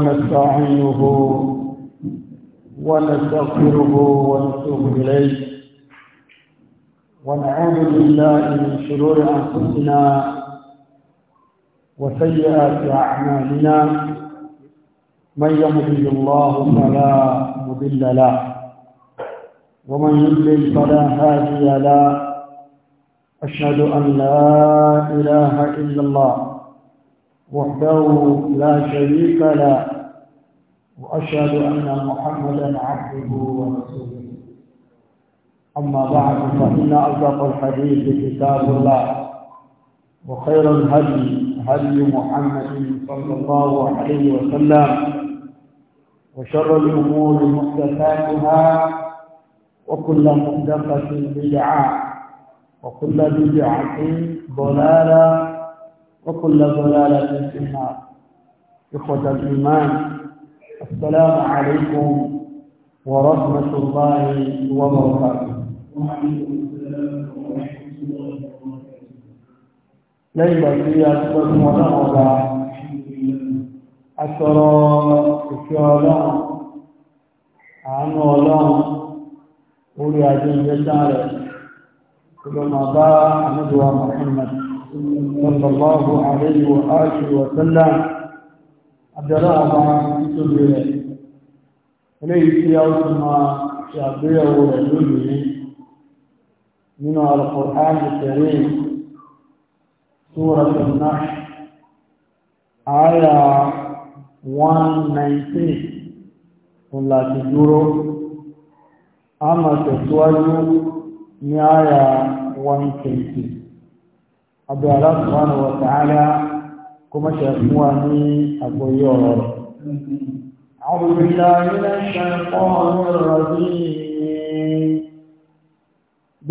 ونستعينه ونستغفره ونتوب إليه ونعوذ بالله من شرور أنفسنا وسيئات أعمالنا من يهده الله فلا مضل له ومن يضلل فلا هادي له أشهد أن لا إله إلا الله وحده لا شريك له وأشهد أن محمدا عبده ورسوله أما بعد فإن أصدق الحديث كتاب الله وخير الهدي هدي محمد صلى الله عليه وسلم وشر الأمور محدثاتها وكل محدثة بدعة وكل بدعة ضلالة وكل ضلالة في النار إخوة الإيمان السلام عليكم ورحمة الله وبركاته ليلة في أكبر ونعوذ أسرى إشارة عن الله أولي ajé ìjẹta rẹ̀ tó lọ máa صلى الله عليه وآله وسلم أدراء مع كتب إليه يوم ما شعبيه ورجله من القرآن الكريم سورة النحل آية 119 ولا تدوروا أما تسوالوا ní àyà 120 abẹ́ aláṣùmọ́nù wọ̀tàálá kó má ṣe fún wa ní àgbọ́yé ọ̀rọ̀ rẹ̀. àwọn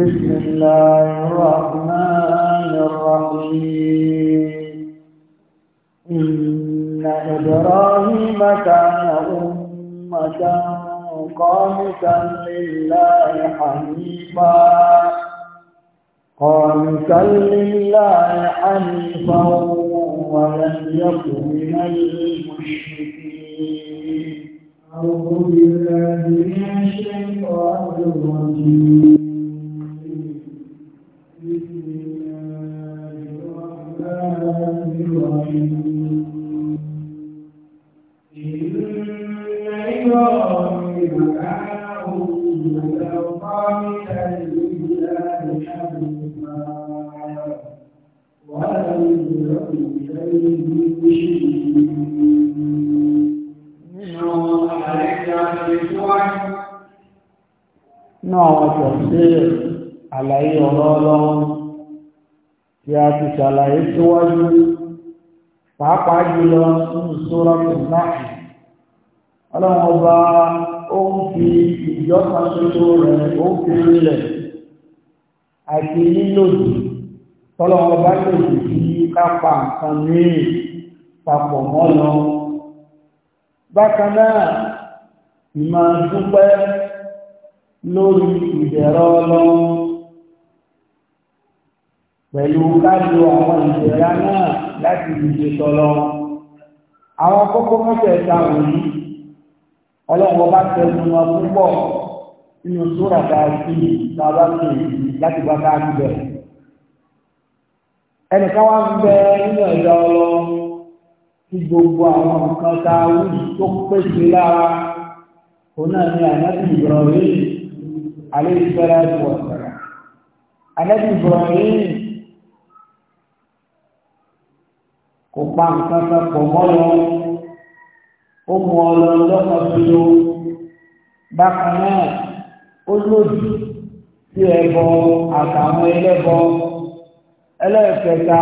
بسم الله الرحمن الرحيم إن إبراهيم كان أمة قانتا لله حنيفا قانتا لله حنيفا ولم يكن من المشركين أعوذ بالله من الشيطان الرجيم náà wọ́n tọ̀ sí àlàyé ọ̀rọ̀ ọlọ́run tí a ti ṣàlàyé síwájú pàápàá jùlọ nínú sórọ́pù náà ọlọ́run ọba ó ń fi ìjọkan ṣoṣo rẹ̀ ó fi rinlẹ̀ àti lílòdì tọ́lọ́run ọba lòdì sí kápá nǹkan mìíràn papọ̀ mọ́ lọ. Bákan náà, ìmọ̀ dúpẹ́ lórí ìdẹ̀rọ lọ pẹ̀lú kájú àwọn ìdẹ̀ra náà láti ìdíje tọ́lọ. Àwọn kókó mọ́tẹ̀ẹ̀ta wòlí, ọlọ́wọ́ bá tẹnu wọn púpọ̀ nínú sóra tá a sí láti bá bẹ̀rẹ̀. Ẹnìkan wá ń bẹ nínú ẹ̀dá ọlọ́run. tí gbogbo àwọn nǹkan tá a wù tó pèsè lára òun ni ànábì Ibrahim alayhi salatu wa salam ànábì Ibrahim kò pa nǹkan kan pọ̀ mọ́ lọ ó mú ọ lọ lọ́kàn tó lọ bákan náà ó lòdì sí ẹbọ àtàwọn ẹlẹ́bọ ẹlẹ́ẹ̀kẹta.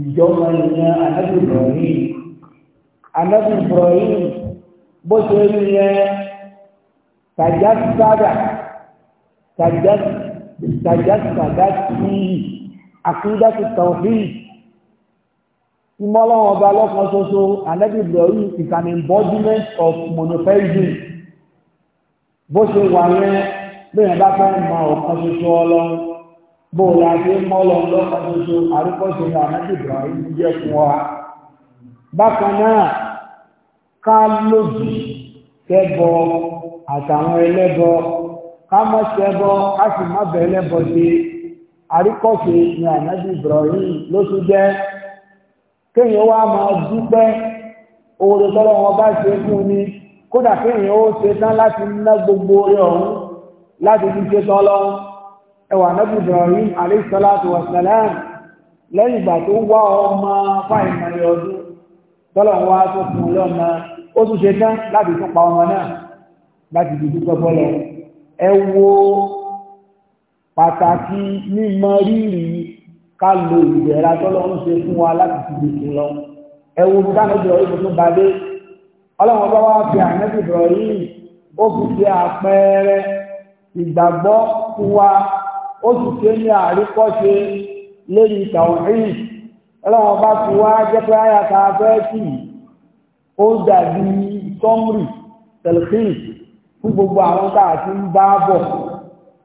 ìjọba ìyẹn anábì Ibrahim anábì Ibrahim bó ṣe rí yẹn tàjà sádà tàjà tàjà sádà sí àkúndàtì tawhid ìmọ̀lọ́wọ́ ọba lọ́kan ṣoṣo anábì Ibrahim is an embodiment of monotheism bó ṣe wà yẹn bí yẹn bá fẹ́ mọ ọ̀kan ṣoṣo ọlọ́run. bóòlù àti mọ́lọ̀ lọ́pàá ṣoṣo àríkọ́ṣe ní àmẹ́sì ibrahim jẹ́ fún wa bákan náà ká lòdì tẹ́bọ àtàwọn ẹlẹ́bọ ká mọ́ tẹ́bọ ká sì má bẹ̀ ẹlẹ́bọ ní ló tún jẹ́ kéèyàn wá máa dúpẹ́ oore tọ́lọ́ wọn bá ṣe fún kódà kéèyàn ó ṣe tán ẹwà nábì Ibrahim alayhi salatu wa salam lẹ́yìn ìgbà tó wá ọmọ fáìmọ̀ ọdún tọ́lọ̀ wá tó fún lọ́mọ ó tún ṣe tán láti tún pa ọmọ náà láti dìdú pẹ́pọ́lọ ẹ wo pàtàkì mímọ rírì ká lo ìbẹ̀rẹ̀ tọ́lọ̀ ń ṣe fún wa láti fi gbèsè lọ ẹ wo ìgbàgbọ́ fún wa ó sì ṣe ní àríkọ́ṣe lórí tàwọ̀rí ọlọ́wọ́n bá ti wá jẹ́ pé àyàká fẹ́ẹ̀sì ó dàbí sọ́mùrì tẹ̀lẹ̀kìn fún gbogbo àwọn tá a ti ń bá bọ̀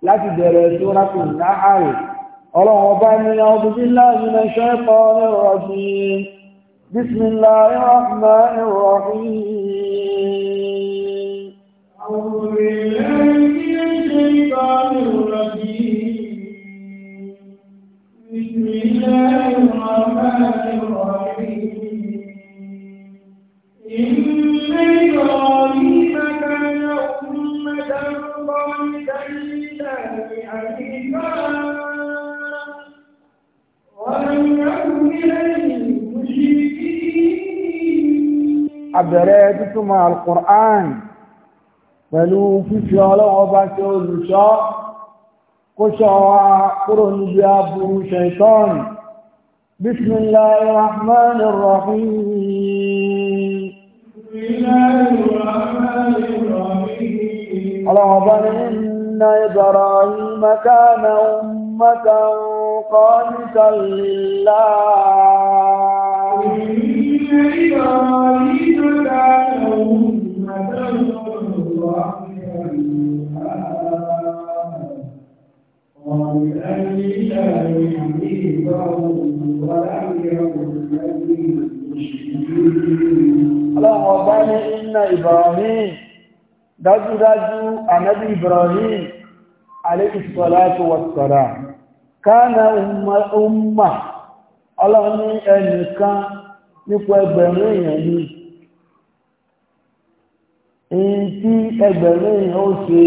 láti bẹ̀rẹ̀ tó rákù náhàrì ọlọ́wọ́n bá ní ọdún bí láàrin ẹ̀ṣẹ́ àbẹ̀rẹ̀ títúmọ̀ alkùnrán pẹ̀lú fífi ọlọ́wọ́ bá tí ó lùṣọ́ قشوا قرن جابه شيطان بسم الله الرحمن الرحيم بسم الله الرحمن الرحيم ان ابراهيم كان امه قانتا لله إن إبراهيم كان أمة رحمة الله Ọlọ́run ọba ní iná Ibrahim, dájúdájú ànábì Ibrahim, aléìsọ́láàtò wàsọ̀rà, káàna umma, ọlọ́run ní ẹnìkan nípa ẹgbẹ̀rún èèyàn ní. Èyí tí ẹgbẹ̀rún èèyàn ó ṣe,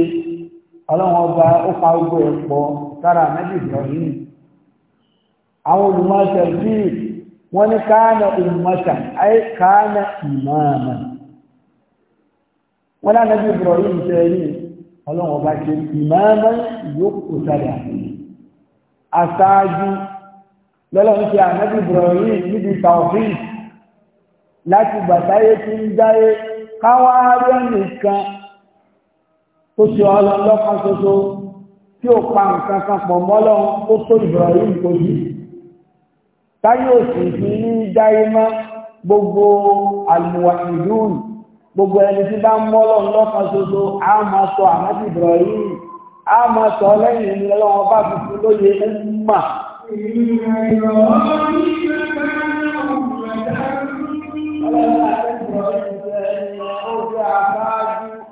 ọlọ́run ọba ó pa ogbó ẹ̀pọ̀ tára ànábì Ibrahim àwọn olùmọ̀ọ́sẹ̀ sí wọ́n ní káàna ummatan ayé káàna ìmáàmà wọ́n ní ànábì Ibrahim sẹ́yìn ọlọ́run ọba ṣe ìmáàmà yóò kó sára aṣáájú lọ́lọ́run ṣe ànábì Ibrahim níbi tàwọ́fíì láti gbàtáyé tí ń dáyé káwá rẹ́ nìkan tó ṣe ọlọ́lọ́kan ṣoṣo tí ó pa nǹkan kan pọ̀ mọ́lọ́run ó tó ìbọ̀rọ̀ yìí kojú táyé òsì fi ní dáyé mọ́ gbogbo àlùwà ìdúrù gbogbo ẹni tí bá ń mọ́lọ́run lọ́kan ṣoṣo máa sọ àmọ́tì ìbọ̀rọ̀ yìí á máa sọ lẹ́yìn ìlú ọlọ́run bá fi fún lóye ń mà.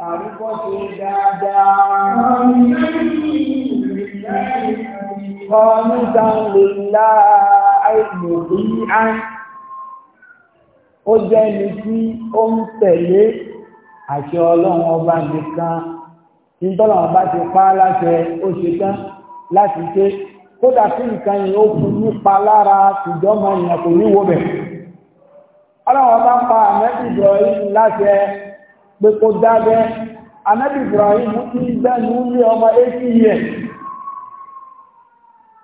Àrùkọ́ ṣe dáadáa. قانتا لله مطيعا ó jẹ́ ẹni tí ó ń tẹ̀lé àṣẹ ọlọ́run ọba nìkan tí tọ́lọ́run bá ti pa á láṣẹ ó ṣe tán láti ṣe kódà sí nǹkan yìí ó fún nípa lára ìjọmọ èèyàn kò níwò bẹ̀. ọlọ́run ọba ń pa àmẹ́bí Ibrahim láṣẹ pé kó dábẹ́ àmẹ́bí Ibrahim ti gbẹ́nu lé ọmọ eighty years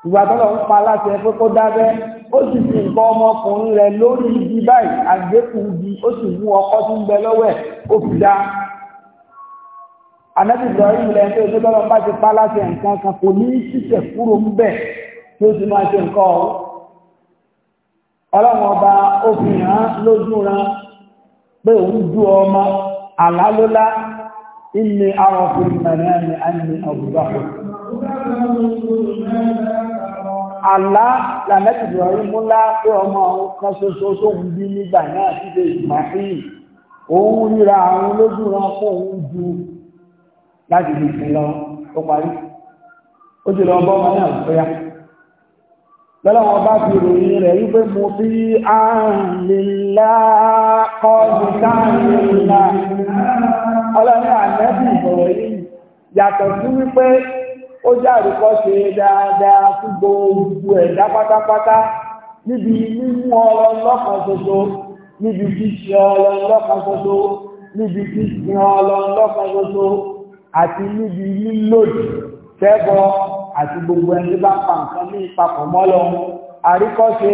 ìgbà tọ́lọ̀ ń pa láti ẹ pé kó dábẹ́ ó sì fi nǹkan ọmọkùnrin rẹ̀ lórí ibi báyìí àgbékù ibi ó sì mú ọkọ́ tó ń bẹ lọ́wọ́ ẹ̀ ó fi dá ànábì Ibrahim ilẹ̀ tó ṣe tọ́lọ̀ bá ti pa láti ẹ̀ nǹkan kan kò ní ṣíṣẹ̀ kúrò ń bẹ̀ tí ó sì máa ṣe nǹkan ọ̀hún ọlọ́run ọba ó fi hàn lójú ran pé òun ju ọmọ àlálólá ilé àwọn òfin mẹ́rin àmì àmì ọ̀gbọ́n àlá làmẹ́tì ìbùrọ̀rí múlá pé ọmọ òun kan ṣoṣo tó ń bí nígbà náà síbi ìsmáfíì òun ríra àwọn lójú ran fún òun ju láti fi sin lọ ó parí ó ti lọ bọ́ ọmọ náà lọ́yà lọ́lọ́wọ́n bá fi ròyìn rẹ̀ wípé mo fi àǹlélá kọ́ọ̀dù káàlélá ọlọ́run àmẹ́bí ìbọ̀rọ̀ yìí yàtọ̀ sí wípé ó jáde kọ́ ṣe dáadáa fún gbogbo ẹ̀dá pátápátá níbi mímú ọ̀rọ̀ lọ́kàn ṣoṣo níbi ṣíṣe ọ̀rọ̀ lọ́kàn ṣoṣo níbi ṣíṣe ọ̀rọ̀ lọ́kàn ṣoṣo àti níbi lílòdì tẹ́bọ àti gbogbo ẹni bá pa nǹkan ní ìpapọ̀ mọ́lọ àríkọ́ṣe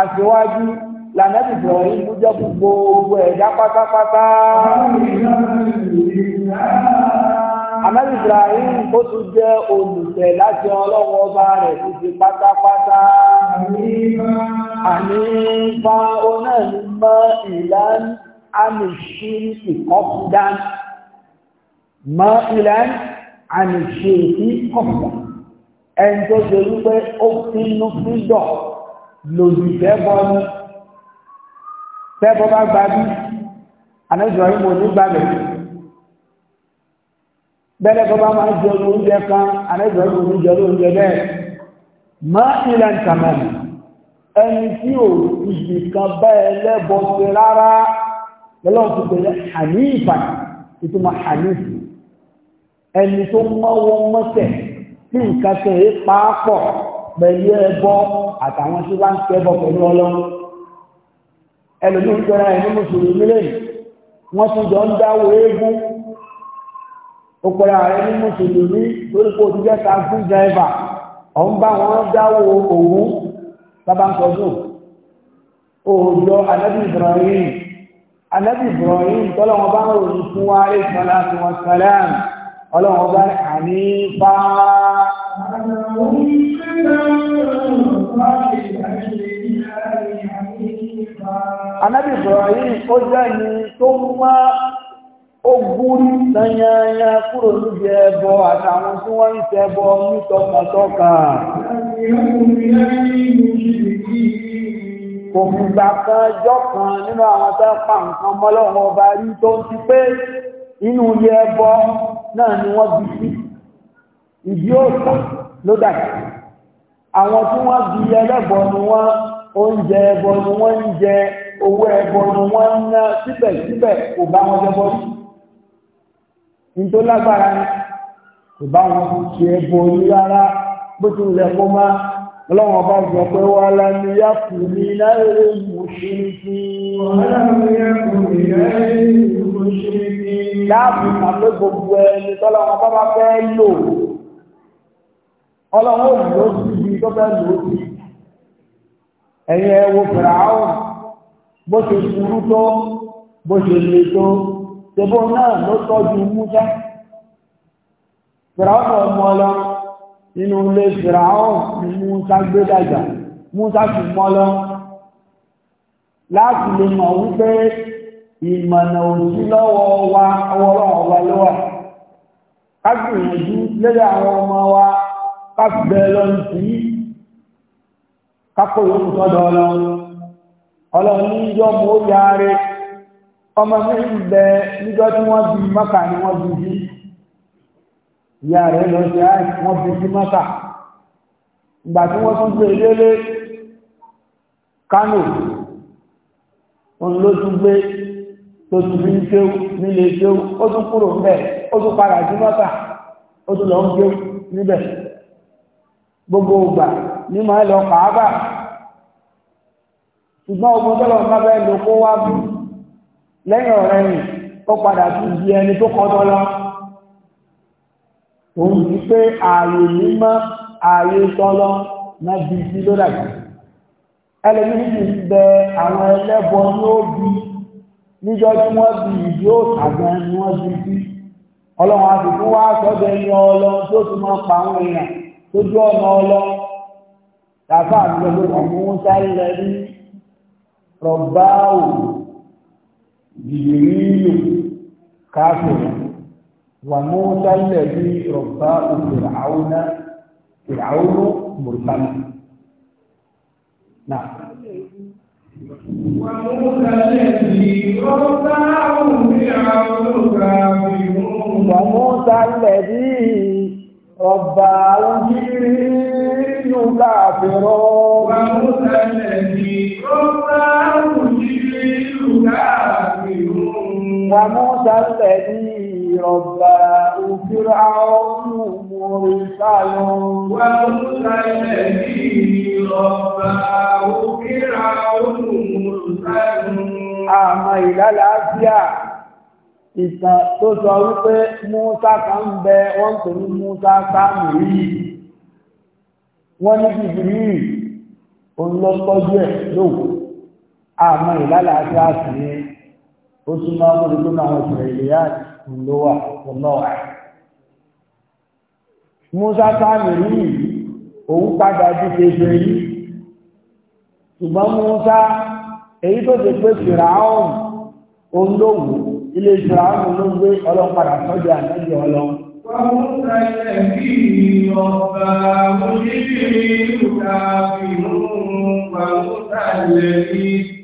aṣíwájú lànàbì bọ̀rí mújọ́ gbogbo ẹ̀dá pátápátá àmẹ́lì Ibrahim ó tún jẹ́ olùtẹ̀ láti ọlọ́wọ́ ọba rẹ̀ tó ti pátápátá àní bá oná ní mọ́ ìlànà àmìṣírí kọ́fúdán mọ́ ìlànà àmìṣírí kọ́fúdán ẹni tó ṣe wípé ó fínú fídọ̀ lòdì tẹ́bọ́nú tẹ́bọ́ bá gbadú àmẹ́lì Ibrahim ò ní bẹ́lẹ̀ tó bá máa jẹ oúnjẹ kan anẹ́gbẹ̀rún oúnjẹ oúnjẹ bẹ́ẹ̀ máa ilẹ̀ ìtàmàlì ẹni tí ò ìgbì kan bẹ́ẹ̀ lẹ́bọ̀ sí rárá lọ́lọ́n ti pẹ̀lẹ̀ hànífà ìtumọ̀ hànífì ẹni tó mọ́wọ́ mọ́sẹ̀ tí nǹkan tẹ̀ é pàápọ̀ pẹ̀lú ẹbọ àtàwọn tí wọ́n ń kẹ́bọ̀ pẹ̀lú ọlọ́run ẹlòmíín tẹ́ra ẹni mùsùlùmí lẹ́yìn wọ́n tún jọ ń dáwọ́ eégún ó pẹ̀lú ààrẹ ní mùsùlùmí lórí pé òtún jẹ́ taxi driver ọ̀n bá wọn dáwọ́ òwú sábàǹtọ́dún òòjọ́ anábì Ibrahim anábì Ibrahim tọ́lọ́wọ́n bá ń ròyìn fún wa rí sọ́lá tí wọ́n sọ́lá ọlọ́wọ́n bá àní bá anábì Ibrahim ó jẹ́ ni tó mú wá ó gúrí sanyanya kúrò níbi ẹbọ àtàwọn tí wọ́n ń ṣẹbọ nítọkàntọkà. kò fìgbà kan jọ́ kan nínú àwọn tó pa nǹkan mọ́lọ́wọ́ ọba rí tó ń ti pé inú ilé ẹbọ náà ni wọ́n bí sí ìdí òòtà ló dàgbà àwọn tí wọ́n bí ẹlẹ́bọ ni wọ́n oúnjẹ ẹbọ ni wọ́n ń jẹ owó ẹbọ ni wọ́n ń ná síbẹ̀síbẹ̀ kò bá wọn jẹ sí tó lágbára ni kò bá wọn ṣe ẹbọ yí rárá bó ti lẹ kó má ọlọ́wọ́n bá sọ pé wà á ní yá kù ní láyé mo ṣe ní kí. láàbù àpé gbogbo ẹni tọ́lọ́wọ́n bá bá fẹ́ lò ọlọ́wọ́n ò lò ó sí tó fẹ́ lò ó sí. wo fìràwọ̀ bó ṣe burú tó bó ṣe le tó ṣebó náà ló tọ́jú Músá fìràwọn ọmọ ọlọ nínú ilé fìràwọn ni Músá gbé dàgbà Músá sì mọ́ láti lè mọ̀ wípé ìmọ̀nà òsí lọ́wọ́ wa ọwọ́lọ́wọ́ wa lọ́wọ́ kágbìyànjú lórí àwọn ọmọ wa kágbẹ̀ lọ sí kákòyókù sọ́dọ̀ ọlọ́run ọmọ mi ń bẹ níjọ́ tí wọ́n bí mọ́kà ni wọ́n bí sí ìyá rẹ̀ lọ sí àì wọ́n bí sí mọ́kà ìgbà tí wọ́n tún gbé lélé e kánò òun ló tún gbé tó tún fi ń kéwú nílé kéwú ó tún kúrò ń bẹ̀ ó tún padà sí mọ́kà ó tún lọ ń kéwú níbẹ̀ gbogbo ìgbà ní màá lọ kàá ṣùgbọ́n ogun tọ́lọ̀ ń bá bẹ́ẹ̀ lóko wá bù lẹ́yìn ọ̀rẹ́ yìí ó padà tún di ẹni tó kọ́tọ́ lọ òun ti pé ààyè mímọ́ ààyè tọ́lọ́ náà di sí ló dàgbà ẹlẹ́yìn ti bẹ àwọn ẹlẹ́bọ ní ó bí níjọ́ tí wọ́n bí ìdí ó tàgbà ni wọ́n di sí ọlọ́run àti fún wa sọ́dọ̀ ẹni ọlọ́run tó tún máa pa àwọn èèyàn lójú ọ̀nà ọlọ́run tàbá àti ọgbẹ́ ọ̀gbọ́n sáré rẹ̀ rọ̀báwò jìbìrìlù káfíìn wà Mùsá lẹ́bí rọ̀bá òfìràwọ̀nà ìràwọ̀nù mùrùsánà. Nà. Wà Mùsá lẹ́bí rọ̀bá òfìràwọ̀nù káfíìn. Wà Mùsá lẹ́bí rọ̀bá òfìràwọ̀nù káfíìn. Wà Mùsá lẹ́bí rọ̀bá òfìràwọ̀nù káfíìn. وموسى الذي رباه فرعون مرسل وموسى الذي رباه فرعون مرسل àmọ́ ìlàlàáfíà ìtàn tó sọ wípé Músá kan ń bẹ wọ́n tó ní Músá sáàmù yìí wọ́n ní bìbìrì òun lọ tọ́jú ẹ̀ lóòkù àmọ́ ìlàlàáfíà sì ní ó súnmọ́ akóso tó náà ṣẹlẹ̀ ìlẹ́yà ló wà Musa sáàmì yìí òun padà ti ṣèṣe yìí ṣùgbọ́n Musa èyí tó ti pé fìràhùn olówó ilé fìràhùn ló gbé ọlọ́padà sọ́jà àtẹ́jì ọlọ́run. Fọ́nmùsà ilẹ̀ bí ọba oníṣẹ́ ìlú kàbí mú Fọ́nmùsà ilẹ̀ bí.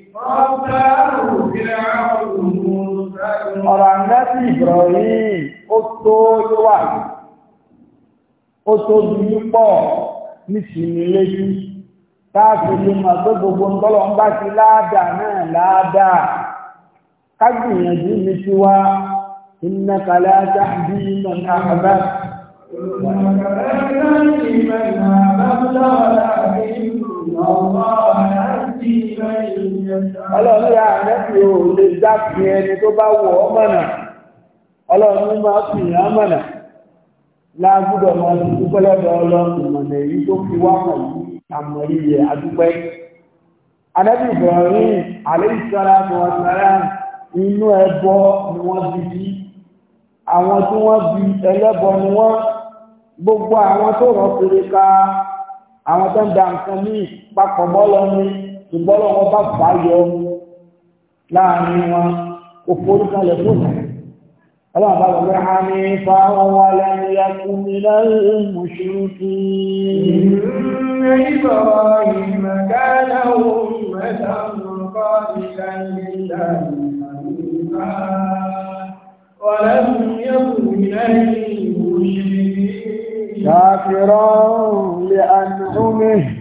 Ọ̀rọ̀ àmẹ́sì ìbìrọ̀rí ó tó yíwà, ó tó dúdú pọ̀ ní ṣìmí léjú, táàfì lè mọ̀ tó gbogbo ń tọ́lọ ń bá ti láàdà náà láàdà. Kágbìyànjú mi ti wá, iná kalẹ́ ajá bí iná àbá. Ìrọ̀lẹ́ Ọlọ́run yà nẹ́fì ò lè dákì ẹni tó bá wọ̀ ọ́ mọ̀nà. Ọlọ́run máa fi hàn mọ̀nà. Láàgùdọ̀ máa ti dúpẹ́ lọ́dọ̀ ọlọ́run mọ̀nà èyí tó fi wá mọ̀ yìí àmọ̀rí yẹ àdúpẹ́. Anẹ́bí Ibrahim, Àlẹ́sọ́lá Mọ̀sára, inú ẹbọ ni wọ́n ti bí. Àwọn tí wọ́n bí ẹlẹ́bọ ni wọ́n. Gbogbo àwọn tó rọ̀ kiri ká àwọn tó ń da nǹkan ní papọ̀ bọ́lọ́ ní ìgbọ́lọ́ wọn bá fà á yọ láàrin wọn kò forí kalẹ̀ fún mi. ọlọ́run bá wọlé ha ní fáwọn wọn lẹ́nu ya kú mi lẹ́yìn mùsùlùmí. ìrìnà ìbọ̀ ìmọ̀kánná òun mẹ́ta nǹkọ́ ìdáyé dáadáa. ولم يكن إليه مشركا شاكرا لأنعمه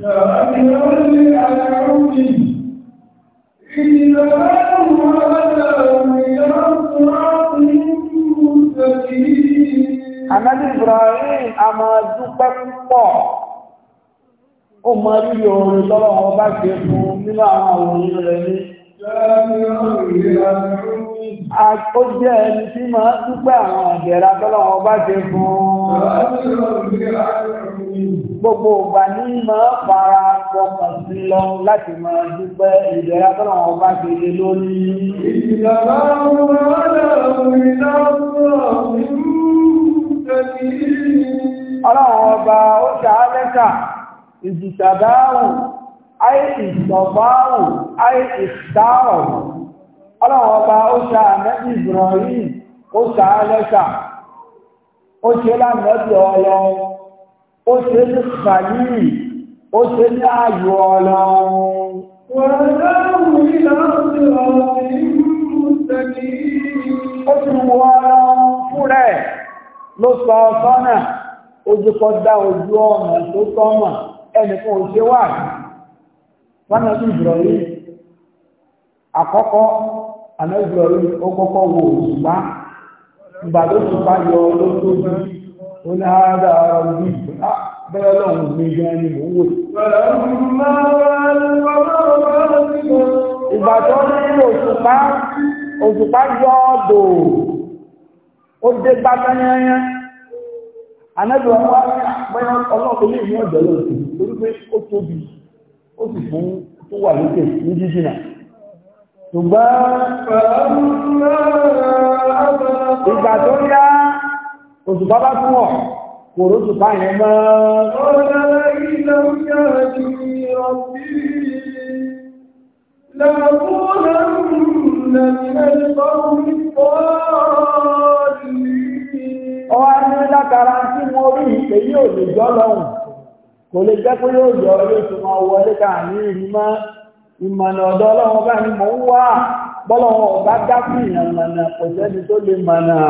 شاكرا لأنعمه إنما هو Ànábì Ibrahim a máa dúpẹ́ púpọ̀, ó mọ rí orin lọ́wọ́ ọba ṣe fún nínú àwọn àwòrán rẹ̀ ní Ó jẹ́ ẹni tí máa dúpẹ́ àwọn àjẹ́ra tọ́lọ́wọ́ bá ṣe fún gbogbo ọgbà ní máa fara pọ̀pọ̀ sí lọ láti máa dúpẹ́ ìjẹ́ra tọ́lọ́wọ́ bá ṣe lé lórí. Ìjọba ọmọ ọlọ́run ọba ó ṣàálẹ́ta, ìjìṣàdáhùn ayé ìsọ̀báwò ayé ìsáwọ̀ ọlọ́wọ́ ọba ó ṣá àmẹ́bí Ibrahim ó ṣá lẹ́ṣà ó ṣe lámẹ́bí ọlọ ó ṣe ní fàyí ó ṣe ní ààyò ọlọ ó ti wọ ọlọ fúnrẹ̀ ló sọ sọ́nà ojúkọ dá ojú ọ̀nà tó sọ́mà ẹnìkan ò ṣe wà wọn náà tún jùlọ yìí àkọ́kọ́ àná jùlọ yìí ó kọ́kọ́ wo òṣùpá ìgbà tó ṣùpá yọ lójú ó ní àádá ọ̀rọ̀ bí bẹ́ẹ̀ lọ́hùn mi gan ni mò ń wò. ìgbà tó ní òṣùpá òṣùpá yọ ọ̀dọ̀ ó dé gbáta yányán àná jùlọ wọn ah, bẹ́ẹ̀ ọlọ́ọ̀kọ́ lè ní ọ̀dọ́ lọ́sùn torí pé ó tóbi ó sì fún tó wà lókè ní jíjìnà ṣùgbọ́n ìgbà tó yá òṣùpá bá fún ọ̀ kò róṣùpá yẹn mọ́ Ọwá ní látara tí wọ́n rí ìpè yóò lè jọ́ lọ́hùn kò lè jẹ́ pé yóò yọ yóò tó máa wọlé káàní rí mọ́ ìmọ̀nà ọ̀dọ́ ọlọ́run bá ní mò ń wá bọ́lọ́run ọ̀bá dákú ìyànmọ̀nà kò tó lè mọ̀nà.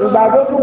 ìgbà tó tún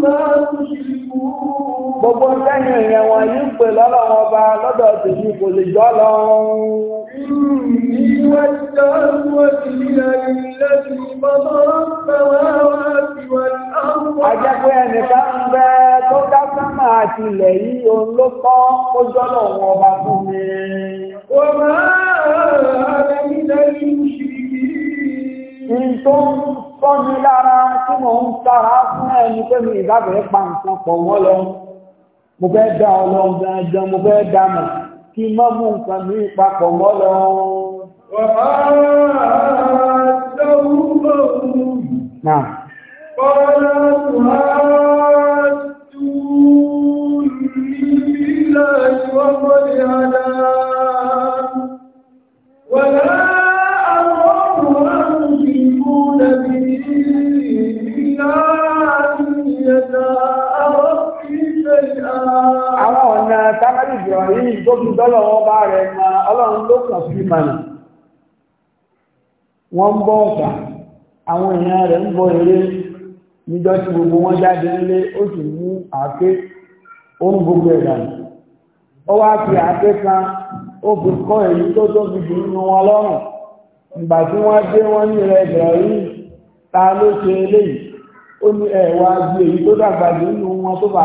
Gbogbo sẹ́yìn ìyẹn wọn yìí pè lọ́lọ́ wọn bá lọ́dọ̀ tèmi kò lè jọ́ lọ. Ìwé ìjọ ìwé ìlú ilẹ̀ ń bẹ tó dá sámà àti ilẹ̀ yìí òun ló kọ́ ó jọ́lọ̀ wọn bá fún mi. Wọ́n máa rẹ̀ nílẹ̀ bọ́ mi lára tí mò ń sára fún ẹni pé mi ìbáfẹ́ pa nǹkan pọ̀ wọ́n lọ mo fẹ́ dá ọlọ́run gangan mo fẹ́ dá mọ̀ kí mọ́ mú nǹkan mi papọ̀ wọ́n lọ. Náà. Bọ́lá tó há tú ìlú ìlà ìwọ́n mọ́lẹ̀ àdá. Wọ́lá. àwọn ọ̀nà tábàlì ìbìrọ̀rí tó fi dọ́lọ̀ wọn bá rẹ̀ ma ọlọ́run ló kàn sí mànà wọ́n ń bọ́ àwọn èèyàn rẹ̀ ń eré níjọ́ gbogbo wọn jáde nílé ó sì mú àáké ó ń gbogbo ẹ̀dà ó wá fi àáké kan ó fi kọ́ èyí tó nínú wọn ta ló ṣe eléyìí ó ní ẹ̀wà ju èyí tó dàgbà nínú wọn tó bá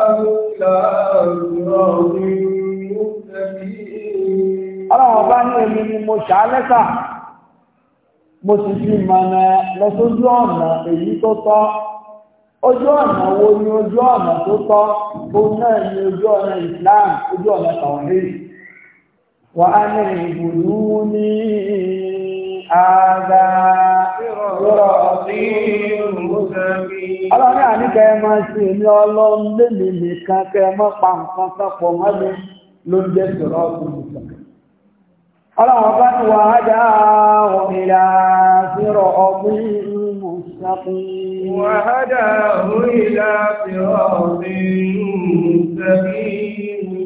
Ọlọ́run bá ní èmi ni mo ṣà lẹ́sà, mo sì fi mọ̀nà lọ sójú ọ̀nà èyí tó tọ́. Ojú ọ̀nà wo ni ojú ọ̀nà tó tọ́? Òun náà ni ojú ọ̀nà Ìsìláàmù, ojú ọ̀nà Tàwọ̀hìn àgbà rọ̀ sí ìrùsẹ̀mí. Ọlọ́run àní kẹ́ẹ̀mọ sí ní ọlọ́run lèmi nìkan kẹ́ẹ̀mọ pa nǹkan sọ́pọ̀ mọ́lẹ̀ ló ń jẹ́ sọ̀rọ̀ ọ̀sùn ìsọ̀rọ̀. Ọlọ́run bá ti wà á dá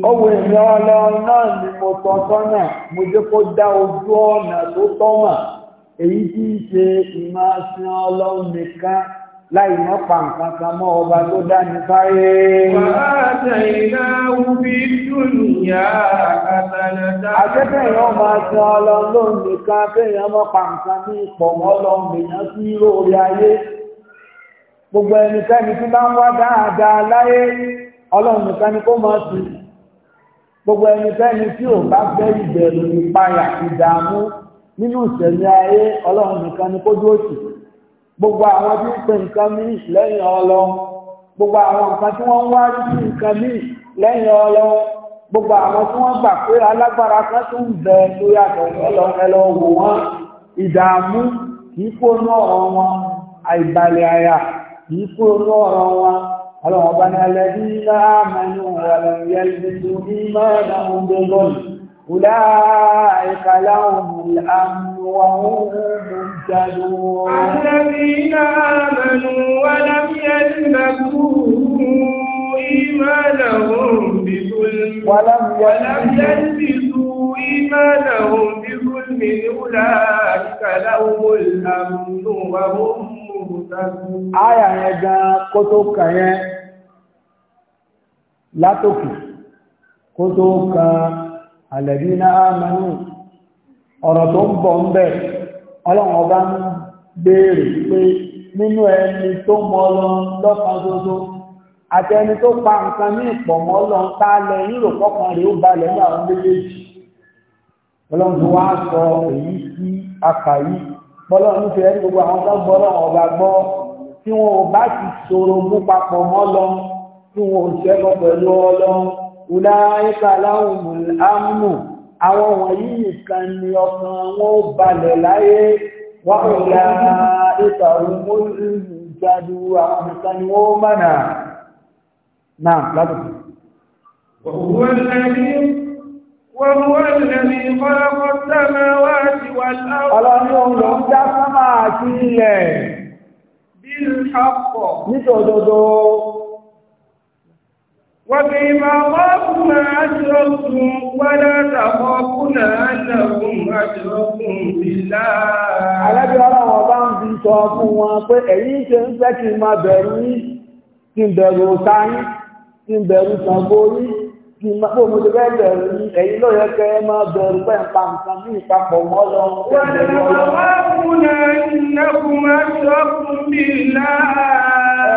ọwọ́ èmi ọlọ náà ni mo tọ sọ́nà mo jẹ́ kó dá ojú ọ̀nà tó tọ́mà èyí tí í ṣe ìmáṣin ọlọ́run nìkan láì mọ́ pa nǹkan kan mọ́ ọba tó dá ní sáré. Fàájà ìdáhù bí dùnìyà àtàlẹ́dá. Akẹ́kẹ̀ẹ́ yọ máa ṣe ọlọ́run lóhùn nìkan Gbogbo ẹnikẹ́ni tí bá ń wá dáadáa láyé, ọlọ́run nìkan ni kó máa sùn. gbogbo ẹni fẹ́ni tí ò bá fẹ́ ìbẹ̀rù ìpayà ìdààmú nínú ìṣẹ̀lẹ̀ ayé ọlọ́run nìkan ni kó dúró gbogbo àwọn tí ń pe nǹkan mí lẹ́yìn ọlọ gbogbo àwọn nǹkan tí wọ́n ń wá rí sí nǹkan gbogbo àwọn tí wọ́n gbà pé alágbára kan tó ń bẹ tó yàtọ̀ ẹlọ wò ìdààmú wọn àìbalẹ̀ àyà kì í kó ربنا الذين آمنوا ولم يلبسوا إيمانهم بظلم أولئك لهم الأمن وهم مهتدون الذين آمنوا ولم يلبسوا إيمانهم بظلم ولم يلبسوا إيمانهم بظلم أولئك لهم الأمن وهم Aya yẹn gan kó tó kàn yẹn látòkè kó tó ka àlẹ́bí náà mẹ́nu ọ̀rọ̀ tó ń bọ̀ ń bẹ̀ ọlọ́run ọba ń pé nínú ẹni tó mọ́ lọ lọ́kan àti ẹni tó pa nǹkan ní ìpọ̀ mọ́ lọ tá lẹ nílò bọ́lá ń fi ẹni gbogbo àwọn tó gbọ́lá ọ̀gá gbọ́ tí wọn ò bá ti sọ̀rọ̀ mú papọ̀ mọ́ lọ tí wọn ò ṣẹ́kọ̀ pẹ̀lú ọlọ ìlà ìka láwùmù ámù àwọn wọ̀nyí nìkan ni ọkàn wọn ó balẹ̀ láyé wọ́n ìlà ìka òmùmú ìjàdù àwọn nìkan ni wọ́n mọ̀nà náà látòkè. Òwúrọ̀ ní وهو الذي خلق السماوات والأرض ọlọ́run ló ń dá sánmà àti ilẹ̀ بالحق nítòdodo وبما خافنا أشركتم ولا تخافون أنكم أشركتم بالله Alábí ń fi sọ fún wọn pé ẹ̀yin ṣe ń fẹ́ kí n máa kí n bẹ̀rù ọ̀tá kí n bẹ̀rù Ṣàngó kí n máa bó mo ṣe fẹ́ bẹ̀rù ní ẹ̀yin ló yẹ kẹ́ ẹ máa bẹ̀rù pẹ́ ńpa nǹkan ní ìpapọ̀ mọ́ lọ. wọ́n ti wá fún ẹ̀yìnlẹ́kùn máa ṣọ́kùn bí náà.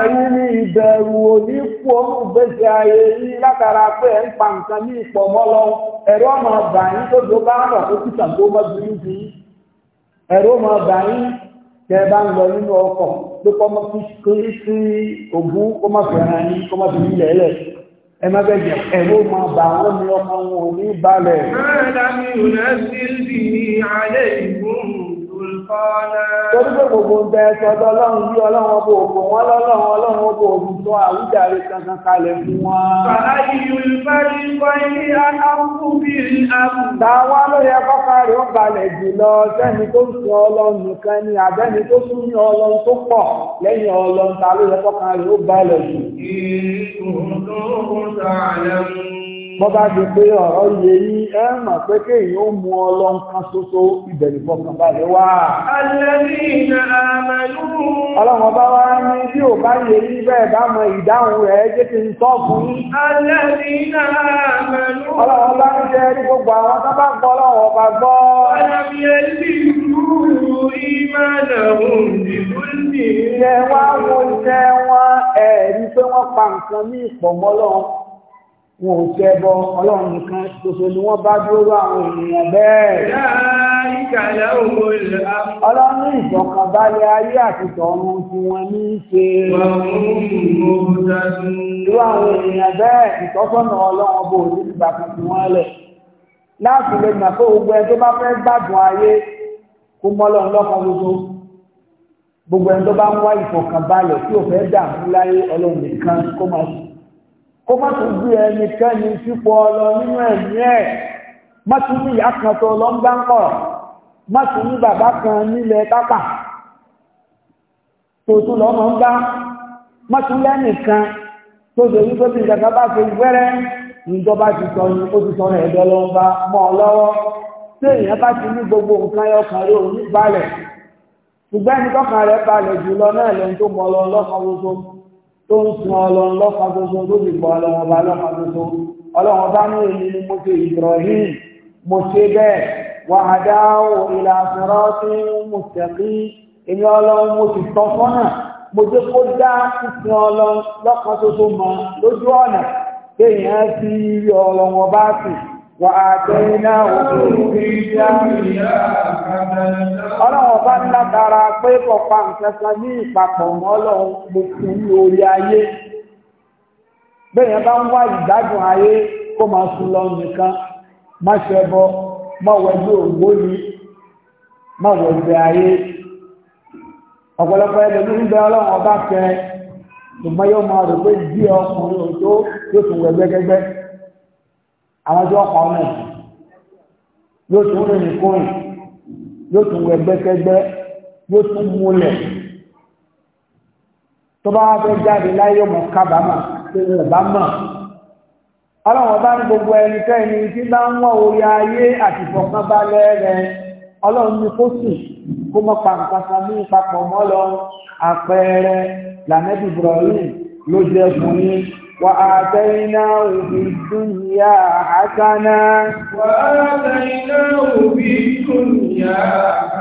ẹ̀yin ni ìbẹ̀rù òní kú ọmọ ìgbésí ayé yìí látara pé ẹ̀ ń pa nǹkan ní ìpọ̀ mọ́ lọ. ẹ̀rọ ọmọ ẹmọ bẹ́jẹ̀ ẹ̀rọ ma bà wọ́n ni ọmọ wọn ní balẹ̀. Mẹ́rẹ̀dá mi ò lẹ́sí torí pé gbogbo ń bẹ ẹsọ ọlọ́run bí ọlọ́run ọbọ̀ ògbò wọn lọ́lọ́run ọlọ́run ọbọ̀ ògbò tó àwùjáre kankan kalẹ̀ fún wọn. Bàbá ìlú kọ́ ní bọ́ bá ti pé ọ̀rọ̀ yẹ yí ẹ mọ̀ pé kéèyàn ó mú ọlọ́n kan ṣoṣo ìbẹ̀rù fọkàn balẹ̀ wá. ọlọ́run ọba wa ní bí ò bá yẹ yí bẹ́ẹ̀ bá mọ ìdáhùn rẹ̀ jẹ́ kí n tọ́ fún yín. ọlọ́run ọba ń jẹ́ ní gbogbo àwọn tó bá gbọ́ ọlọ́run ọba gbọ́. Ìyẹn wá wo iṣẹ́ wọn ẹ̀rí pé wọ́n pa nǹkan wọn ò jẹ bọ ọlọ́run nìkan ṣoṣo ni wọ́n bá dúró àwọn ènìyàn bẹ́ẹ̀. ọlọ́run ìfọ̀kànbalẹ̀ ayé àti tọ̀run tí wọ́n ní í ṣe. irú àwọn ènìyàn bẹ́ẹ̀ ìtọ́sọ́nà ọlọ́run bò ní ìgbà kan tí wọ́n lẹ̀. láti lè mọ̀ pé gbogbo ẹni gbogbo. ẹni tó bá ń wá ìfọ̀kànbalẹ̀ tí ò fẹ́ dààmú láyé ọlọ́run nìkan kó máa kó má tún gbé ẹnikẹ́ni sípò ọlọ nínú ẹ̀mí ẹ̀ má tún ní ìyá kan tó lọ ń bá ń pọ̀ má tún ní bàbá kan nílẹ̀ tápà tó tún lọ́mọ ń bá má tún lẹ́nìkan tó ṣe wípé tí ìjàgbá bá ṣe wẹ́rẹ́ ìjọba ti sọ ní ó ti sọ rẹ̀ ẹ̀dọ́ ló ń bá mọ́ ọ lọ́wọ́ tí èèyàn bá ti ní gbogbo nǹkan ẹyọkàn rẹ̀ òun balẹ̀ ṣùgbọ́n ẹni tọ́kàn rẹ̀ balẹ̀ jùlọ náà lẹ́yìn tó mọ lọ lọ́kàn gbogbo tó ń sun ọlọ́run lọ́fà tuntun tó sì pọ̀ ọlọ́run ọba lọ́fà tuntun ọlọ́run ọba ní èyí ni mo ṣe Ibrahim mo ṣe bẹ́ẹ̀ wàhádáwò ìlà sirati mustaqim èmi ọlọ́run mo sì tọ́ fọ́nà mo jẹ́ kó dá sísun ọlọ́run lọ́fà mọ́ lójú ọ̀nà kéèyàn ti rí ọlọ́run ọba sí wàhádẹ́yìn náà wọ́n tó ń ọlọ́wọ́ bá ń látara pé kọ̀pá nǹkan ní ìpapọ̀ mọ́ ọlọ́run mo fún ní orí ayé bẹ́yẹn bá ń wá ìgbádùn ayé kó máa sùn lọ nìkan má ṣe bọ má wẹgbẹ́ ògbóni má wẹgbẹ́ ayé ọ̀pọ̀lọpọ̀ ẹ̀dẹ̀ ní bẹ ọlọ́run ọba fẹ́ ṣùgbọ́n yóò máa rò pé bí ọkùnrin òjò yóò tún wẹ̀ gbẹ́gbẹ́gbẹ́ àwọn tí wọ́n pa ọ́ náà yóò tún rìn nìkan yìí yóò tún wẹ gbẹ́kẹ́gbẹ́ yóò tún múlẹ̀ tó bá fẹ́ jáde láyé ọmọ kábàámà tó wọn bá mọ̀ ọlọ́run bá ní gbogbo ẹnikẹ́ni tí bá ń wọ orí ayé àti ìfọ̀kànbalẹ̀ rẹ̀ ọlọ́run ní kó sì kó mọ́ pàǹkàṣà ní ìpapọ̀ mọ́ lọ àpẹẹrẹ làmẹ́bí Ibrahim ló jẹ́ fún ní wà á tẹ́yìnà òbí dúnyà àtànà wà á tẹ́yìnà òbí dúnyà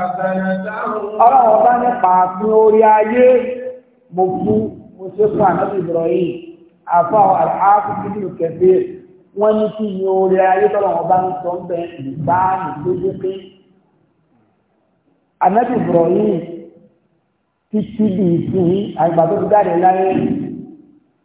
àtànà táwọn ọlọ́wọ́ bá nípa fún orí ayé mo fún mo ṣe fún ànábì Ibrahim àfa àlàáfù bíbélì kẹfẹ wọn ní kí ni orí ayé tọ́lọ́wọ́ bá ń sọ ń bẹ ìbáàmì tó dé pé ànábì títí bíi ìsìn àgbà tó láyé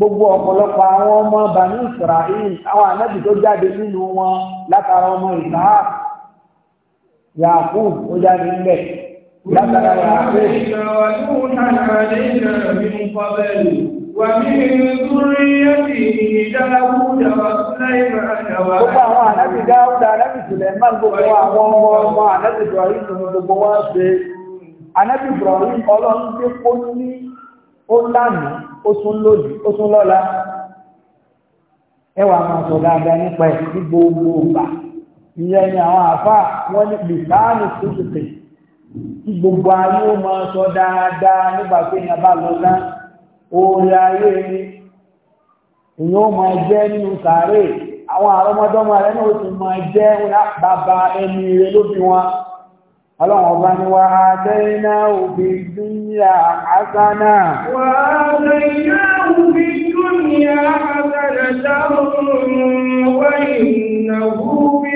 gbogbo ọ̀pọ̀lọpọ̀ àwọn ọmọ bani israel àwọn anábì tó jáde nínú wọn látara ọmọ isaac yakub ó jáde nílẹ̀ látara yakub. Gbogbo àwọn anábì dáúdà anábì Sùlẹ̀mán gbogbo àwọn ọmọ ọmọ anábì Ibrahim gbogbo wá ṣe anábì Ibrahim ọlọ́run tí kó ní ó lánàá ó tún lónìí ó tún lọ́la ẹ wà máa sọ dáadáa nípa ẹ̀ ní gbogbo ìgbà ìyẹn ni àwọn àáfàá wọn ní bìtáàlì tó tètè gbogbo ayé ó máa sọ dáadáa nígbà pé èèyàn bá lọ ayé ni èèyàn ó máa jẹ́ nínú sàárè àwọn àrọ́mọdọ́mọ rẹ̀ náà ó ti máa jẹ́ bàbá ẹni rẹ̀ ló wọn ọlọ́run ọba ni wà á dẹ́yìnà òbí dúnyà àsánà. wà á dẹ́yìnà òbí dúnyà àsánà láwùrún wà ìnà òbí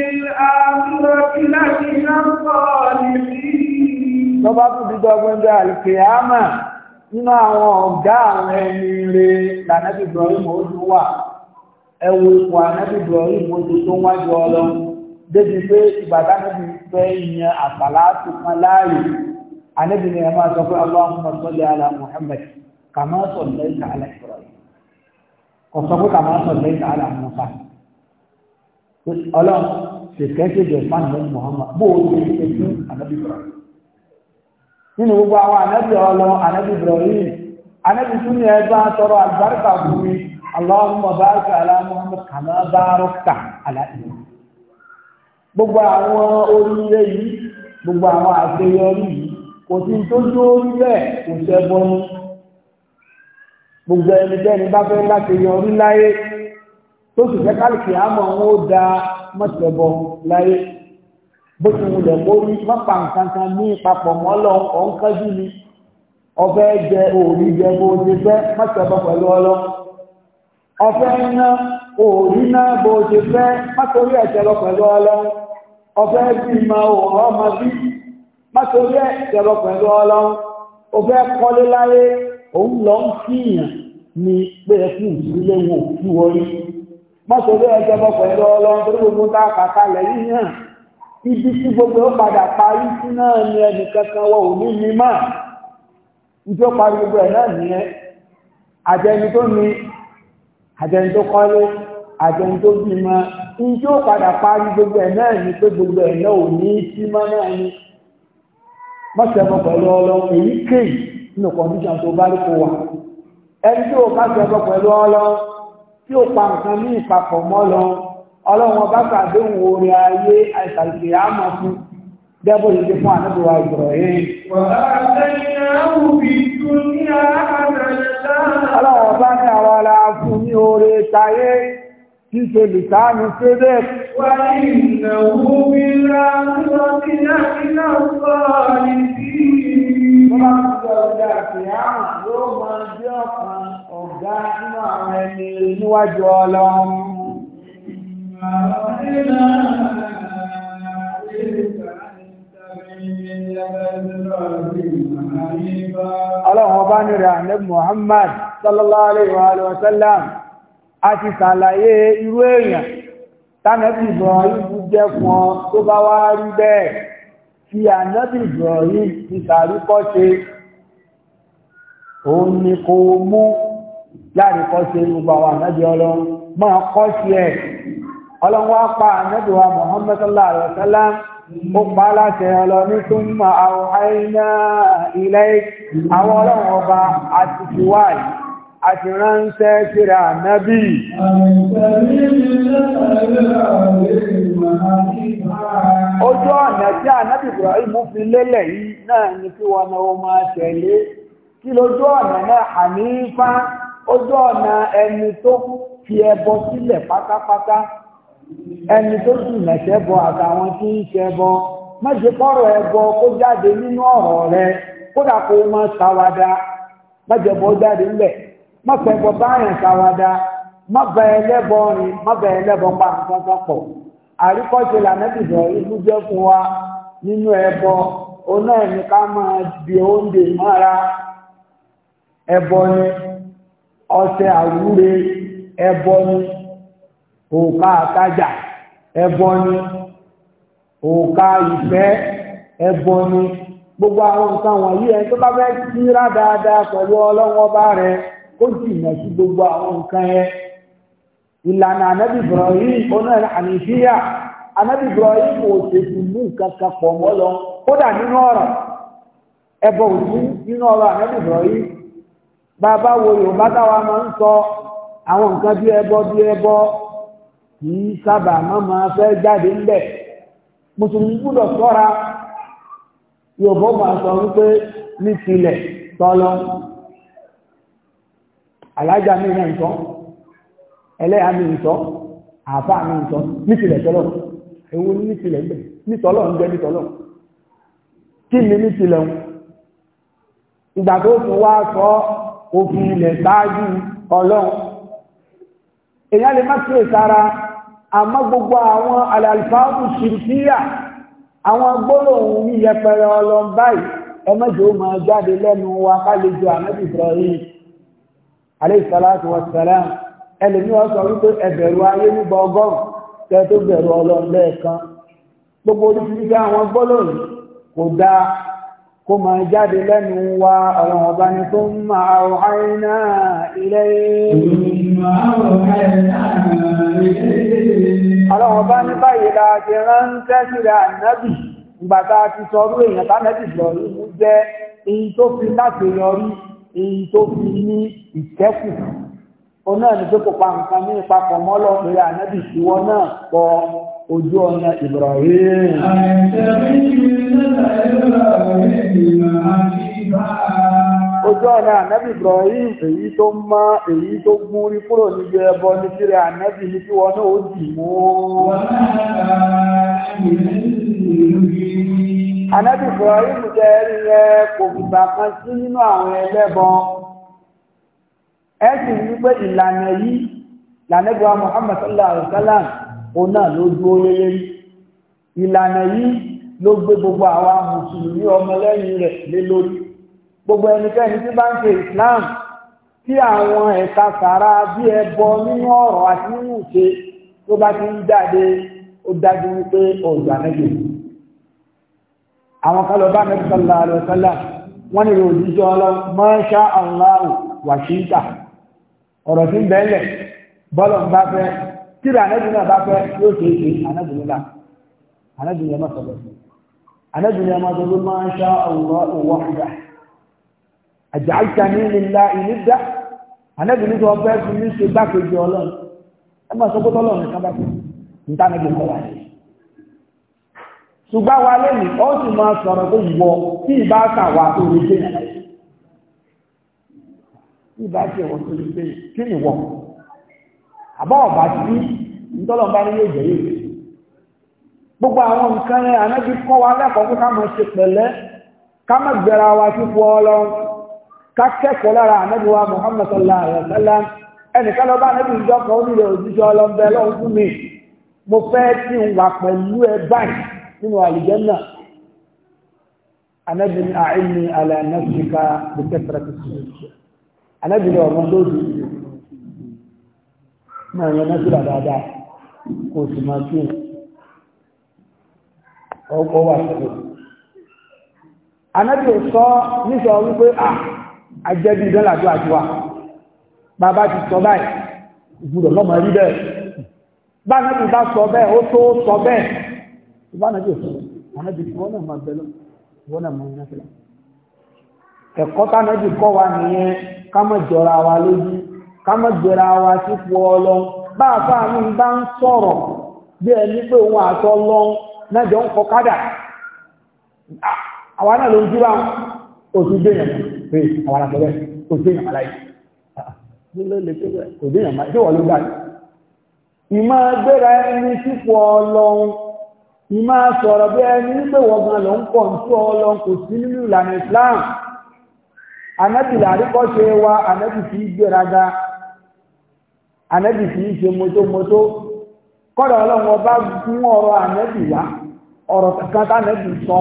àmúrọ̀kìláṣí lọ́ba tún dídọ́ gbẹ́gbẹ́ àlùkìyàmà nínú àwọn ọ̀gá àwọn ẹni rẹ̀ lànàbìbọ̀ ìmọ̀ ojú wà débi pé ìbàdàn níbi fẹ́ yan àsàlátù kan láàyè àníbi ni ẹ máa sọ pé Allahumma salli ala Muhammad kama sallaita ala Ibrahim kò sọ pé kama sallaita ala Musa ọlọ́run ṣèkẹ́ṣẹ́jọ ìfànà Muhammad bó o ti ṣe fún ànábì Ibrahim nínú gbogbo àwọn ànábì ọlọ ànábì Ibrahim ànábì tún ní ẹgbẹ́ àtọrọ àlùbáríkà fún mi Allahumma barik ala Muhammad kama barakta ala Ibrahim gbogbo àwọn oríire yìí gbogbo àwọn àṣeyọrí yìí kò sí tó dóorí bẹ́ẹ̀ kò ṣẹ́gun gbogbo ẹnikẹ́ni bá fẹ́ láti yọrí láyé tó sì fẹ́ kálíkì àmọ́ wọn ó da mọ́tẹ́bọ láyé bó ti wulẹ̀ mórí mọ́pà nǹkankan ní papọ̀ mọ́lọ́ ọ̀nkájú ni ọbẹ̀ jẹ òòrí jẹ bó ti fẹ́ mọ́tẹ́bọ pẹ̀lú ọlọ́ ọbẹ̀ ná òòrí ná bó ti fẹ́ mọ́tòrí ẹ̀jẹ̀ lọ pẹ̀lú ọlọ́run ọ̀fẹ́ bí ma òun ọmọ bí mátorí ẹ̀ tẹ̀lọ pẹ̀lú ọlọ́run ọ̀fẹ́ kọ́lé láyé òun lọ ń fìyàn ní pé ẹkùn ìdílé wò kí wọ́n rí mátorí ẹ̀ tẹ̀lọ pẹ̀lú ọlọ́run torí gbogbo tá a kà kalẹ̀ yìí hàn ibi tí gbogbo ó padà parí sí náà ni ẹnì kankan wọ òní ní máa ìjọ parí gbogbo ẹ̀ náà nìyẹn àjẹni tó ní àjẹni tó kọ́lé àjẹni tó bímọ njẹ́ ó padà parí gbogbo ẹ̀ náà ni pé gbogbo ẹ̀ náà ò ní sí mọ́ náà ni mọ́sẹ̀bọ̀ pẹ̀lú ọlọ́run èyíkéyìí nínú kọ̀ǹdíṣàn tó bá lóko wà ẹni tí ó bá sẹ̀bọ̀ pẹ̀lú ọlọ́run tí ó pa nǹkan ní ìpapọ̀ mọ́ lọ ọlọ́run ọba sàdéhùn orin ayé àìsàlùkè àmọ́ fún dẹ́bọ̀ yìí dé fún àdébòwà ìgbọ̀rọ̀ yìí. ọlọ́run ọba ní àwọn ará fún ní oore tayé ṣíṣe lìsáàmì sédẹ̀. Wà ìnáwó bí láàrúwọ́ kí láàrínà sọ ìdí. Wọ́n bá ń sọ ọjà ìyáhùn yóò máa jẹ́ ọ̀kan ọ̀gá nínú àwọn ẹni níwájú ọlọ́run. Ọlọ́run ọba nírẹ̀ Ànábì Muhammad sallallahu alaihi wa sallam. a ti ṣàlàyé irú èèyàn tánẹ́bì Ibrahim jẹ́ fún ọ tó bá wá rí bẹ́ẹ̀ tí ànẹ́bì Ibrahim ti sàríkọ́ ṣe òun ni kò mú láàrínkọ́ ṣe gbogbo àwọn ànẹ́bì ọlọ́run máa kọ́ sí ẹ̀ ọlọ́run wá pa ànẹ́bì àti ránṣẹ́ síra nábì. Ojú ọ̀nà tí ànábì Ibrahim fi lélẹ̀ yìí náà ni kí wọn máa tẹ̀lé. Kí lójú ọ̀nà náà ànífá, ojú ọ̀nà ẹni tó fi ẹbọ sílẹ̀ pátápátá, ẹni tó sì mẹ̀ṣẹ́bọ àtàwọn tí ń ṣẹbọ. ẹbọ kó jáde nínú ọ̀rọ̀ rẹ, kódà kó jáde ma fẹ́ bọ báyìí kàwádà má bẹ ẹlẹ́bọ rìn má bẹ ẹlẹ́bọ pa nǹkan kan pọ̀ àríkọ́ṣe bẹ̀rẹ̀ jẹ́ fún wa nínú ẹbọ oná ẹ̀mí ká máa di oúnjẹ mọ́ra ni ọṣẹ àwúre ẹbọ ni òǹkà àtajà ni òǹkà ìfẹ́ ni gbogbo àwọn nǹkan wọ̀nyí tó bá fẹ́ dáadáa pẹ̀lú ọlọ́wọ́ bá rẹ̀ kó jìnnà sí gbogbo àwọn nǹkan yẹn ìlànà anabi ibrahim onáà anabi ibrahim kò tètè mú nǹkan kan pọ̀ mọ́ lọ kódà nínú ọ̀rọ̀ ẹbọ òsì nínú ọ̀rọ̀ anabi ibrahim bàbá wo yorùbá táwa máa ń sọ àwọn nǹkan bí ẹbọ bí ẹbọ kì í sábà máa fẹ́ jáde ńbẹ̀ mùsùlùmí gbúdọ̀ yorùbá máa sọ alájà mi náà ń tọ́ ẹlẹ́yà mi ń tọ́ àáfà mi ń tọ́ nítìlẹ̀ tọ́lọ̀ ewu nítìlẹ̀ ń bẹ̀ nítọ́lọ̀ ń jẹ́ nítọ́lọ̀ kí ni nítìlẹ̀ ń ìgbà tó tún wá sọ òfin ilẹ̀ ṣáájú ọlọ́run èyàn lè má kíyè sára àmọ́ gbogbo àwọn àlàlùfáàbù ṣìrìkíyà àwọn gbólóhùn yíyẹpẹrẹ ọlọ́run báyìí ẹ mẹ́jọ máa jáde lẹ́nu wa ká lè jọ àmẹ́bìtì rẹ̀ yìí alayhi salatu wa salam ẹlòmí wọn sọ wípé ẹbẹ̀rù ayé nígbà ọgọ́rùn kẹ tó bẹ̀rù ọlọ́run lẹ́ẹ̀kan gbogbo oríṣiríṣi àwọn gbólóhùn ọba ní báyìí la ti ránṣẹ́ síra ànábì ìgbà ti sọ orí èèyàn tánẹ́bì lọ jẹ́ èyí tó fi láti yọrí èyí tó fi ní ìkẹ́kù òun náà ní pé kò pa nǹkan ní ìpapọ̀ mọ́ lọ́pẹ̀rẹ̀ ànábì ìwọ náà kọ ojú ọ̀nà Ibrahim. ojú ọ̀nà ànábì Ibrahim èyí tó má èyí tó gún rí kúrò níbi ẹbọ ní síre ànábì ní kí wọn náà ó dì mú. wọ́n náà Ànábì Ibrahim jẹ́ rí ẹ kò kan sí nínú àwọn Ẹ sì rí pé ìlànà yìí òun náà ló Ìlànà yìí ló gbogbo mùsùlùmí rẹ̀ lé lórí. Gbogbo ẹnikẹ́ni tí bá ń ṣe tí àwọn ẹ̀ka bí ẹbọ àwọn kalọ̀bá Nabi sallallahu alaihi wasallam wọ́n nílò òjíṣẹ́ ọlọ́ masha Allahu wa shi'ta ọ̀rọ̀ sí bẹ́ẹ̀lẹ̀ bọ́lọ̀ ń bá fẹ́ kíra anájúná bá fẹ́ yóò ṣe é ṣe anájúná anájúná má sọ̀rọ̀ sí anájúná má sọ̀rọ̀ masha Allahu wahda aj'altani lillahi nidda anájúná tó fẹ́ fi ní ṣe gbákejì ọlọ́run ẹ má sọ pé tọ́lọ́run nìkan bá fẹ́ níta ṣùgbọ́n wa lẹ́nu ó sì máa sọ̀rọ̀ pé ìwọ tí ìbá kà wá tó lè gbé yàrá yìí ìbá kà wá tó lè gbé ọba gbogbo àwọn nǹkan yẹn ànábi kọ́ wa lẹ́kọ̀ọ́ pé ká máa ṣe pẹ̀lẹ́ ká má wa sí fún ọ lọ ká kẹ́kọ̀ọ́ lára wa Muhammad sallallahu alayhi ẹnìkan lọ bá ànábi ìjọ nínú àlìjẹ́nà anábìnrin àìní alànàfíkà bìkẹ́tàrà ti sùn anábìnrin ọ̀rọ̀ lóòdù máa yan náfílà dáadáa kò sì máa kí ọkọ̀ wà sọ́kọ̀ anábìnrin sọ nísọ wípé à ajẹ́bí ìdánlàjọ́ àjúwà bàbá ti sọ báyìí ìgbùdọ̀ lọ́mọ rí bẹ́ẹ̀ bá náà bá sọ bẹ́ẹ̀ ó tó sọ bẹ́ẹ̀ ìbánajú òfin ànábì wọn náà máa bẹ̀rẹ̀ wọn náà máa yẹn ẹ̀kọ́ kọ́ wa nìyẹn ká má jọra wa lójú ká má jọra wa sípò ọlọ bá a fà mí bá ń sọ̀rọ̀ bí ẹni pé òun lọ náà jọ ń kọ kádà àwa náà ló ń ìmá sọ̀rọ̀ bí ẹni nígbè wọ̀gbọ̀n ló ń pọ̀ ń tó ọlọ kò sí nínú ìlànà Islam anẹ́bì wa anẹ́bì fi gbéraga anẹ́bì fi ṣe mọ́tómọ́tó kọ́dọ̀ ọlọ́run ọba fún ọ̀rọ̀ anẹ́bì wá ọ̀rọ̀ kankan tánẹ́bì sọ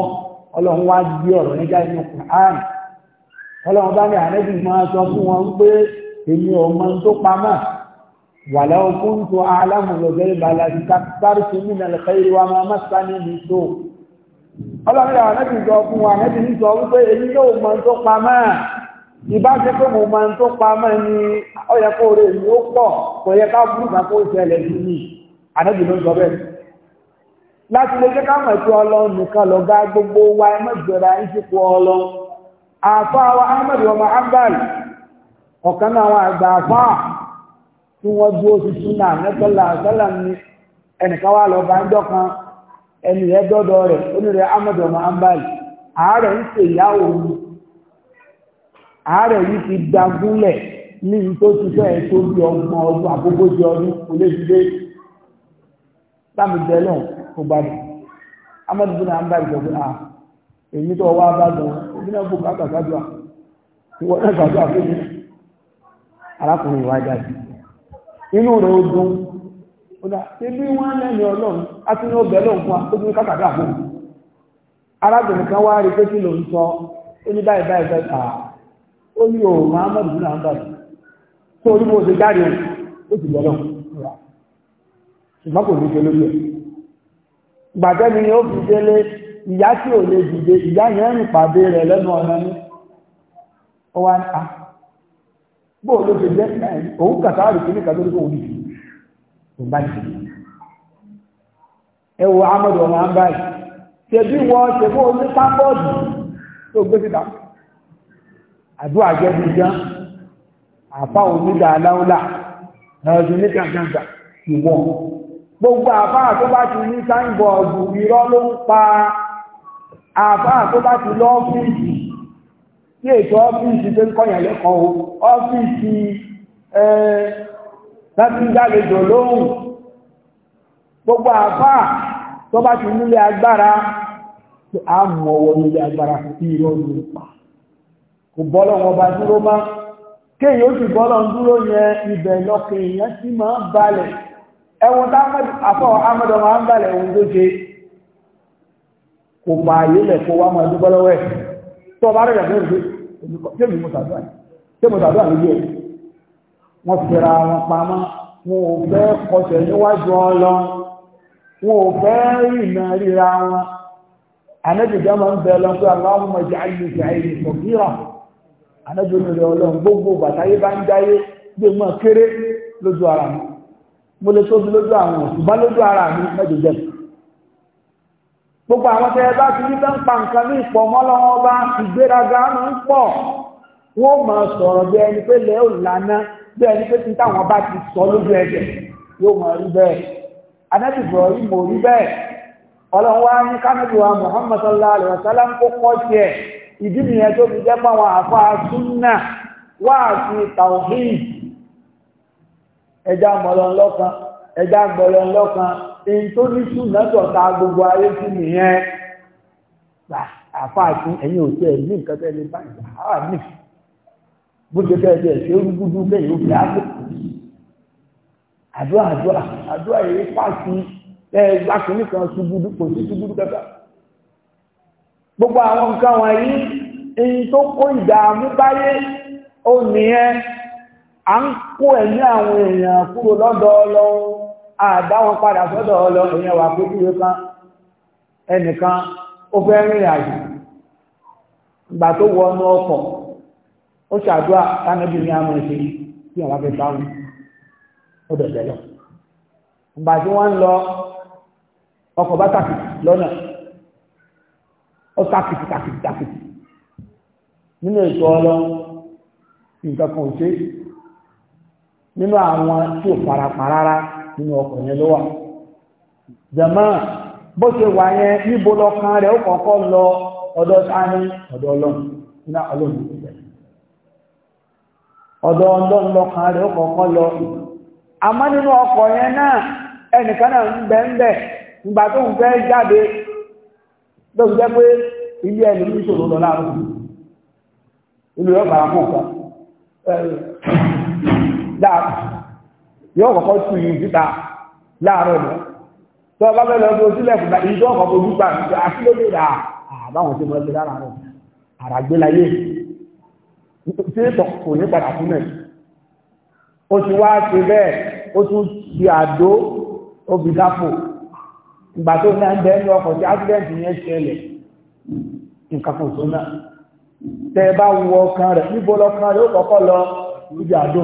wàláwò kúntù alámùlọ́gẹ́ ìbàlá ti kàtàrí ní nàlẹ́kẹ́rì wa máa má sáni tó ọlọ́run àwọn ẹ̀bí sọ fún wa ẹ̀bí ní sọ wípé tó pamọ́ ìbá tó ni ó yẹ ó pọ̀ kò yẹ ká sí ló ń sọ bẹ́ẹ̀ láti lè jẹ́ ká mọ̀ sí ọlọ́run nìkan lọ́gá gbogbo wa ẹ wa ahmed wa muhammad ọ̀kan náà tí wọ́n dúró sí náà mẹ́tọ́lá sọ́là ní ẹnìkan wà lọ bá ń dọ́kan ẹni dọ́dọ̀ rẹ̀ onírẹ̀ amọ̀dọ̀mọ̀ ambali ààrẹ ń ṣe ìyá òun ààrẹ yìí ti ní tó ti fẹ́ tó bí ọgbọ̀n ọdún àkókòjì ọdún kò lè náà kò amọ̀dọ̀mọ̀ ambali èyí tó wá bá náà inú rẹ̀ ogun ọ̀dà ebí wọ́n lẹ́yìn ọlọ́run láti tún ní ọbẹ̀ lọ́n fún akójú ní kàkàdà fún un arábìnrin kan wá rí pé kí ló ń sọ ó báyìí báyìí ó ní òun tó ní ṣe bó ló ṣe jẹ́ òun kàtàrí kí ní kàtàrí òun nìí tó bá jì ẹwọ amọ́dù ọmọ àbáyì ṣe bí wọ́n ṣe fún oní sábọ́ọ̀dù tó gbé síta àdúrà jẹ́ bí jẹ́ àpá onídà aláwọ́lá ẹ̀rọ̀dù ní kàkàkà ìwọ̀n gbogbo àfáà tó bá ti ní sáìbọ̀ọ̀dù irọ́ ló ń pa àfáà tó bá ti lọ́ọ́fíìsì ní ètò ọ́fíìsì tó ń kọ́yàn lẹ́kọ̀ọ́ ọ́fíìsì láti gbàlejò lóhùn gbogbo afa tó ti nílé agbára tí a mú ọwọ́ nílé agbára sí irọ́ kò wọn bá dúró má kéèyàn sì ń dúró yẹn èèyàn sì máa ń tá máa ń ohun tó ṣe kò tó ọba rẹ̀ yàgbẹ́ rẹ̀ tẹ́mi mo sàdúrà tẹ́mi mo sàdúrà lójú ẹ̀ wọ́n fẹ́ra wọn pamọ́ wọn ò fẹ́ kọsẹ̀ níwájú ọlọ wọn ò fẹ́ rìnà ríra wọn anábìjọ́ máa ń bẹ lọ pé aláwọ̀ mọ̀ jẹ́ àyè ìfẹ́ àyè ìfọ̀ mìíràn anábìjọ́ mi rẹ̀ ọlọ́run gbogbo bàtáyé bá ń jáyé gbé mọ́ kéré lójú ara mi mo lè tóbi lójú àwọn òṣùbá lójú ara mi mẹ́jọ jẹ́ mi. gbogbo àwọn tẹ́ bá ti rí tán pa nǹkan ní ìpọ̀mọ́ lọ́wọ́ bá ìgbéraga máa ń pọ̀ wọ́n máa sọ̀rọ̀ bí ẹni pé lànà bí ẹni pé wọn bá ti sọ lójú ẹ̀jẹ̀ yóò ma rí bẹ́ẹ̀ anábìbọ̀ rí mò rí bẹ́ẹ̀ wá ní kánàbì Muhammad sallallahu alaihi wasallam kó kọ́ èyí tó ní ṣùnà tọ̀ta gbogbo ayé sí nìyẹn gbà àfáàkú ẹ̀yìn òtí ẹ̀ ní nǹkan tẹ́lẹ̀ bá ìgbà àwà ní bójú tẹ́lẹ̀ ẹ̀ ṣe rúgúdú bẹ́ẹ̀ ó fi ápò àdúrà àdúrà àdúrà yìí pàṣẹ ẹ̀ gbàkúnní kan ṣubúdú kò sí ṣubúdú kẹta gbogbo àwọn nǹkan wọ̀nyí èyí tó àdá wọn padà sọ́dọ̀ ọlọ èèyàn wà pé kan ẹnìkan ó fẹ́ rìnrìn àjò ìgbà tó wọ ọnú ọkọ̀ ó ṣàdúrà tánàbí ní àmọ́ ìṣe tí àwọn afẹ́ bá wọn ó bẹ̀rẹ̀ lọ ìgbà tí wọ́n ń lọ ọkọ̀ bá tàkìtì lọ́nà ó tàkìtì tàkìtì tàkìtì nínú ètò ọlọ nǹkan kan ò ṣe nínú àwọn nínú ọkọ̀ yẹn ló wà jẹ̀mọ́ bó ṣe wà yẹn níbo lọ́kàn rẹ̀ ó kọ́kọ́ lọ ọ̀dọ̀ sáni ọ̀dọ̀ ọlọ́run ní ọlọ́run ló bẹ̀rẹ̀ ọ̀dọ̀ ọlọ́run lọ́kàn rẹ̀ ó kọ́kọ́ lọ àmọ́ nínú ọkọ̀ yẹn lọ yóò kọ́kọ́ tu yìí síta láàárọ̀ lọ tó ọba bẹ́ẹ̀ lọ bó sílẹ̀ fún mi ìjọ ọkọ̀ fojú gbà mí àti lóde rà àbáwọn tí mo ti lára rẹ̀ àràgbélayé tí ètò kò ní padà fún mi ó ti wá ṣe bẹ́ẹ̀ ó tún ṣe àdó obì dápò ìgbà tó náà ń bẹ ní ọkọ̀ tí ásídẹ́ǹtì yẹn ṣẹlẹ̀ nǹkan kò tó náà tẹ́ ẹ bá wọ ọkàn rẹ̀ níbo lọ́kàn rẹ̀ ó kọ́kọ́ lọ ibi àdó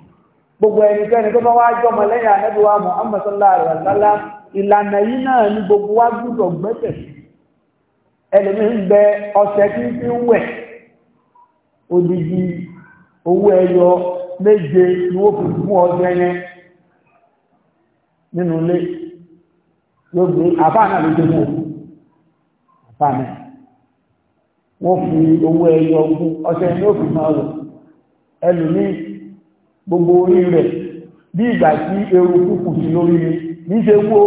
gbogbo ẹnikẹ́ni tó bá wá jọmọ lẹ́yìn ànábì wa Muhammad sallallahu alaihi wasallam ìlànà yìí náà ni gbogbo wa gbúdọ̀ gbẹ́sẹ̀ ẹlẹ́mi ń bẹ ọ̀sẹ̀ tí ń fi ń wẹ̀ odidi owó ẹyọ méje ni wọ́n fi fún ọ̀sẹ̀ yẹn nínú ilé yóò gbé àbá ló dé mọ́ àbá wọ́n fi owó ẹyọ fún ọ̀sẹ̀ yẹn yóò fi máa lò ẹlòmíì. gbogbo orí rẹ̀ bí ìgbà tí eru kúkù sí lórí ní ṣe wó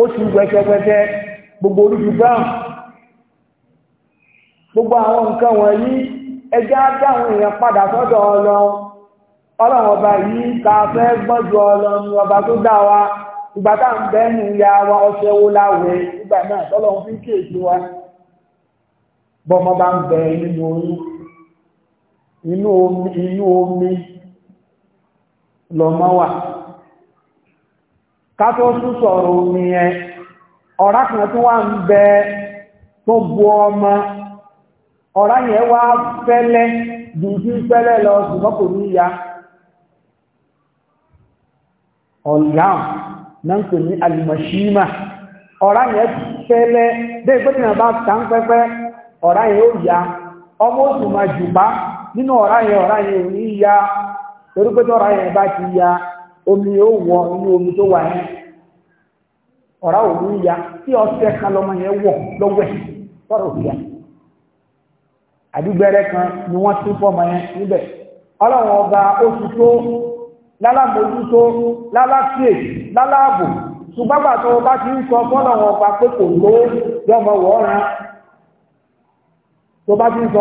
ó ti gbẹ́kẹ́gbẹ́kẹ́ gbogbo orí ti gbogbo àwọn nǹkan wọ̀nyí ẹjẹ́ dáhùn èèyàn padà sọ́dọ̀ ọlọ ọba yìí ka fẹ́ gbọ́jú ọlọ ọba tó dá wa ìgbà tá ya wa ọṣẹ wo láwẹ̀ nígbà náà tọ́lọ́run fi ń kéèké wa bọ́mọ bá ń bẹ omi lọ́mọ wà kátó tún sọ̀rọ̀ omi ẹ ọ̀rá kan tó wà ń bẹ tó bu ọmọ ọ̀rá yẹn wá fẹ́lẹ́ dìbí fẹ́lẹ́ lọ ṣùgbọ́n kò ní ya náà ń pè ní ọ̀rá fẹ́lẹ́ dé ya ọmọ oṣù jù bá nínú ọ̀rá ya torí pé tọ́ra yẹn bá ti ya omi yóò wọ inú omi tó wà yẹn ọ̀rá òwú ya tí ọṣẹ kan lọ́mọ yẹn wọ̀ lọ́wẹ̀ tọ́ra ya àdúgbẹ́rẹ́ kan ni wọ́n tún fọmọ yẹn níbẹ̀ ọba oṣù tó tó o bá ti ń sọ ọba pé kò ló tó bá ti ń sọ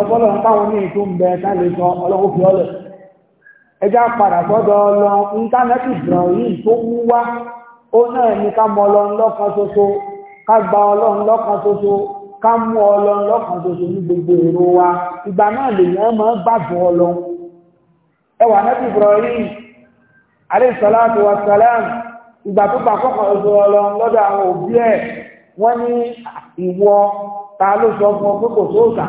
báwọn ẹjá padà sọ́dọ̀ ọlọ íńtánẹ́ẹ̀tì Ibrahim tó mú wá ó náà ní ká mọ ọlọ́run lọ́kan ṣoṣo ká gba ọlọ́run lọ́kan ṣoṣo ká mú ọlọ́run lọ́kan ṣoṣo ní gbogbo èrò wa ìgbà náà lèèyàn máa ń gbàgbọ́ ọlọ́run ẹwà nẹ́ẹ̀tì Ibrahim alayhi salatu wa salam ìgbà tó bá kọ́kọ́ ọ̀dọ̀ ọlọ́run lọ́dọ̀ àwọn òbí ẹ̀ wọ́n ní ìwọ ta ló sọ fún ọ pé kò sóòkà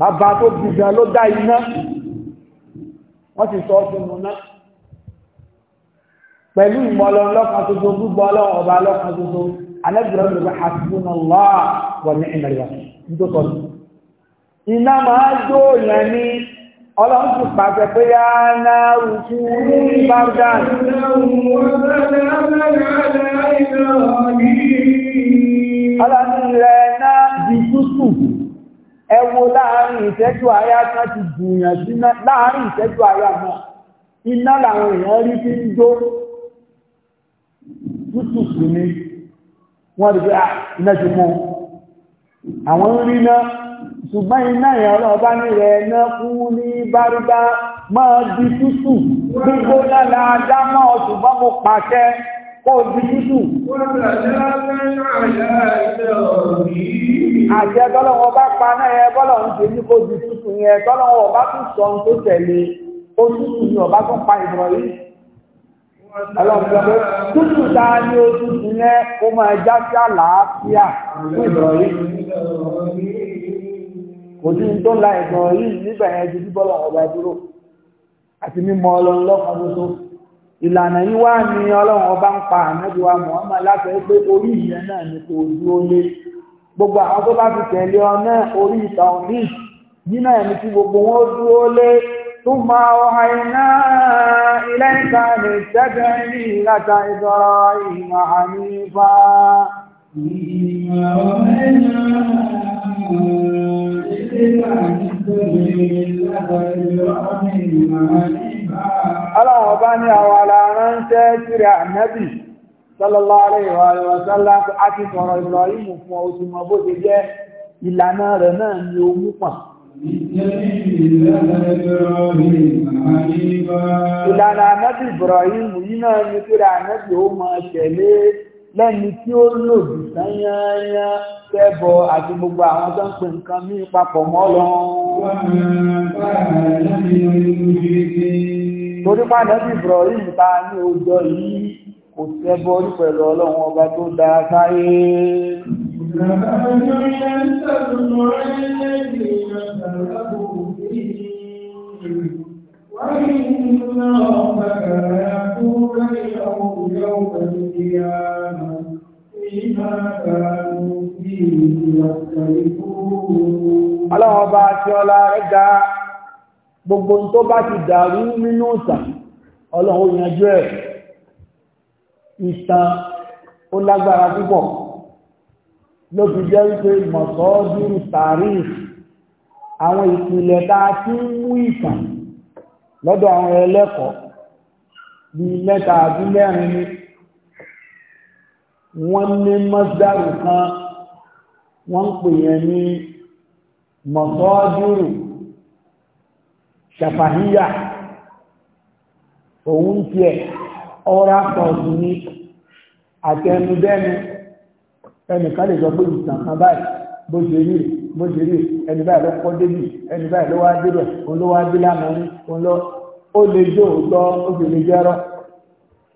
bàbá tó dìgbà ló dá iná wọ́n ti sọ sínú náà pẹ̀lú ìmọ̀lọ lọ́kàn tuntun gbogbo ọlọ́run ọba lọ́kàn tuntun alẹ́gbẹ̀rẹ́ ló bá hasbúnà lọ́à wọ̀ ní ìmọ̀lẹ́wà nítorí tọ́lú. iná máa jó yẹn ní ọlọ́run ti pàṣẹ rẹ̀ náà di tútù ẹ wo láàrin ìṣẹ́jú àyá kan ti dùnyàn sí láàrin ìṣẹ́jú àyá náà iná làwọn èèyàn rí fi ń jó tútù sí ni wọ́n rí pé ah, iná ti mú àwọn ń rí náà ṣùgbọ́n iná yẹn ọlọ́ọ̀bá ní rẹ̀ ẹ̀nà kú ní bárígbá máa di tútù gbígbóná láadámọ́ ṣùgbọ́n mo pàṣẹ Kọ́ọ̀dù ṣíṣù. Àṣẹ tọ́lọ́wọ́ bá pa náà ẹ bọ́lọ̀ ń ṣe ní kó ju tútù yẹn tọ́lọ́wọ́ bá tún sọ ohun tó tẹ̀lé ó tútù ni ọ̀bá tún pa ìbọn yìí. Ọlọ́pẹ̀lọpẹ̀ tútù ta ni ó tútù yẹn ó máa já sí àlàáfíà fún ìbọn yìí. Kò sí ní tó ń la ìbọn yìí nígbà bíbọ́lọ̀ ọ̀bá dúró àti mímọ ọlọ́run ìlànà yìí wá ní ọlọ́run ọba ń pa ànábì wa Muhammad láti ẹ pé orí ìyẹn náà ni kò dúró lé gbogbo àwọn tó bá fi tẹ̀lé ọ náà orí ìtàn ní nínú ẹ̀mí tí gbogbo wọn dúró lé tó máa ọha iná ilé ìta lè tẹ́tẹ́ ní ìlàta ìdọ́rọ̀ ìmọ̀ ànífà. Ìgbìmọ̀ ọ̀rẹ́ náà Ọlọ́run bá ní àwọn aláránṣẹ́ tíra ànábì sallallahu alaihi wa sallam àti sọ̀rọ̀ Ibrahim fún oṣù mọ̀ bó ti jẹ́ ìlànà rẹ̀ náà ni ó mú pà. Ibrahim yìí náà ni tíra ànábì ó máa tẹ̀lé lẹ́ni tí ó lòdì sáyányán ṣẹbọ àti gbogbo àwọn tó ń pè nǹkan ní papọ̀ mọ́ Ọlọ́run. torí pàdánù Ibrahim ta ní ọjọ́ yìí kò ṣẹbọ rí pẹ̀lú Ọlọ́run ọba tó dá sáyé. Thank you. وإن ربك يقول يوم القيامة Aláwọ̀bá tí ọlá rẹ̀ ga gbogbo tó bá ti dàrú nínú ìtàn ọlọ́run ìyànjú ẹ̀. Ìtàn ó lágbára púpọ̀ ló fi jẹ́ wípé mọ̀sọ́ọ́dúrù tàríf àwọn ìpìlẹ̀ tá a ti ń mú ìtàn lọ́dọ̀ àwọn ẹlẹ́kọ̀ọ́ bíi mẹ́ta àbí mẹ́rin ni wọ́n ní mọ́sídàrù kan wọ́n ń pè yẹn ní mọ̀sọ́dúrù ṣàfàhíyà òun tiẹ̀ ọ̀rá sọ̀tù ní àtẹnudẹ́nu ẹnìkan lè sọ pé ìtàn kan báyìí bó ṣe rí bó ṣe rí ẹni báyìí ló kọ́ débì ẹni báyìí ló wá débẹ̀ òun ló wá dé lánàá ní òun lọ ó lè jó òótọ́ ó sì lè jẹ́rọ́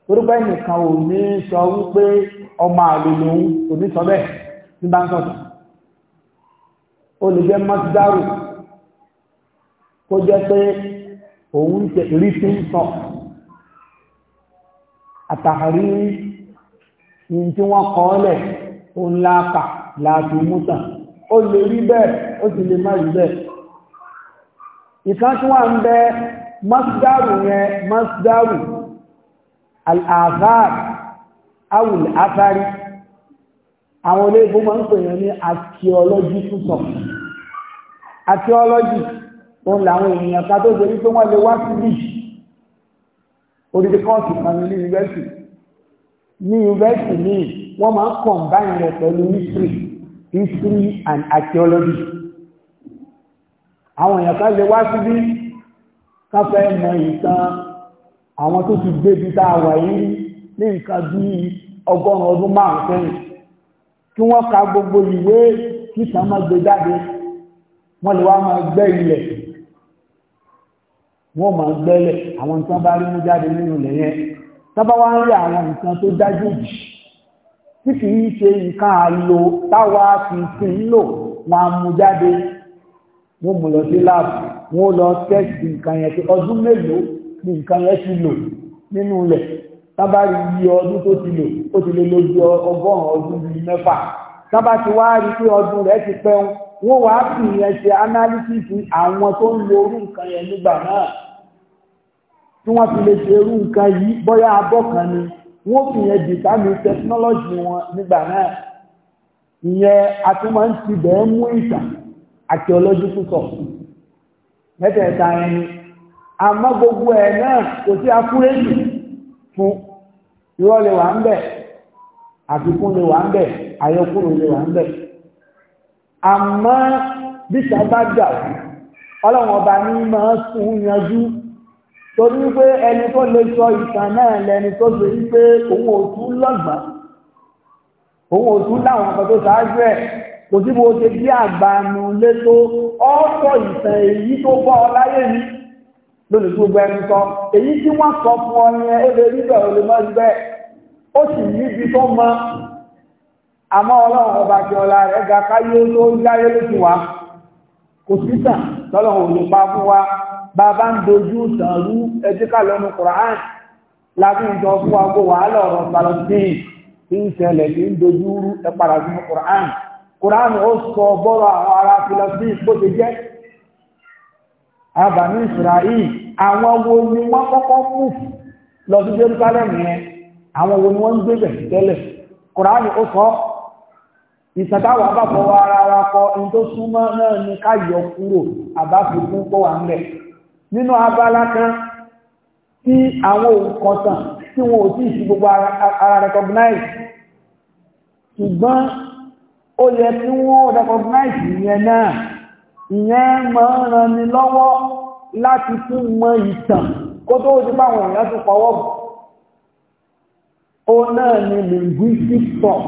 torípé ẹnìkan ò ní sọ wípé ọmọ àlòlò onítọ́bẹ̀ ní báńkọ̀tà ó lè jẹ́ mọ́tídárù kó jẹ́ pé òun tẹ̀ rí tí ń sọ àtàrí ní tí wọ́n kọ́ lẹ̀ ó ń láàpà láti mútà ó lè rí bẹ́ẹ̀ ó sì lè má rí bẹ́ẹ̀ ìkan tí wọ́n ń bẹ mọ́tídárù yẹn mọ́tídárù al-azhar awùl afárí àwọn olóyìnbó máa ń pè yàn ní akiọlọ́jì tútọ̀ akiọlọ́jì òun làwọn èèyàn ká tó torí pé wọ́n lè wá síbí odidi kọ́ọ̀sì kan ní yunifásitì ní yunifásitì míì wọ́n máa ń kọ̀ǹbáyìn rẹ̀ pẹ̀lú history history and archaeology àwọn èèyàn kan lè wá síbí ká fẹ́ mọ ìtàn àwọn tó ti débi tá a wà yìí ní nǹkan bí ọgọ́rùn ọdún márùn sẹ́yìn kí wọ́n ka gbogbo ìwé títàn máa gbé jáde wọ́n lè wá máa gbẹ́ ilẹ̀ wọ́n máa gbẹ́lẹ̀ àwọn nǹkan bá rí mú jáde nínú ilẹ̀ yẹn tábà wá ń rí àwọn nǹkan tó dájú jù tí kì í ṣe nǹkan àlò táwa fi lò wọn mú jáde wọ́n mú lọ sí láàbù wọ́n lọ tẹ́sì nǹkan yẹn ọdún mélòó ni nǹkan yẹn ti lò nínú ilẹ̀ tábàrí yí ọdún tó ti lò ó ti lè lójú ọgọ́rùn-ún ọdún bíi mẹ́fà tábà ti wá rí pé ọdún rẹ̀ ti pẹ́ wọn wá fi ìyẹn ṣe analysis àwọn tó ń lo orú nǹkan yẹn nígbà náà tí wọ́n fi lè ṣe irú nǹkan yìí bóyá abọ́ ni wọ́n fi yẹn dìtámì tẹkinọ́lọ́jì wọn nígbà náà ìyẹn a tún máa ń ti bẹ́ẹ̀ mú ìtà àti ọlọ́dúnkú sọ mẹ́tẹ̀ẹ̀ta ẹni àmọ́ gbogbo ẹ̀ náà kò sí akúrẹ́sì fún irọ́ lè wà ń bẹ̀ àfikún lè wà ń bẹ̀ àyọkúrò lè wà ń bẹ̀ àmọ́ bíta bá jà ọlọ́run ọba ní máa sùn yanjú torí pé ẹni tó lè sọ ìtàn náà lẹni tó ṣe wípé òun ò tún lọ́gbàá òun ò tún láwọn ọkọ̀ tó ṣáájú ẹ̀ kò sí bó ṣe bí nù lé tó ọ́ sọ ìtàn èyí tó bọ́ ọ láyé mi. lónìí tó gbẹ ń tán èyí tí wọ́n sọ fún ọ ebe rí bẹ́ẹ̀ ó sì níbi tó ọba ọlá ga káyé tó ń lójú wa kò sí tàn pa fún wa bàbá ń dojú tàn rú ẹjẹ́ ká lọ́nu Qur'an lábẹ́ ìjọ wa wàhálà ọ̀rọ̀ Palestine tí ń ṣẹlẹ̀ tí ń dojú rú ẹ padà Qur'an Qur'an ó sọ bọ́rọ̀ àwọn wo ni wọ́n kọ́kọ́ mú lọ sí Jerusalem yẹn àwọn wo ni wọ́n ń gbé bẹ̀ tẹ́lẹ̀ Kùránì ó sọ ìsàtàwọ̀ àbáfọwọ́ ara wa kọ ní tó súnmọ́ náà ni ká yọ kúrò àbáfikún pọ̀ wà ń bẹ̀ nínú abala kan tí àwọn òǹkọ̀tàn tí wọn ò tí ì sí gbogbo ara recognize ṣùgbọ́n ó yẹ kí wọ́n recognize ìyẹn náà ìyẹn máa ń ran ni lọ́wọ́ láti tún mọ ìtàn kó tó ó ti báwọn èèyàn tún pọwọ́ bù ó náà ni linguistic form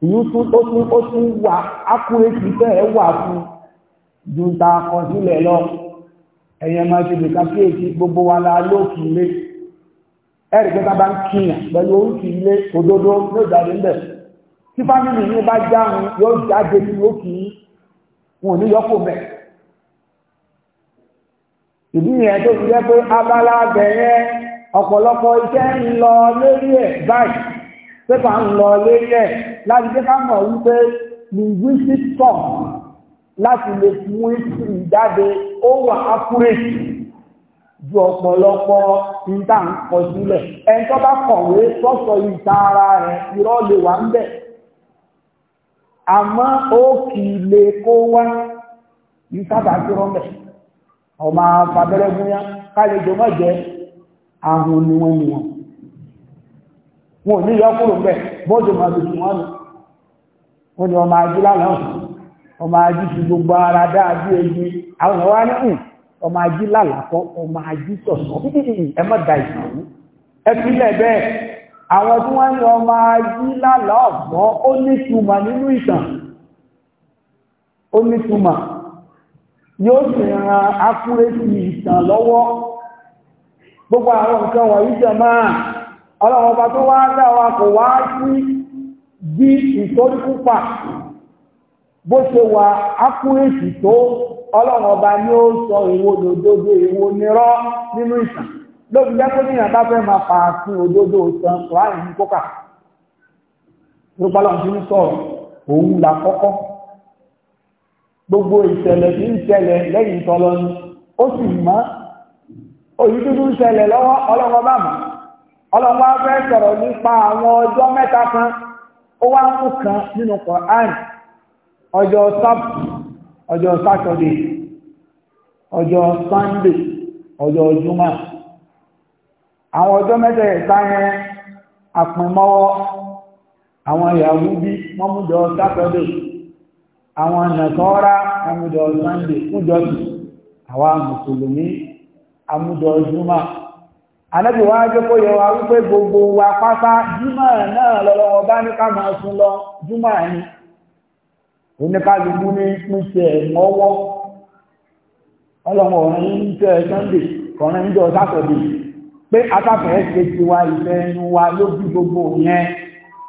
ìyún tún ó tún ó tún wà ákúrẹ́sì bẹ́ẹ̀ wà fún ju ta lọ ẹ̀yẹn máa ṣe nìkan kéèkì gbogbo wa la lókì lé ẹ̀rì pé bá bá ń kíyàn pẹ̀lú oríkì ilé òdodo yóò jáde ńbẹ̀ tí fámìlì yín bá jáhùn yóò jáde ní òkì wọn ò ní yọkò mẹ́ẹ̀ ìdí nìyẹn tó fi jẹ́ pé abala bẹ̀rẹ̀ ọ̀pọ̀lọpọ̀ iṣẹ́ ń lọ lórí ẹ̀ báyìí pépà ń lọ lórí ẹ̀ láti jẹ́ ká mọ̀ wípé linguistic form láti lè mú ìsìn jáde ó wà accurate ju ọ̀pọ̀lọpọ̀ níta ń kọ sílẹ̀ ẹni tó bá kọ̀wé sọ́sọ ìta ara rẹ̀ irọ́ lè wà ń bẹ̀ àmọ́ ó kì í lè kó wá ní sábà tó rọ́ mẹ́rin ọmọ afabẹ́rẹ́ gúnyá kálejò má jẹ́ ahun ni wọ́n ni wọn wọn ò ní yọ kúrò bẹ́ẹ̀ bọ́ọ̀dù máa tuntun wọn nù wọn ni ọmọ ajú lánàá ọmọ ajú ti gbogbo ara dáadé ẹgbẹ́ àwọn ọ̀wá ní hùn hmm, ọmọ ají lálàkọ́ ọmọ ají sọ̀sọ̀ ẹ má da ìsàwú ẹ fi lẹ̀ bẹ́ẹ̀ àwọn tí wọ́n ń lọ ọmọ ají lálàá ọ̀gbọ́n ó ní túmọ̀ nínú yóò sì ran akúrésì ìtàn lọ́wọ́ gbogbo àwọn nǹkan wọ̀nyí jẹ máa ọlọ́wọ́n bá tó wá dáwà kò wá sí bí ìtóríkúpà bó ṣe wà akúrésì tó ọlọ́wọ́n bá ní ó sọ ìwò nírọ́ nínú ìtàn lóbi jẹ́ níyàn bá fẹ́ máa fà á sí ní kókà gbogbo ìṣẹ̀lẹ̀ tí ń ṣẹlẹ̀ lẹ́yìn tọ́lọ́ ni ó sì mọ́ òyí dúdú ṣẹlẹ̀ lọ́wọ́ ọlọ́wọ́ bá ọlọ́wọ́ àwọn ọjọ́ mẹ́ta kan ó wá mú kan nínú Quran ọjọ́ sábà ọjọ́ sátọ̀dé ọjọ́ sànńdé ọjọ́ àwọn ọjọ́ yẹn àpínmọ́wọ́ àwọn àwọn nàkọ́ra amúdọ̀ sunday kújọ́sì àwa mùsùlùmí amúdọ̀ juma anábì wá jẹ́ kó yẹ wa wípé gbogbo wa pátá juma náà lọ́wọ́ bá ní ká máa sùn lọ juma ni oníkálukú ní pínṣẹ́ mọ́wọ́ ọlọ́mọ ọ̀rọ̀ ń tẹ́ sunday kọ̀ọ̀rọ̀ ń jọ sátọ̀dẹ̀ pé atáfẹ́ ṣe ti wa ìfẹ́ ẹnu wa ló bí gbogbo yẹn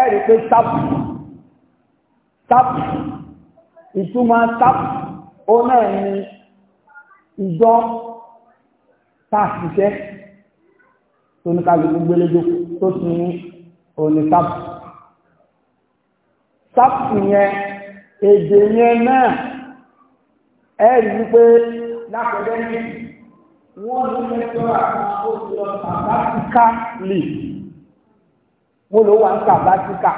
ẹ̀rí pé tápù tápù ìtumọ̀ tápù ó náà ní ìjọ tá a ṣiṣẹ́ tó ní kálukú gbélédó tó ti ní òní tápù tap, yẹn èdè yẹn náà ẹ̀rí wípé lápẹ̀lẹ́ ní wọ́n ní mẹ́tọ́rà kan ó ti lè mo lò wà ń sàbátíkà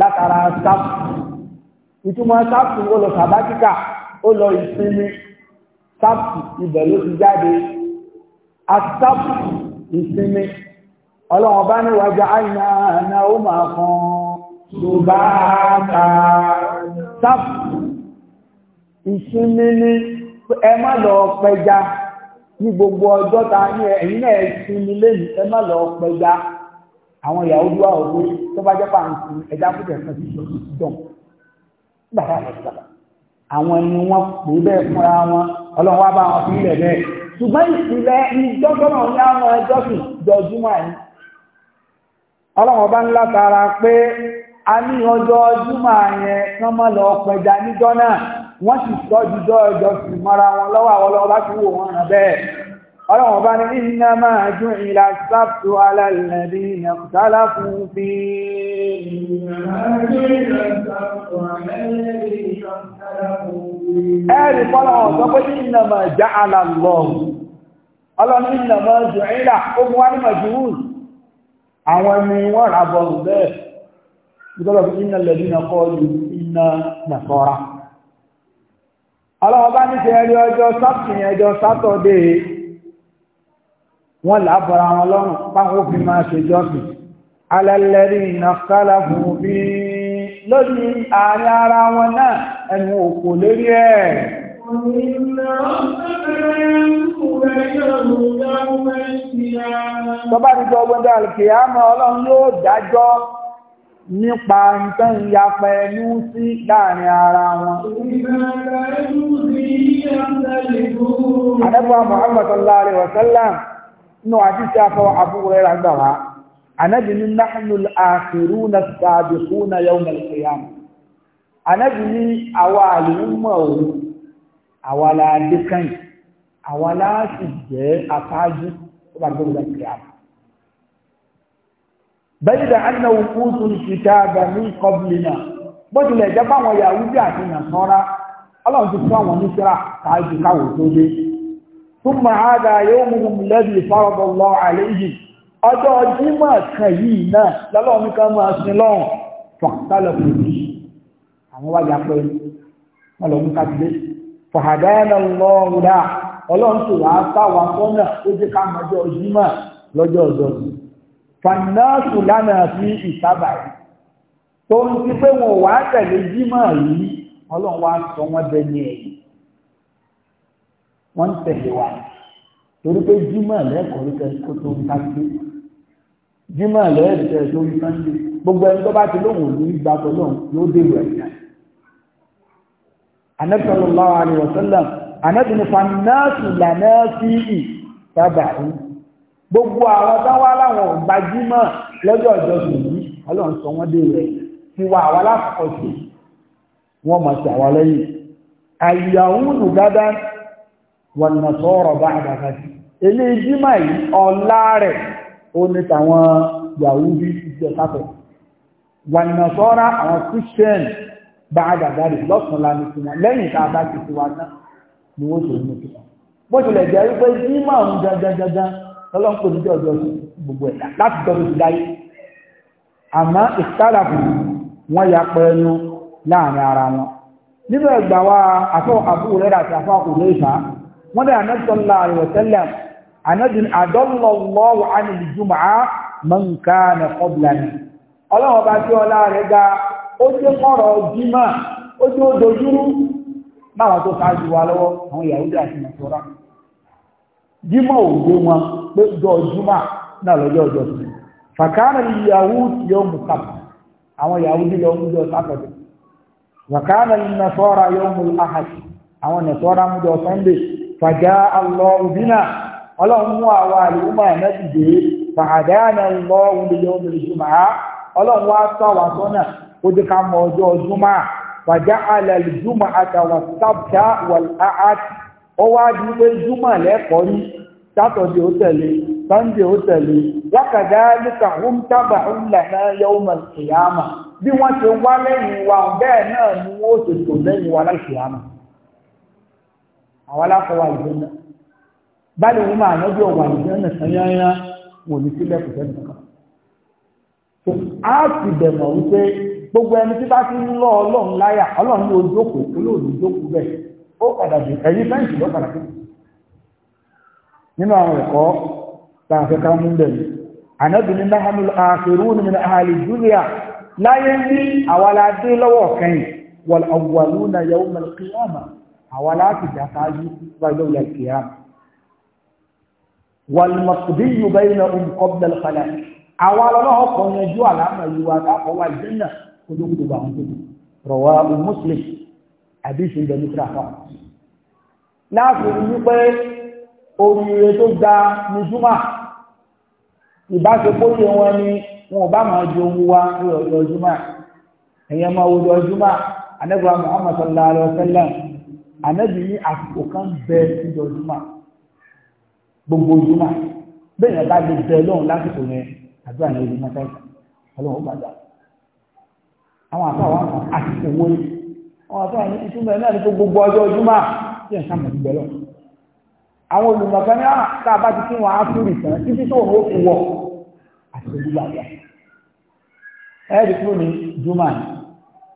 látara sáfù ìtumọ̀ sáfù ó lọ sàbátíkà ó lọ ìsinmi sáfù ibẹ̀ ló ti jáde asáfù ìsinmi ọlọ́run bá ní wájà àyìnà àná ó máa kan ṣùgbáàkà sáfù ìsinmi ní ẹ má lọ pẹja ní gbogbo ọjọ́ ní ẹ̀yìn náà ìsinmi lẹ́yìn ẹ má lọ pẹja àwọn ìyàwó dúwà òwe tó bá jẹ́ pàǹtí ẹ̀dá fúnjẹ kan sí ìṣòro ìdán gbàrà ẹ̀dá àwọn ẹni wọn pè bẹ́ẹ̀ fúnra wọn ọlọ́run wá bá wọn fi ilẹ̀ bẹ́ẹ̀ ṣùgbọ́n ìpìlẹ̀ ìjọ́gbọ́nà ní àwọn ẹjọ́ sì jọjúmọ́ ẹ̀ ọlọ́run bá ń látara pé a ní ọjọ́ júmọ́ yẹn kán mọ́ lọ pẹja níjọ́ náà wọ́n sì sọ́ jíjọ́ ẹjọ́ sì mọ́ra wọn lọ́wọ́ àwọn ọlọ́run bá ti wò wọ́n hàn bẹ́ẹ̀ ọlọ́wọ̀n bá ní iná máa jú ìlà sáàtù alálẹ́bí ẹ̀kùtálá fún bí ẹ̀rì pọ́lọ̀wọ̀n sọ pé iná máa já alàlọ́wọ̀ ọlọ́run iná máa jú ìlà ogun wá ní majúwùs àwọn ẹni wọ́n rà bọ̀ bẹ́ẹ̀ nítorí bá ní ti ẹ̀rí ọjọ́ wọ́n lábọ̀ra wọn lọ́rùn páwọn òfin máa ṣe jọ́sìn alẹ́lẹ́rí ìnàkálà fún bí lórí ààrẹ ara wọn náà ẹnu òkò lérí ẹ̀ tọ́bá ti jọ ọgbọ́n dáàlù kì á mọ́ ọlọ́run yóò dájọ́ nípa nǹkan ìyapa ẹnu sí láàrin ara wọn. Àdẹ́gbà Muhammad sallallahu alaihi wa sallam nínú àdìsí afọ abúrẹ́ ra gbà wá anabi ní nahnu al-akhiruna as-sabiquna yawm al-qiyamah anabi ní àwa àlùmọ̀ òun àwa la dé kẹ́yìn àwa la sì jẹ́ afáájú tó bá gbé wọn kiri àmà. bẹ́ẹ̀ dà ánà òkútu kitaba min qablina bó tilẹ̀ jẹ́ báwọn Yahudi àti Nasara ọlọ́run ti fún àwọn oníṣẹ́ra káàdì káwọ̀ tó dé. ثم هذا يومهم الذي فرض الله عليه ọjọ́ jímọ̀ kan yìí náà lọ́lọ́ ní ká máa sin lọ́rùn fọ̀tálọ̀ pẹ̀lú àwọn wáyà pé wọ́n lọ ká sílé fọ̀hàdáyánà lọ́rùn ọlọ́run tó sáwà sọ́nà ó jẹ́ ká lọ́jọ́ ọjọ́ lánàá sí ìsábà tó ń ti pé wọn tẹ̀lé jímọ̀ yìí ọlọ́run wá sọ ẹ̀yìn wọ́n ń tẹ̀lé wa torí pé jimá lẹ́kọ̀ọ́ lókè kó tó ń sáńdé jimá lẹ́ẹ̀dẹ̀ tó ń sáńdé gbogbo ẹni tó bá ti lóhùn ní ìgbà tó lóhùn yóò dé ìwẹ̀ ìyá anẹ́sọ̀lọ́lá àríwọ̀sọ́lá anẹ́sọ̀lọ́fà nọ́ọ̀sì lànàọ́sì ì sábà ń gbogbo àwọn táwọn aláwọ̀ gbajúmọ̀ lọ́jọ́ ìjọsìn yìí ọlọ́run sọ wọ́n dé rẹ̀ ti àwọn aláfọ̀ọ́sì wọn nà sọ́rọ̀ bá àdàkà sí ilé ìjímà yìí ọlá rẹ̀ ó ní tàwọn Yahudi ìjọ sáfẹ̀ wọn nà sọ́rọ̀ àwọn Christian bá àdàkà rẹ̀ lọ́sàn lánàá láàrin ara wọn nínú ẹgbàá wa àfọ àti àfọ àkùrẹ́ ìfà wọ́n dẹ̀ anábì sallallahu alaihi wasallam anábì adallallahu anil jumu'a man kana qablana ọlọ́run ọba tí ọlá rẹ̀ ga ó jẹ́ kọ́rọ̀ jímọ̀ ó jẹ́ òdòdúrú máwọn tó ṣáájú wa lọ́wọ́ àwọn Yahudi àti nàìjíríà jímọ̀ ò gbé wọn pé jọ jímọ̀ náà lọ́jọ́ ọjọ́ sí fàkánà Yahudi yóò mú kàpù àwọn Yahudi lọ mú jọ sátọ̀dẹ̀ fàkánà Nasara yóò mú ahad àwọn Nasara mú jọ Sunday fàjá Allahu bina ọlọ́run mú àwọn àlùmọ̀ ànábì dé fàdánà Allahu lè yọ omi ìjùmọ̀ á ọlọ́run wá tọ́ wà sọ́nà ó dé ká mọ ọjọ́ ọjúmọ́ fàjá alẹ́ ìjùmọ̀ àtàwọn sábà wà áàtì ó wá di pé júmọ̀ lẹ́kọ̀ọ́ rí sátọ̀dé ó tẹ̀lé sànńdé ó tẹ̀lé lákàdá níka ń tábà ń lànà yawmal qiyamah bí wọ́n ti wá lẹ́yìn wa bẹ́ẹ̀ náà ni wọ́n ó lẹ́yìn wa láti àwọn aláfọwọ́ àlùjànnà báyìí wọn máa yọjú ọwọ́ àlùjànnà sanyanya wọn ò ní sílẹ̀ kò sẹ́ni kan tó a ti bẹ̀mọ̀ wípé gbogbo ẹni tí bá ti ń lọ ọlọ́run láyà ọlọ́run ló jókòó olóòlù jókòó bẹ́ẹ̀ ó padà dé ẹ̀yìn fẹ́ǹsì ló padà kéde nínú àwọn ẹ̀kọ́ tá a fẹ́ ká mú bẹ̀rẹ̀ ànábìnrin náà hàmìlú àkèrú ní mìíràn àhàlì júlíà láyé ní àwàládé lọ́wọ́ kẹyìn wal awwaluna yawm al qiyamah àwa láti jà sáájú báyọ̀ yẹ kìíyà wàlùmọ̀sùdí yìí bẹ́ẹ̀ ní ohun kọ́bílẹ̀ lọ́kàlẹ̀ àwa ọlọ́wọ́ kan yanjú àlámà yìí wa káfọ́ wa jẹ́nà kódókòdó bá ń tó rọ̀wá muslim àbí ìsìn bẹ̀rù kíra fún wa. láàfin wípé oríire tó ga ní júmà ìbáṣepọ̀ yẹn wọn ni wọn ò bá máa di ohun wa ní ọjọ́ júmà ẹ̀yẹ́ máa wo ọjọ́ júmà anẹ́gbà muhammad sallallahu alayhi wa ànábì ní àsìkò kan bẹ ìjọ jùmọ̀ gbogbo jùmọ̀ bẹ́ẹ̀ yẹn bá lè bẹ lọ́hùn lásìkò yẹn àdúrà yẹn lè mọ́tà ìgbà ọlọ́run gbàgbà àwọn àfa wa kan àsìkò wo ni àwọn àfa wa ní ìtumọ̀ náà ní gbogbo ọjọ́ jùmọ̀ tí yẹn sàmọ̀ ìgbẹ́ lọ àwọn olùmọ̀kan ní àtà ah, bá ti kí wọn á fún ìtàn títí tó wọn ó fi wọ àsìkò gbàgbà ẹ̀ẹ́dì fún mi jùmọ̀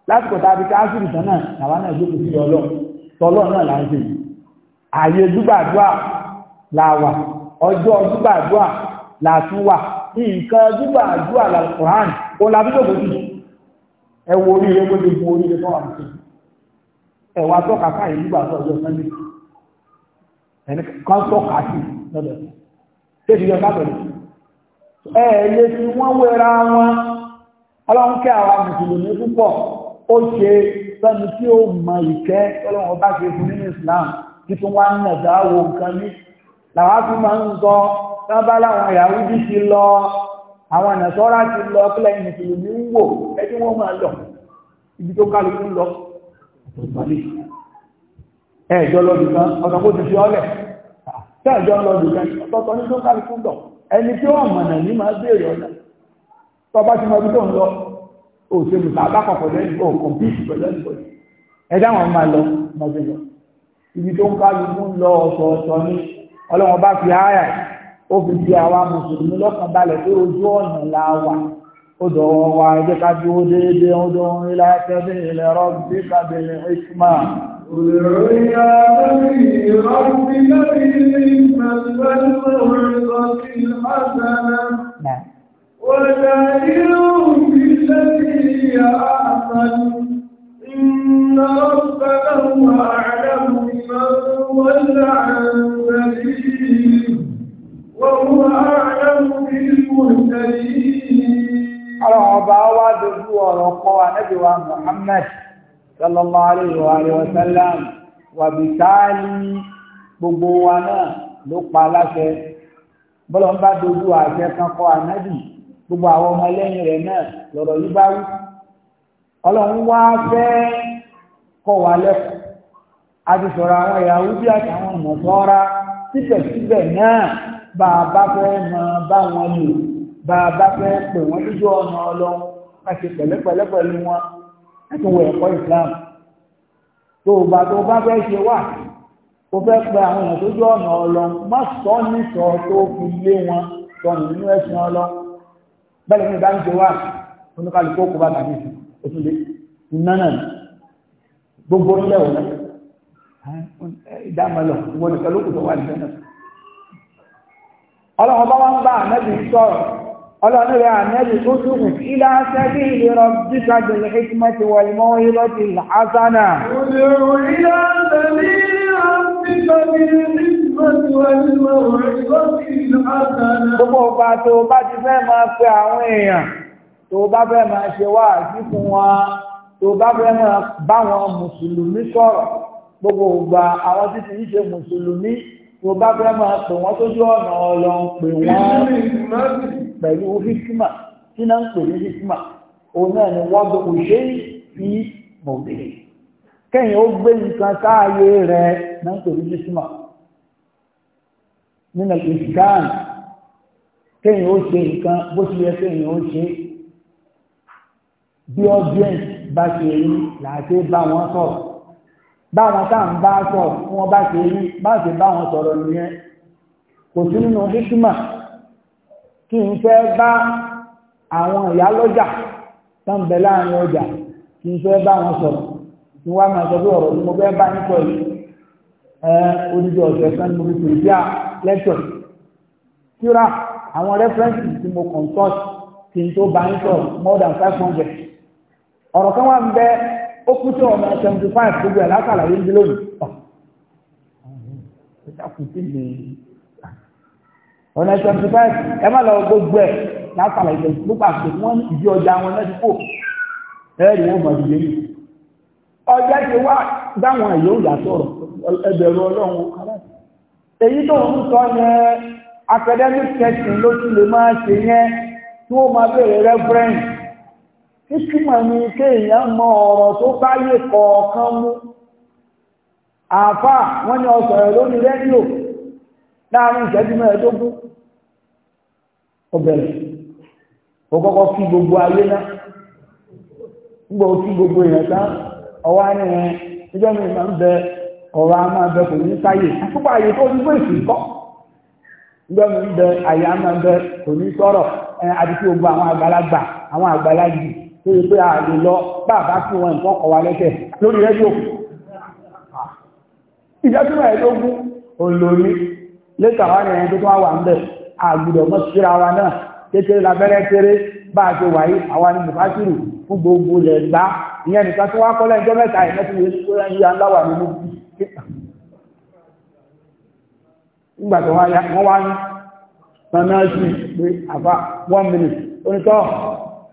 lásìkò tá a fi ká á fún ìtàn náà làwọn náà yóò fi sí ọlọ́run tọ́lọ́ náà là ń ṣe yìí ààyè dúgbàdúà là ọjọ́ dúgbàdúà nǹkan dúgbàdúà la fi ẹ wo oríire kó lè gun oríire tó wà lókè ẹ wá dúgbàdúà ọjọ́ sẹ́ndì ẹni kan sí lọ́dọ̀ ṣé ti yọ ẹ̀ẹ́dẹ́sí wọ́n wọn ọlọ́run kẹ́ mùsùlùmí púpọ̀ ó ṣe sẹ́ni tí ó mọ ìkẹ́ ọlọ́run bá ṣe fún nínú Islam kí tún wá ń nàdá wo nǹkan ní làwọn fi máa ń sọ tán bá láwọn Yahudi ti lọ àwọn nàṣọ́ra ti lọ kílẹ̀ mùsùlùmí ń wò ẹni wọ́n máa lọ ibi tó kálukú lọ ìgbàlẹ̀ ẹ̀ẹ́jọ́ lọ́dún kan ọ̀sán kó ti fi ọ́lẹ̀ tẹ́ẹ̀jọ́ lọ́dún kan ọ̀tọ̀ọ̀tọ̀ ní tó kálukú lọ ẹni tí ó mọ̀nà ní máa béèrè ọ̀nà tọ́ òṣèlú bàbá kọ̀kọ̀ lẹ́yìn ọ̀ kọ̀mpútù pẹ̀lú ẹ̀dọ́dì ẹ̀dá wọn máa lọ mọ́tò lọ ibi tó ń kájú mú ń lọ ọ̀sọ̀ọ̀sọ̀ ní ọlọ́wọ́n bá fi áyà ó fi di àwa mùsùlùmí lọ́kàn balẹ̀ pé ojú ọ̀nà la wà ó dọ̀wọ́ wa ẹgbẹ́ ká dúró déédéé ó dọ̀ ń rílá ẹsẹ̀ bí ilẹ̀ rọ́bì kábìlì ìsmà. Nah. يا أحمد إن ربك هو وهو أعلم بالمهتدين Ọlọ́run ọba wá dojú ọ̀rọ̀ kọ́ anẹ́bíwá Muhammad sallallahu alayhi wa alayhi wa sallam wà bí táàlì gbogbo wa náà ló pa aláṣẹ. Bọ́lọ̀ ń bá dojú àṣẹ kan kọ́ anẹ́bí gbogbo àwọn ọmọ ẹlẹ́yìn rẹ̀ náà lọ́rọ̀ yí bá wí ọlọ́run wá fẹ́ kọ́ wa lẹ́kọ̀ọ́ àdìsọ̀rọ̀ àwọn ìyàwó bí àtàwọn mọ̀sọ́ra síbẹ̀síbẹ̀ náà bá a bá fẹ́ mọ bá wọn lò bá a bá fẹ́ pè wọ́n lójú ọ̀nà ọlọ́run ká ṣe pẹ̀lẹ́pẹ̀lẹ́ pẹ̀lú wọn láti wọ ẹ̀kọ́ ìsìlámù tó o bá tó o bá fẹ́ ṣe wà o fẹ́ pe àwọn èèyàn lójú ọ̀nà ọlọ́run má sọ nìsọ tó fi lé wọn sọnù nínú ẹ̀sìn ọlọ́run bẹ́ẹ̀ ni ìbá wà oníkàlùkù kó bá tàbí ìsìn اسمي منال بمبوليو ها دامل هو قالوا هو عندنا قال الله ما نبي صار قال نبي نبي صدق الى سبيل ربك بالحكمه والموعظه الحسنه ادعو الى سبيل ربك بالحكمه والموعظه الحسنه بابا تو با تي فما في اوان tó bá fẹ́ máa ṣe wáàsí fún wọn tó bá fẹ́ máa bá wọn mùsùlùmí sọ̀rọ̀ gbogbo ìgbà àwọn títí yìí ṣe mùsùlùmí tó bá fẹ́ máa pè wọ́n sójú ọ̀nà ọlọ́run pè wọ́n pẹ̀lú hikima tí náà ń pè ní hikima òun náà ni wọ́n gbé é fi mọ̀dé kẹ́yìn ó gbé nǹkan sáàyè rẹ̀ náà ń pè ní hikima nínú ìsìkáàmù kẹ́yìn ó ṣe nǹkan bó ti yẹ kẹ́yìn ó ṣe é bí audience bá ṣe rí làáṣẹ bá wọn sọ̀rọ̀ báwọn tá à ń bá sọ fún wọn bá ṣe rí bá ṣe bá wọn sọ̀rọ̀ nìyẹn kò sí nínú hikima kí n fẹ́ bá àwọn ìyálọ́jà tó ń bẹ láàrin ọjà kí n fẹ́ bá wọn sọ̀rọ̀ kí wọ́n máa sọ pé ọ̀rọ̀ tí mo fẹ́ bá yín sọ odidi ọ̀sẹ̀ kan mo fi pè sí à lẹ́tọ̀ kíra àwọn rẹ́fẹ́rẹ́nsì tí mo consult kí n tó bá yín sọ̀rọ̀ more than five hundred ọ̀rọ̀ kan wà ń bẹ ó kú tí ọ̀nà seventy five gbogbo ẹ̀ látàlá yìí ń di lónìí tọ̀ ah. ọ̀nà seventy five ẹ má lọ gbogbo ẹ̀ látàlá yìí gbogbo àti wọ́n ìdí ọjà wọn náà ti kó ẹ̀rì wọn mọ̀ ìdílé mi ọjà ti wá dáwọn èyí ó yàtọ̀ ẹgbẹ̀rún ọlọ́run èyí tó ń sọ yẹn academic testing ló ti lè máa ṣe yẹn tí wọ́n máa bèèrè reference ìtumọ̀ ní kéèyàn mọ ọ̀rọ̀ tó báyé kọ̀ọ̀kan mú àfà wọ́n ní ọ̀sọ̀ ẹ̀ lórí rédíò láàrin ìṣẹ́jú mẹ́ẹ̀ẹ́dógún ó bẹ̀rẹ̀ ó kọ́kọ́ fi gbogbo ayé náà nígbà ó fi gbogbo èèyàn tán ọwọ́ á ní wọn níjọ́ mi máa ń bẹ ọ̀rọ̀ a máa bẹ kò ní sáyè àtúpọ̀ àyè tó ní gbèsè kọ́ níjọ́ mi ń bẹ àyè a máa bẹ kò ní sọ̀rọ̀ àti tí gbogbo àwọn àgbàlagbà àwọn àgbàlagbì tó yẹ pé ààrẹ lọ bàbá fún wọn nǹkan kọwa lẹ́sẹ̀ lórí rẹ́díò ìjọ́sílẹ̀ ẹ̀dógún olómi lẹ́tà wà ní ẹni tó wá wà ń bẹ̀ àgùdọ̀ mọ́ síra wa náà kékeré labẹ́rẹ́ a ṣe wáyé àwa ni mùfásírù fún gbogbo lẹ̀ gbá ìyẹn nìkan tó wá kọ́lẹ̀ ẹjọ́ mẹ́ta ìmẹ́sìwé tó yẹ ń yá láwà nínú nígbà tó wá yá wọ́n wá ń tán minute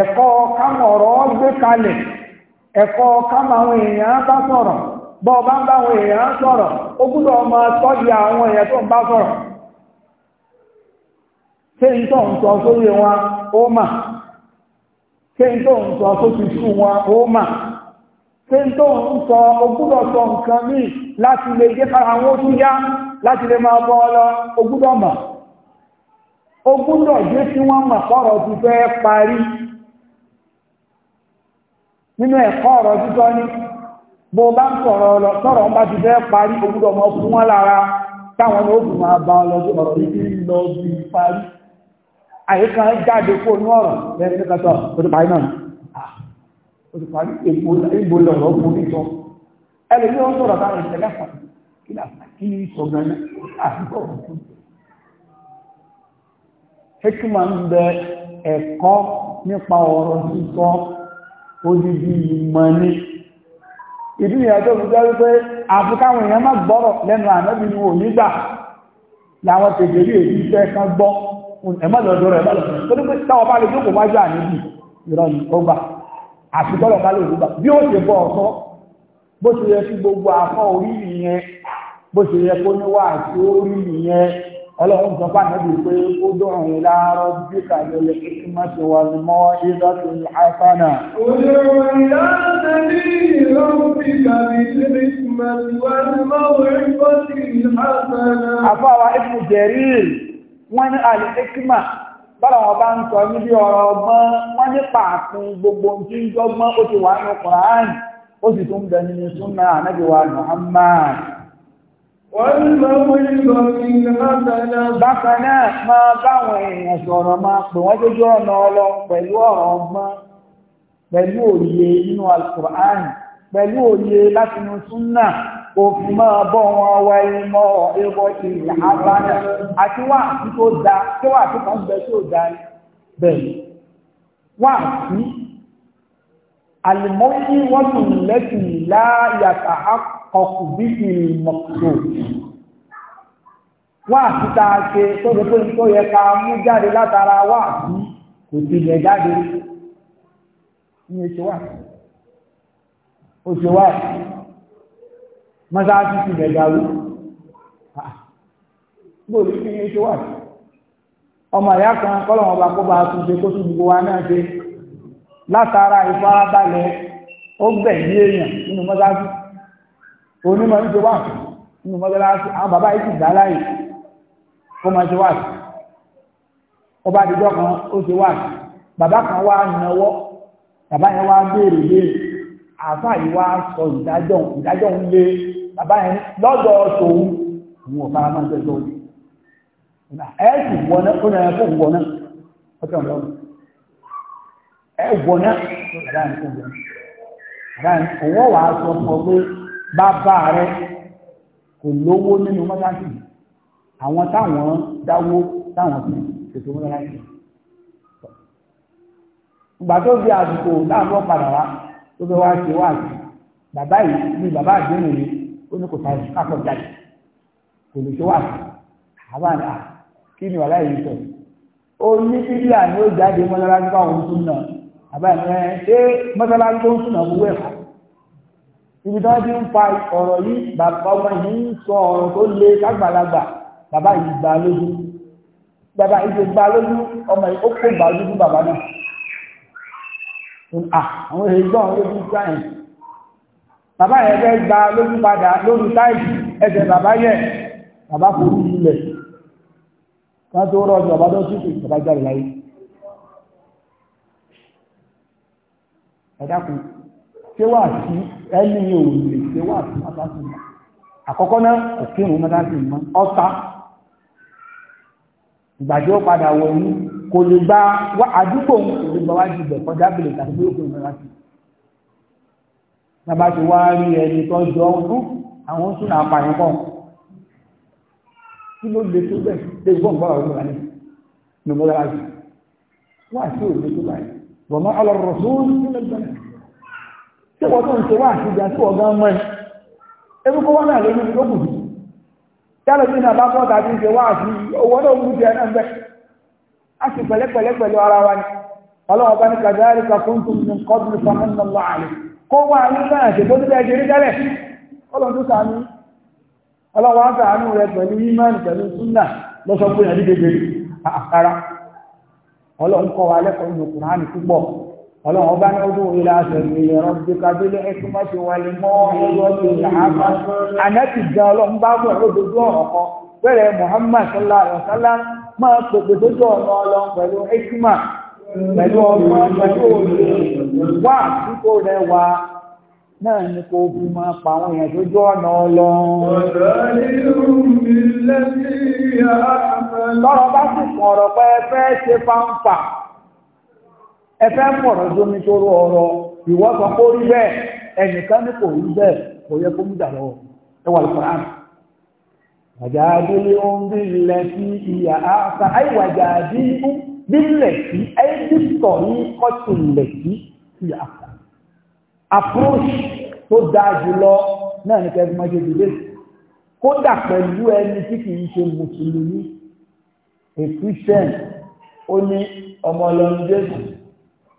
ẹ̀kọ́ káwọn ọ̀rọ̀ gbé kalẹ̀ ẹ̀kọ́ káwọn èèyàn bá sọ̀rọ̀ bọ́ bá ń bá àwọn èèyàn sọ̀rọ̀ ó ọmọ tọ́jú àwọn èèyàn tó ń bá sọ̀rọ̀ ń sọ tó ń sọ sóṣù ó gbúdọ̀ jẹ́ kí wọ́n mọ̀ pọ̀rọ̀ ti fẹ́ parí nínú ẹ̀kọ́ ọ̀rọ̀ títọ́ ní bó bá ń sọ̀rọ̀ lọ sọ̀rọ̀ ń bá ti fẹ́ parí ó gbúdọ̀ mọ̀ fún wọn lára táwọn ní òògùn máa bá ọ lọ sí ọ̀rọ̀ yìí ń lọ bí parí àyíká jáde kó ní ọ̀rọ̀ lẹ́yìn ní kẹtọ́ ó ti parí náà ó ti parí èpo ìbò lọ̀rọ̀ fún nítọ́ ẹlòmíràn sọ̀rọ̀ táwọn ìṣẹ̀lẹ̀ fà kí ni sọ̀gbọ̀n náà àti bọ̀rọ̀ hekima ń bẹ ẹ̀kọ́ nípa ọ̀rọ̀ sísọ odidi ìmọ̀ ni ìdí ìyàjọ́ òfúnjẹ́ wípé àfikáwọn èèyàn má gbọ́rọ̀ lẹ́nu ànábì ní onígbà láwọn tèbèrè èyí fẹ́ kan gbọ́ ẹ̀mọ́lọ́dọ́ rẹ̀ mọ́lọ́dọ́ tó ní pé táwọn bá lè jókòó wájú àníbì ìrọ̀lù ọgbà àfikọ́lọ̀ bá lè rúgbà bí ó ṣe bọ́ ọ̀tọ́ bó ṣe yẹ kí gbogbo afọ́ orí nìyẹn bó ṣe yẹ kó níwà àti orí nìyẹn ọlọ́run sọ fún àmì pé ó dọ̀rùn ìlàrọ̀ bí kàlẹ̀ ìkímọ̀tì wà ní mọ́ ìrọ́tù àfánà àfáwà ìfún jẹ̀rí wọ́n ní alìkímà bára wọn bá ń sọ níbi ọ̀rọ̀ ọgbọ́n wọ́n ní pààkùn wà ní Kùránì ó sì tún Bákan náà máa báwọn èèyàn sọ̀rọ̀ máa pè wọ́n tó jọ ọ̀nà ọlọ pẹ̀lú ọ̀rọ̀ ọgbọ́n, pẹ̀lú òye nínú Al-Qur'an, pẹ̀lú òye láti inú Súnnà, òfin máa bọ́ wọn wá ìmọ̀ ẹgbọ́ ti àbáná àti wà tí tó da, tí wà tí kan bẹ tí ó da bẹ̀rẹ̀. Wà sí, àlùmọ́yí wọ́n tún lẹ́sìn láyàtà ápù kọkùbí ìmọ̀tò wá síta ṣe tó lè pé tó yẹ ká mú jáde látara wá sí kò tilẹ̀ jáde ní oṣù wá oṣù wá mọ́sáàtì tilẹ̀ jáde ah. bóòlù kí ní oṣù wá ọmọ ìyá kan kọ́lọ̀wọ́n bá kó bá tún ṣe kó tún gbogbo wa náà ṣe látara ìfarabalẹ̀ ó gbẹ̀yìn èèyàn nínú mọ́sáàtì onu ń ṣe wà nínú mọ́tọ́láṣí àwọn bàbá yìí sì dá láyè kó máa ṣe ọba àdìjọ kan ó ṣe wà bàbá kan wá náwó bàbá yẹn wá béèrè béèrè àfa yìí wá sọ ìdájọ́ ìdájọ́ ń lé bàbá yẹn lọ́dọ̀ tòun òun ò fara máa ń ẹ sì wọ náà ó fún wọ náà ẹ wọ bàbá rẹ kò lówó nínú mọ́sáàsì àwọn táwọn dáwó táwọn sì ṣètò mọ́sáàsì ìgbà tó fi àsìkò láàbọ̀ padà wá tó fẹ́ wá ṣe wá sí bàbá yìí ní bàbá àdéhùn yìí ó ní kò sáré kápọ̀ jáde kò lè ṣe wá sí àbá àdá kí ni wàhálà yìí sọ ó ní bíbí àná ó jáde mọ́sáàsì báwọn ń sún náà àbá ẹ̀ ṣé mọ́sáàsì tó ń sún náà mú wẹ̀ fà ibi tí wọ́n ti ń fa ọ̀rọ̀ yìí bàbá ọmọ yìí ń sọ ọ̀rọ̀ tó le kágbàlagbà bàbá yìí gbà lójú bàbá yìí ti gbà lójú ọmọ yìí ó kó gbà lójú fún bàbá náà àwọn èèyàn lójú sáyẹn bàbá yẹn fẹ́ gba lójú padà lórí táìsì ẹsẹ̀ bàbá yẹn bàbá forí ilẹ̀ kan tó rọjò bàbá tó tútù bàbá jáde láyé ẹ̀dá kù ṣé wà sí ẹni yóò lè ṣe wà sí mọ́sáàsì mọ́ àkọ́kọ́ náà kò kírun mọ́sáàsì mọ́ ọ́ta ìgbàjọ́ padà wọ̀nyí kò lè gba àdúgbò ń kò lè gba wájú ibẹ̀ kọjá bèlè tàbí pé ó kò mọ́sáàsì nàbà ti wá rí ẹni tó jọ ọdún àwọn tún náà pa ẹ̀kọ́ kí ló lè tó bẹ́ẹ̀ lè gbọ́ nǹkan ọ̀rọ̀ nígbà ní ní mọ́sáàsì wà sí òun lè tí wọ́n tó ń ṣe wá àṣìjà tí ọ̀gá ń mọ́ni ebi wọ́n náà lè ní ìlókùn jù náà bá fọ́ tàbí ṣe wá owó náà mú jẹ náà bẹ́ a sì pẹ̀lẹ́pẹ̀lẹ́ pẹ̀lú ara wa ni ọlọ́wọ́ bá ní kàdáàrí kakún ní kọ́bùnú fọ́nà lọ ọlọ́run ọba ní ọdún ìlà àṣẹ̀lẹ̀ ìrọ̀ dìkàbílẹ̀ ẹkùnmọ́sí wà lè mọ́ ọlọ́dún ìlàáfà ànẹ́tì gan ọlọ́run bá bọ̀ lójoojú ọ̀rọ̀ kan bẹ̀rẹ̀ Muhammad sallá àrọ̀sálá máa pèpè lójú ọ̀nà ọlọ́run pẹ̀lú ẹkùnmà pẹ̀lú ọmọ pẹ̀lú òye wà kíkó rẹ̀ wà náà ni kò fi máa pa àwọn èèyàn lójú ọ̀nà ọlọ́run. tọ́rọ bá sì kọ̀ọ̀rọ̀ pẹ́ fẹ́ ṣe fáńfà ẹ fẹ́ fọ̀rọ̀ sómi tó rọ ọ̀rọ̀ ìwọ sọ kó rí bẹ́ẹ̀ ẹnìkan ní kò rí bẹ́ẹ̀ kò yẹ kó mú dàrọ ẹ wà lóko rán wàjáàdìlẹ ohun bí ilẹ̀ sí ìyá àṣà àì wàjáàdìlẹ bí ilẹ̀ sí ẹ̀yẹ tí sọ̀ ní kọ́tù ilẹ̀ sí ìyá àṣà approach tó dáa jùlọ náà ní kẹ́kẹ́ máa ṣe dìde kódà pẹ̀lú ẹni tí kì í ṣe mùsùlùmí a christian ó ní ọmọ ọlọ́run jésù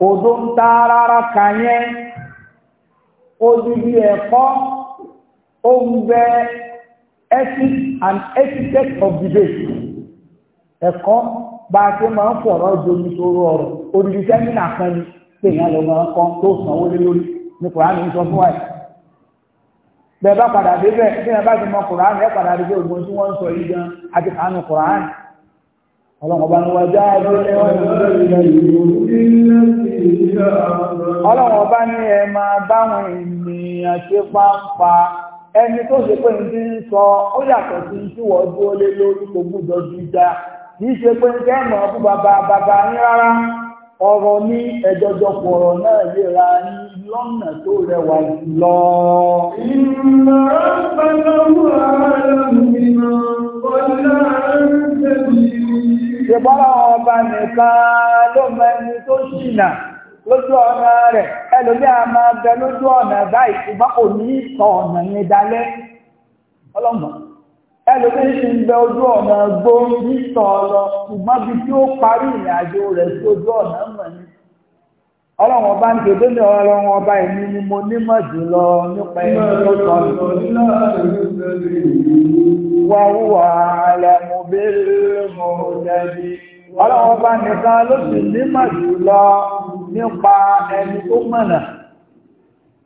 odó ń ta rárá ka yẹn odidi ẹ̀kọ́ ó ń bẹ ethics and etiquette of debate ẹ̀kọ́ bá a ṣe máa ń fọ̀rọ̀ domi sóró ọ̀rọ̀ odidi sẹ́mínà kan ni pé èèyàn lọ máa ń kọ́ tó sanwó lé lórí ní kùránì ń sọ fún wa yìí bẹ́ẹ̀ bá padà débẹ̀ bí wọ́n bá ti mọ kùránì ẹ̀ padà débẹ̀ ògbóni tí wọ́n ń sọ yìí gan àti kànú kùránì ọlọ́mọba ni wọ́n jáde ọlọ́mọba ẹ máa báwọn ènìyàn ṣe páńpá ẹni tó ṣe pé ní sọ ó yàtọ̀ sí tí wọ́n dúró lé lórí kò gbúdọ̀ jíjà kì í ṣe pé ń kẹ́mọ̀ fún bàbá bàbá ní rárá ọ̀rọ̀ ní ẹ̀dọ́jọ́ pọ̀rọ̀ náà yẹra ní lọ́nà tó rẹwà lọ. ìmọ̀ ọ̀pẹ̀lọ́wọ́ ààrẹ mi náà kọjá ẹ̀ńtẹ̀bí ṣèbọ́lá ọba nìkan ló mọ ẹni tó ṣìnà lójú ọ̀nà rẹ̀ ẹlòmí a máa bẹ lójú ọ̀nà báyìí ṣùgbọ́n kò ní ìtọ̀ ọ̀nà yẹn dalẹ̀ ọlọ́mọ ẹlòmí ṣì ń bẹ ojú ọ̀nà gbóhùn ìtọ̀ lọ ṣùgbọ́n bí tí ó parí ìrìn àjò rẹ̀ sí ojú ọ̀nà mọ̀ alẹ́ mi. Ọlọ́run bá nìkan ló sì ní màjú lọ nípa ẹni tó mọ̀nà.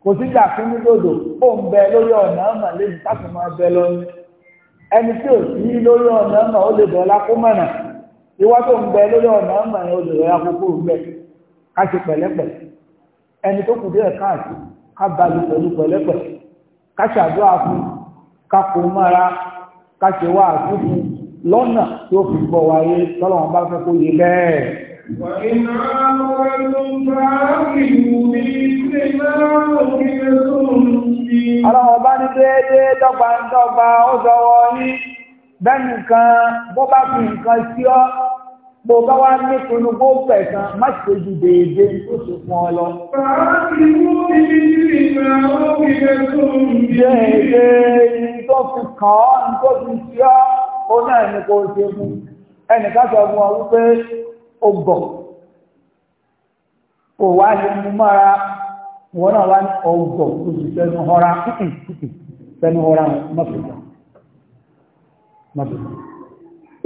Kò sí jàkí ní dòdò, ó ń bẹ lórí ọ̀nà ọ̀nà lè ní tàbí máa bẹ lọ. Ẹni tí ò sí lórí ọ̀nà ọ̀nà ó lè bọ̀lá kó mọ̀nà. Ìwọ́ tó ń bẹ lórí ọ̀nà ọ̀nà ó akókò rẹ̀ ká ṣe Ẹni tó kù díẹ̀ káàkiri ká pẹ̀lú pẹ̀lẹ́pẹ̀lẹ́ ká ṣàdúrà fún ká kò mára ká ṣe lọ́nà tí ó fi bọ̀ wáyé tọ́lọ́wọ́n bá fẹ́ kó yé bẹ́ẹ̀. Ọlọ́wọ́n bá ní déédéé dọ́gba dọ́gba ó sọwọ́ ní bẹ́ẹ̀ni kan bó bá fi nǹkan sí ọ́ bó bá wá ní pinnu bó fẹ̀sán tó ṣe fún ọ lọ. tó fi kàn ọ́ tó fi sí ó náà ní kó enika fún ẹnìkan sọ ó gọ̀ kò wá lè mú mọ́ra wọn náà wá ní ọgọ̀ oṣù tẹnu ọra tẹnu ọra mọ́sùlùmọ́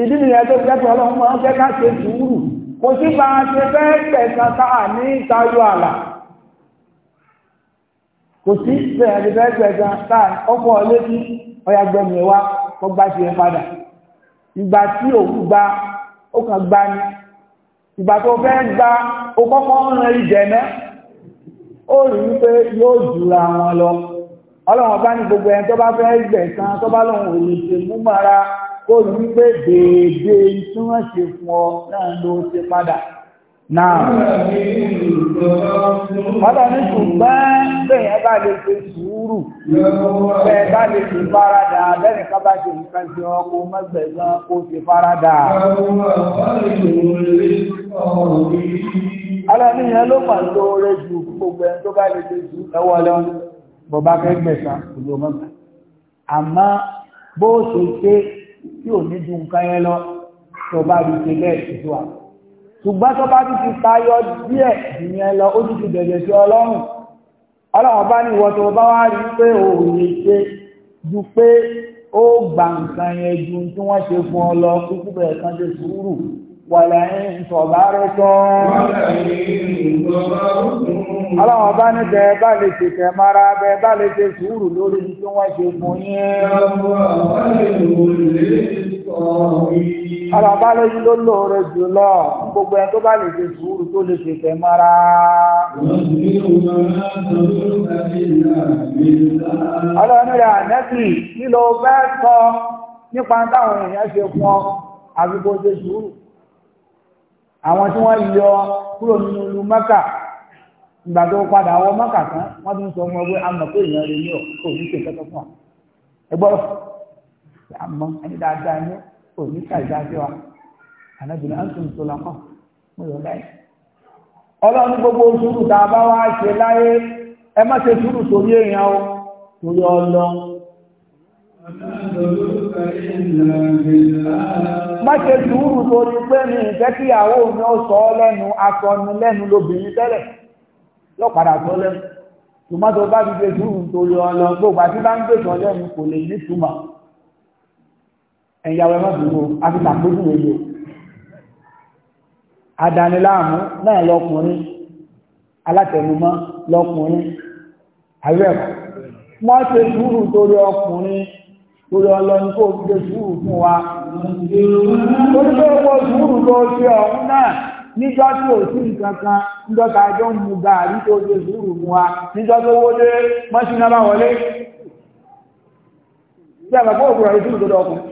ìdí nìyẹn tó ọlọ́run máa ń fẹ́ ká ṣe sùúrù kò sí bá a ṣe fẹ́ tẹ̀sán káà ní àlà kò sí bẹ́ẹ̀ fẹ́ tẹ̀sán ìgbà tí òun gba ó kàn gba ni ìgbà tó fẹ́ gba ó kọ́kọ́ ń ran ìjẹ̀ náà ó rí wípé yóò jùra wọn lọ ọlọ́run bá ní gbogbo ẹni tó bá fẹ́ gbẹ̀san tó bá lóun ò ṣe mú mọ́ra ó rí wípé déédéé tí ṣe fún ọ náà ló ṣe padà náà ọ̀dọ̀ ní ṣùgbọ́n bẹ́ẹ̀ bá lè ṣe sùúrù bẹ́ẹ̀ bá lè ṣe fáradà bẹ́ẹ̀ ká bá ṣe nǹkan ṣe ọkọ̀ mẹ́gbẹ̀ẹ́gbọ́n kó ṣe fáradà aláàrin yẹn ló mà lóore ju gbogbo ẹni tó bá lè ṣe jù ẹwọ́ lọ́n bọ̀bá kẹgbẹ̀sán ìlú mọ́gbà àmọ́ bó ṣe ṣe tí ò ní ju tó bá rí ṣe bẹ́ẹ̀ ṣùgbọ́n tó bá ti ti tayọ díẹ̀ ìyẹn lọ ó ti ti bẹ̀rẹ̀ sí ọlọ́run ọlọ́run bá ní ìwọ́n tó bá wá rí pé ò lè ṣe ju pé ó gbà nǹkan yẹn ju tí wọ́n ṣe fún ọ lọ kúkú bẹ̀rẹ̀ kan ṣe sùúrù wàlẹ̀ ìṣọ̀bá rẹ̀ tán. ọlọ́run bá ní bẹ́ẹ̀ bá lè ṣètẹ̀ mara bẹ́ẹ̀ bá lè ṣe sùúrù lórí tí wọ́n ṣe fún yín. Ọ̀rọ̀ bá lójú ló lóore jùlọ, gbogbo ẹ tó bá lè ṣe sùúrù tó lè ṣe tẹ̀mọ́ ara. Ọlọ́run rẹ̀ ànẹ́kì nílò fẹ́ sọ nípa táwọn èèyàn ṣe fún ọ, àbíkó ṣe sùúrù. Àwọn tí wọ́n yọ kúrò nínú ìlú Mẹ́kà, ìgbà tó padà wọ Mẹ́kà tán, wọ́n tún sọ fún ọ pé pé èèyàn rẹ̀ ní ọ̀ àmọ́ ẹni dáadáa ní òní ṣàìdájọ́ wa ànábìnrin antum tó la kọ́ mo yọ láyé. ọlọ́run gbogbo sùúrù tá a bá wá ṣe láyé ẹ má ṣe sùúrù sórí èèyàn o torí ọlọ. má ṣe sùúrù sórí pé mi ìfẹ́ kíyàwó mi ó sọ ọ́ lẹ́nu akọni lẹ́nu lóbìnrin tẹ́lẹ̀ yóò padà sọ lẹ́nu tòmátò bá ti ṣe sùúrù torí ọlọ gbogbo àti bá ń gbèsè ọlẹ́nu kò lè ní túmọ̀ ẹ̀yàwó ẹmọ́ dùn ó a fi tàkójú rẹ̀ adaniláàmú náà lọkùnrin alátẹnumọ́ lọkùnrin àwẹ̀kọ̀ mọ́ ṣe sùúrù torí ọkùnrin torí ọlọ́ni kó ṣe sùúrù fún wa torí pé owó sùúrù ló ṣe ọ̀hún náà níjọ́ tí ò sí nǹkan kan níjọ́ tá a jọ ń mu gàárì tó ṣe sùúrù fún wa níjọ́ tó wó mọ́ṣínà bá wọlé tí a bàbá òkúra ìṣúrù tó dọ̀kùnrin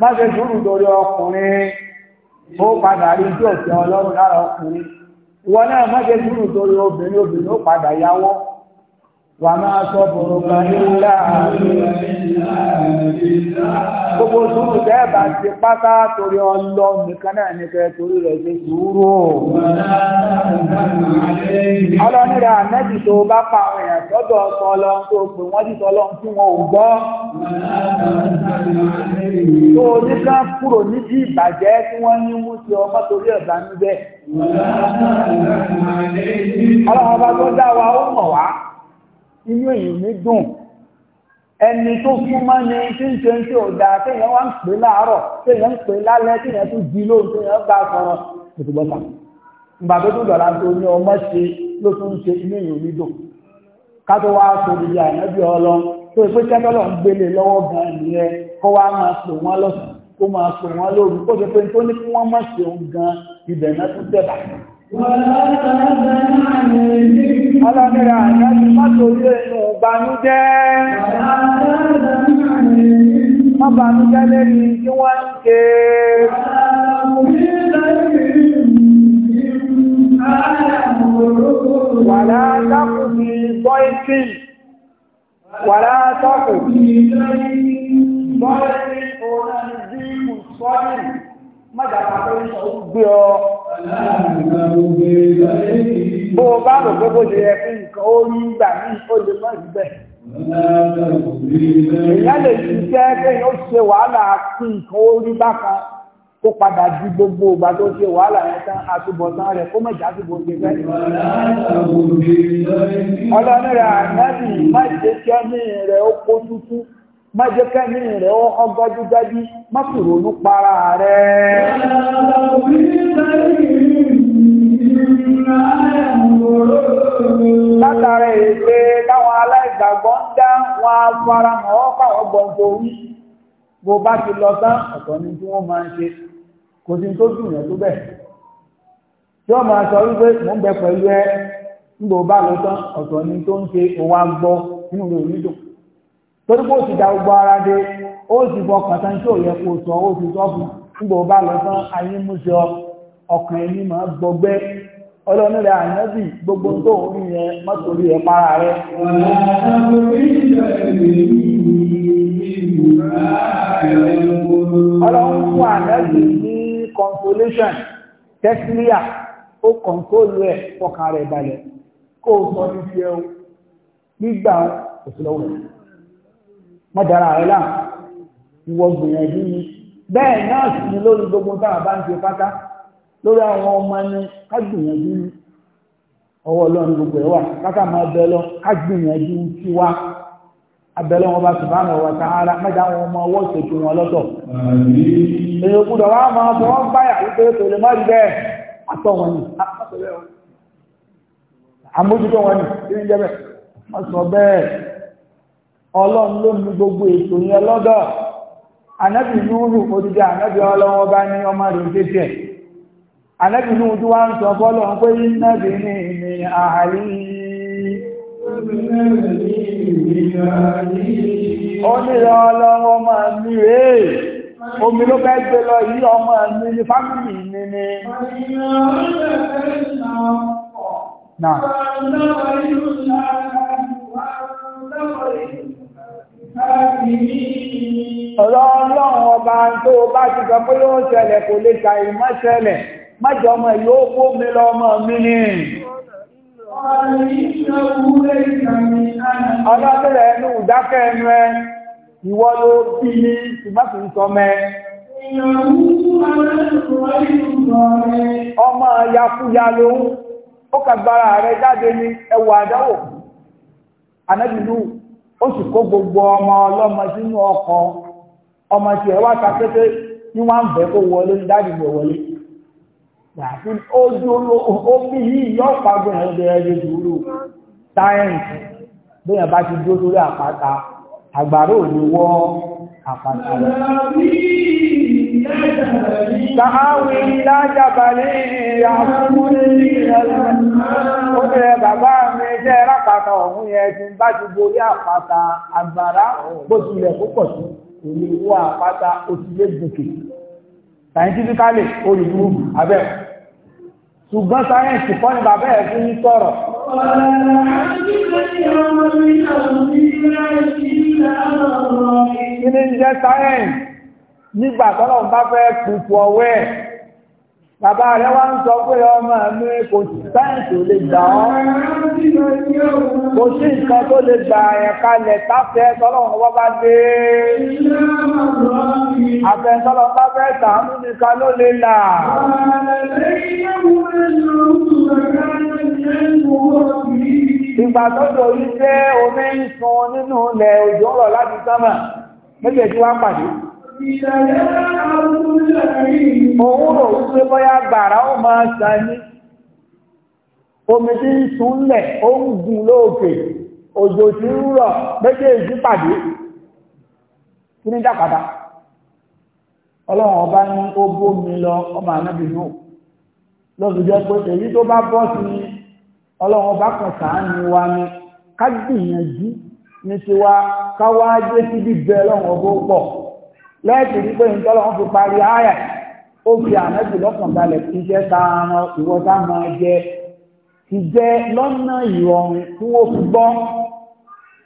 má ṣe sùúrù dorí ọkùnrin ó padà rí bí òsì ọlọ́run lára ọkùnrin ìwọ náà má ṣe sùúrù dorí obìnrin obìnrin ó padà yáwọ́. وما صبرك إلا Gbogbo tẹ́ẹ̀bà ti pátá torí ọlọ́ nìkan náà ní kẹ́ torí rẹ̀ ṣe Ọlọ́nira tó bá pa àwọn sọ́dọ̀ ọ̀sọ̀ ọlọ́run tó pè wọ́n sí sọ́lọ́run tí wọn ò gbọ́. Tó ní ká kúrò níbi ìbàjẹ́ tí wọ́n ní sí ọmọ torí ẹ̀bà níbẹ̀. Ọlọ́run ọba tó dá wa ó mọ̀ wá. inú èyàn ní dùn ẹni tó súnmọ́ ni tí ń ṣe ń ṣe ọ̀dà téèyàn wá ń pè láàárọ̀ téèyàn ń pè lálẹ́ téèyàn tún di lóhùn téèyàn bá sọ̀rọ̀ ìtùbọ̀sà ìgbà tó tún dọ̀la tó ní ọmọ ṣe ló tún ń ṣe inú èyàn ní dùn ká tó wá sọ ìdí ànábì ọlọ gan nìyẹn kó wá máa pè wọ́n lọ́sàn kó ṣe pé tó ní kí wọ́n má ṣe òun gan ibẹ̀ náà tún tẹ̀ Ọlọ́mìnira àjájú mátorí ẹnu ìbànújẹ́. Wọ́n bànújẹ́ lẹ́ni tí wọ́n ń ṣe. Wàlá tákù ní bọ́ìsì. Wàlá tákù ní bọ́ìsì. Bọ́ìsì mọ́jà pàtó bó ṣe yẹ nǹkan ó rí gbà ní ó mọ́ ìbẹ̀. èèyàn lè ṣiṣẹ́ kéèyàn ó ṣe wàhálà kí nǹkan ó rí bákan kó padà di gbogbo ìgbà tó ṣe wàhálà yẹn àtúbọ̀tán rẹ̀ kó mọ̀jà àtúbọ̀ ṣe fẹ́. má jẹ́ kẹ́mí rẹ̀ ọ gbájúgbájú má sì ronú para rẹ̀. látara èdè káwọn aláìgbàgbọ́ ń dá wọn afárá mọ́ káwọn gbọ̀ǹtò wí bó bá ti lọ tán ọ̀tọ̀ ni tí wọ́n máa ń ṣe kò sí tó dùn tó bẹ̀ tí wọ́n máa sọ wípé ń bẹ pẹ̀lú ẹ ń torí kó o ti da gbogbo ara dé o sì bọ kàtàn tí ò yẹ kó o sọ ó lọ tán ayé mú ọkàn ẹni máa gbọgbẹ ọlọ́run àyẹ́bì gbogbo tó rí yẹn mọ́tòrí ẹ̀ para rẹ̀. ọlọ́run fún àyẹ́bì ní consolation ó ẹ̀ fọkàn rẹ̀ balẹ̀ kó o sọ ní fi ẹ́ o nígbà mọ́dára rẹ̀ láà ìwọ gbìyànjú ni bẹ́ẹ̀ náà sì ni lórí gbogbo táwọn bá ń ṣe pátá lórí àwọn ọmọ ẹni ká gbìyànjú ni ọwọ́ ọlọ́run gbogbo ẹ̀ wà káká máa bẹ lọ ká gbìyànjú sí wa abẹ́lẹ́ wọn bá sùbánà wa ta'ala mẹ́ta àwọn ọmọ ọwọ́ ṣètò wọn lọ́tọ̀ èyí gbúdọ̀ wá máa sọ wọ́n báyà wípé kò lè má rí bẹ́ẹ̀ àtọ̀ wọn ni àmójútó wọn ni kí ni jẹ́ bẹ́ẹ̀ wọ́n sọ bẹ́ẹ̀ ọlọ́run ló ní gbogbo ètò yẹn lọ́dọ̀ anábì lúrù odidi anábì ọlọ́wọ́ bá ní ọmọ rẹ̀ òjèjì anábì lúrù tí wọ́n ń sọ fọ́lọ̀ pé nábì ní ìmì àhàlì ó ní ọlọ́wọ́ ní rèé omi ló fẹ́ gbé lọ yí ọmọ mi ní fámìlì mi ni náà ọ̀rọ̀ ọlọ́run ọba tó bá ti sọ pé ṣẹlẹ̀ kò lè ṣàì má ṣẹlẹ̀ májọ ọmọ yóò kó mi lọ ọmọ mi ní ẹnu ìdákẹ́ ẹnu ẹ ìwọ ló bí ní ìmọ́sí ń sọ mẹ́ ọmọ yakuya ló ó kàgbára rẹ̀ jáde ní ẹwà àdáwò ó sì kó gbogbo ọmọ ọlọ́mọ sínú ọkọ̀ ọmọ tí ẹ wá ta kété ní wọ́n ń bẹ́ kó wọlé ní dáàbì wọlé yàtí ó dúró ó bí yìí yọ pàgbé ẹgbẹ́ dúró sáyẹ̀nsì bóyá bá ti dúró sórí àpáta àgbàrá ò ní wọ́ Tàáwí lájábalé àmúrí ó tẹ́ bàbá mi jẹ́ rápàtà ọ̀hún yẹn ti bá ti borí àpáta àgbàrá bó tilẹ̀ púpọ̀ sí èlé owó àpáta òtílé gòkè. Scientifically, olùdúró abẹ́. Ṣùgbọ́n sáyẹ̀nsì kọ́ ni bàbá ẹ̀ fún sọ̀rọ̀. Kí ni ń jẹ́ sáyẹ̀nsì? nígbà tọ́lọ́run bá fẹ́ kùkù ọwọ́ bàbá rẹ̀ wá ń sọ pé ọmọ mi kò sí sáyẹ̀nsì lè gbà ọ́ kò sí nǹkan tó lè gbà ẹ̀ kalẹ̀ táfẹ́ tọ́lọ́run wọ́n bá dé àfẹ́ tọ́lọ́run bá fẹ́ tàánú nìkan ló lè là. ìgbà tó dòrí pé omi ń sun nínú ilẹ̀ òjò rọ̀ láti sánmà méjèèjì wá pàdé. Òun rò wípé bóyá gbàrá ó máa sa ní. Omi tí ń súnlẹ̀, ó ń gùn lóòkè, òjò tí ń rọ̀, méjèèjì pàdé. Kí ní dàpàdà? Ọlọ́run ọba ní ó bómi lọ ọmọ ànábì náà. Lọ́sù jẹ́ pé èyí tó bá bọ́ sí ọlọ́run ọba kan sàánú wa ni ká gbìyànjú ní tiwa ká wá dé lẹ́ẹ̀kì rí pé nítorí wọn fi parí ayà ó fi ànábì lọ́kàn balẹ̀ kí jẹ́ tààràn ìwọ tá máa jẹ kí jẹ́ lọ́nà ìrọ̀rùn tí wọ́n fi gbọ́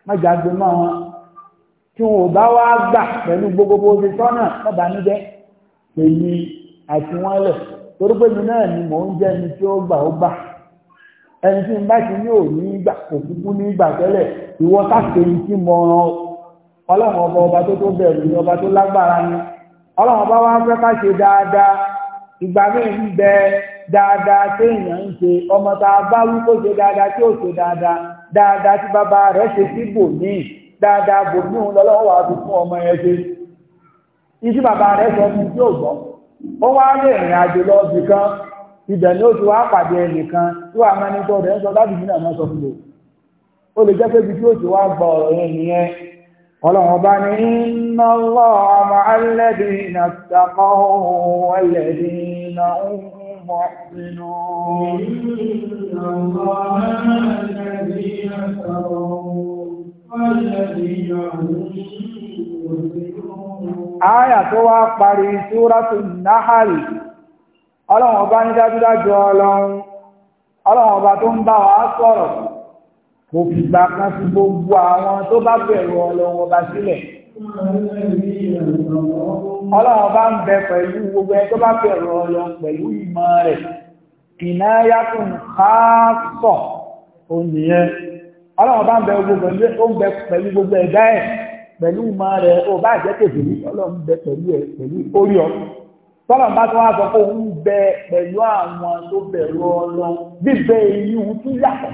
mọ́jàgbé mọ́ wọn tí wọn ò bá wá gbà pẹ̀lú gbogbo bó ti tọ́nà lọ́ba níbẹ̀ èyí àti wọn lẹ̀ torí pé mi náà ni mò ń jẹ́ ẹni tí ó gbà ó gbà ẹni tí n bá ti ní òní gbà kò ní gbà tẹ́lẹ̀ ìwọ sáfẹ́ ní tí mo ràn ọ́. ọlọ́run ọba ọba tó tó bẹ̀rù ni ọba tó lágbára ni ọlọ́run ọba wa fẹ́ ká ṣe dáadáa ìgbà míì ń bẹ dáadáa téèyàn ń ṣe ọmọ tá a bá ṣe dáadáa tí ò ṣe dáadáa dáadáa tí bàbá rẹ̀ ṣe sí bòmíì dáadáa bòmíì òun wà fi kan ibẹ̀ ni ó ti wá pàdé tí wàá mẹ́ni tó rẹ̀ ń sọ láti mí náà mọ́ sọ ọlọ́run ọba ní inna Allaha ma'a alladhina ittaqaw walladhina hum muhsinun. Inna Allaha ma'a alladhina ittaqaw walladhina hum muhsinun. Áyà tó wá parí Súratun Nahal, ọlọ́run ọba ọlọ́run, ọlọ́run ọba tó ń bá wa sọ̀rọ̀ kò fìgbà kan fi gbogbo àwọn tó bá bẹ̀rù ọlọ́wọ́ bá sílẹ̀. ọlọ́wọ́ bá ń bẹ pẹ̀lú gbogbo ẹ tó bá bẹ̀rù ọlọ́wọ́ pẹ̀lú ìmọ̀ rẹ̀ ìnáyàtùn káàkọ̀ òyìnyẹn ọlọ́wọ́ bá ń bẹ pẹ̀lú gbogbo ẹ̀dá ẹ̀ pẹ̀lú ìmọ̀ rẹ̀ ó bá jẹ́ kèfèrí ọlọ́wọ́ ń bẹ pẹ̀lú ẹ̀ pẹ̀lú orí ọ tọ́lọ̀ bá tó wá sọ pé òun bẹ pẹ̀lú àwọn tó bẹ̀rù ọlọ́wọ́ bíbẹ èyí òun tún yàtọ̀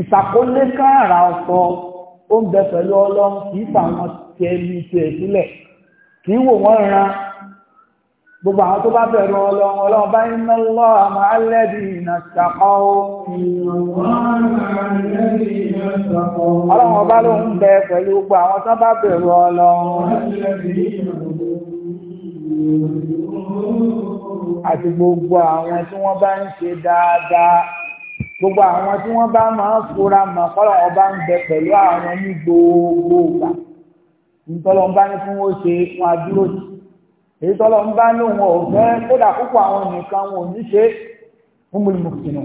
ìṣàkólé káàrà ọkọ ó pẹ̀lú ọlọ́run kì í fàwọn tẹ ẹni sílẹ̀ kì í wò wọ́n ran gbogbo àwọn tó bá bẹ̀rù ọlọ́run ọlọ́run bá ń ná lọ́ àmọ́ alẹ́bí ìnà ṣàkọ́ ọlọ́run ọba ló ń bẹ pẹ̀lú gbogbo àwọn tó bá bẹ̀rù ọlọ́run àti gbogbo àwọn gbogbo àwọn tí wọ́n bá máa ń fura mọ̀ kọ́lọ̀ ọba ń bẹ pẹ̀lú àwọn ní gbogbo ìgbà ntọ́lọ́ ń bá ní fún ó ṣe wọn adúró sí èyí tọ́lọ́ ń bá lóun ọ̀fẹ́ kódà púpọ̀ àwọn nìkan wọn ò ní ṣe múmùlùmùkìnà.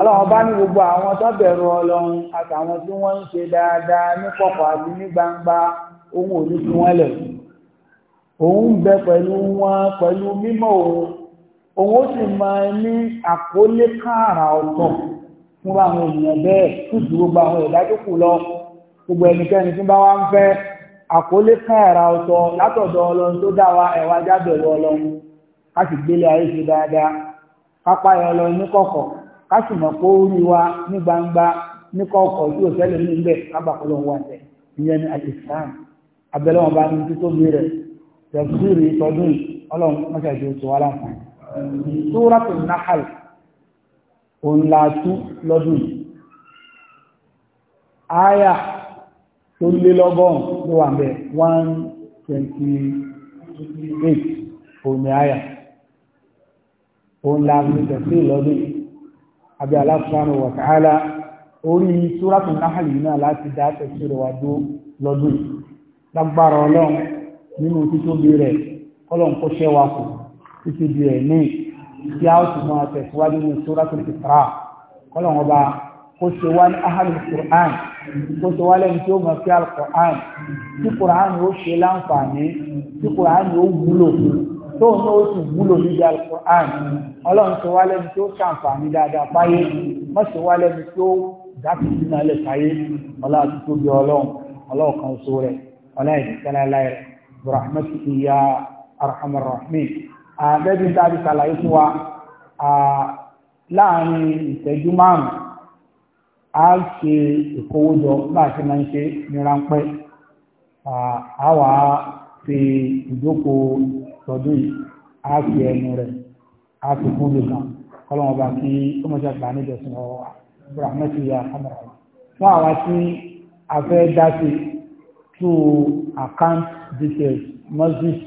ọlọ́run bá ní gbogbo àwọn tó bẹ̀rù ọlọ́run àtàwọn tí wọ́n ń ṣe dáadáa ní kọ̀kọ̀ àti ní gbangba ohun ò ní fi wọ́n lẹ̀ òun ń bẹ pẹ̀lú wọn pẹ̀lú mímọ́ òun. òun ó sì máa ní àkólé káàrà ọ̀tọ̀ fún àwọn ènìyàn bẹ́ẹ̀ tó ju gbogbo àwọn ẹ̀dá kù lọ gbogbo ẹnikẹ́ni tí bá wá ń fẹ́ àkólé káàrà ọ̀tọ̀ látọ̀dọ̀ ọlọ́run tó dá wa ẹ̀wà jábẹ̀rù ọlọ́run ká sì gbélé ayé ṣe dáadáa ká páyọ ọlọ́run ní kọ̀kọ̀ ká sì mọ̀ pé ó rí wa ní gbangba ní tí ò tẹ́lẹ̀ ní kábàkọ́lọ́ wà tẹ̀ ìyẹn ni abẹ́lẹ́wọ̀n bá ní títóbi rẹ̀ tẹ̀síìrì ọlọ́run mọ́ṣáàjì oṣù Súratù Nahal, òun láàtú lọ́dún yìí. tó lé lọ́gọ́rùn ló wà mẹ́ 128 òun ni aya. Òun láàtú tẹ̀sí lọ́dún yìí. Abẹ́ Allah subhanahu wa ta'ala orí Súratù Nahal yìí náà láti dá tẹ̀sí rẹ̀ wá dó lọ́dún yìí. ọlọ́run nínú títóbi rẹ̀, ọlọ́run kó ṣẹ́wàá kù títí di ẹ̀mí tí a ó sì máa tẹ̀síwájú ní suratul Isra kọ́lọ̀wọ́n bá kó ṣe wá ní ahlul Qur'an kó ṣe wá lẹ́nu tí ó máa fi al-Qur'an tí Qur'an ó ṣe láǹfààní tí Qur'an ó wúlò tó ní ó sì wúlò níbi al-Qur'an ọlọ́run ṣe wá lẹ́nu tí ó ṣàǹfààní dáadáa fáyé má ṣe wá lẹ́nu tí ó dákì sínú alẹ́ fáyé ọlá àti tóbi ọlọ́run ọlọ́run kan sóore ọlá ìdíkẹ́lá láì rẹ̀ rahmatullahi ya arhamar rahimin àbẹ́bí ah, tàbí sàlàyé fún wa ah, láàrin ìṣẹ́jú márùn-ún a ṣe ìkówójọ bá máa ń ṣe ní ah, a wà á fi ìjókòó tọdún yìí a fi ẹnu rẹ̀ a fi fún lùkà kọ́lọ́wọ́n bá kí ó mọ̀ ṣàgbà níbẹ̀ sí ọwọ́ wa rahmatu ya kamara wa fún àwa tí a fẹ́ dá sí through account details moses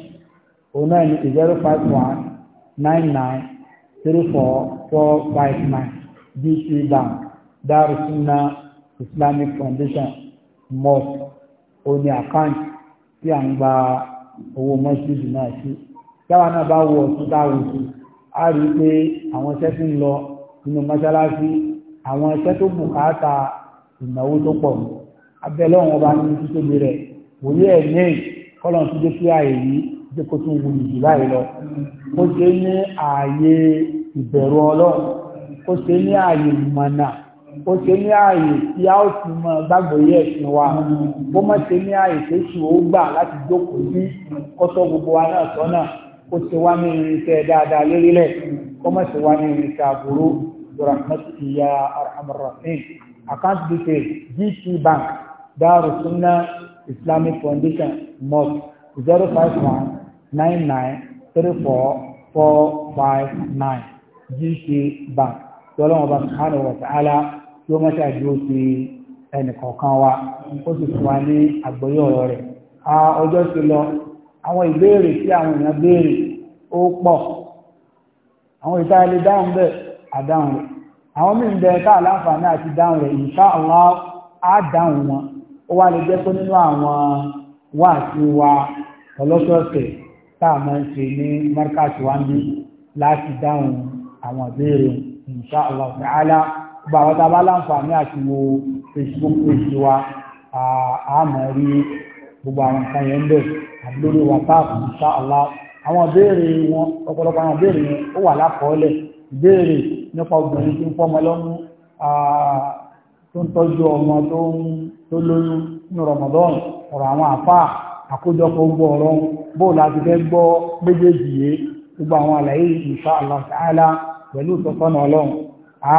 òun náà zero five one nine nine three four four five nine dc bank darusuna islamic foundation mosque òun ní àkáǹtì tí à ń gba owó mọ́sídìí náà sí táwa náà bá wọ ọ̀tún táwọn oṣù á rí i pé àwọn iṣẹ́ tí ń lọ nínú mọ́ṣáláṣí àwọn iṣẹ́ tó bùkátà ìnáwó tó pọ̀ abẹ́lẹ́ òun ọba ní títí rẹ̀ òye ẹ̀ ní kọ́lọ̀ tó dé sí àyè yìí jẹ́ kó tún wù jù láì lọ ó ṣe ní ààyè ìbẹ̀rù ọlọ́run ó ṣe ní ààyè ìmọ̀nà ó ṣe ní ààyè tí a ó ti mọ gbàgbọ́ yẹ ẹ̀sìn wa ó mọ̀ ṣe ní ààyè tó ṣù ó gbà láti jókòó sí kọ́tọ́ gbogbo wa náà sọ́nà ó ṣe wá ní irinṣẹ́ dáadáa lérílẹ̀ ó mọ̀ ṣe wá ní irinṣẹ́ àbúrò rahmatulahi arhamar rahim account detail GT Bank Darussunnah Islamic Foundation mosque zero five one. 9934459 GT Bank tí ọlọ́run bá subhanahu wa ta'ala tí ó mọ́ṣáà dúró sí ẹnìkọ̀ọ̀kan wa ó sì fún wa ní àgbọ́yé ọ̀rọ̀ rẹ̀ ọjọ́ sí lọ àwọn ìbéèrè tí àwọn èèyàn béèrè ó pọ̀ àwọn ìta ilé dáhùn bẹ́ẹ̀ àdáhùn rẹ̀ àwọn míì ń bẹ dáhùn rẹ̀ wọn ó lè jẹ́ pé nínú àwọn wáàsí wa ọlọ́sọ̀ọ̀sẹ̀ tá a máa ń ṣe ní márkàtì wa ní láti dáhùn àwọn ìbéèrè insha Allah ta'ala gba àwọn tábà láǹfààní àti wo facebook page wa àmọ́ rí gbogbo àwọn nǹkan yẹn ń bẹ̀ àti whatsapp insha Allah àwọn ìbéèrè wọn ọ̀pọ̀lọpọ̀ àwọn ìbéèrè yẹn ó wà lákọọ́lẹ̀ ìbéèrè nípa obìnrin tí ń fọ́mọ lọ́mú tó ń tọ́jú ọmọ tó lóyún ní Ramadan ọ̀rọ̀ àwọn àfáà àkójọpọ̀ gbogbo ọ̀rọ̀ bóòlù àti fẹ́ gbọ́ méjèèjì yé gbogbo àwọn àlàyé insha Allah ta'ala pẹ̀lú ìtọ́sọ́nà ọlọ́run á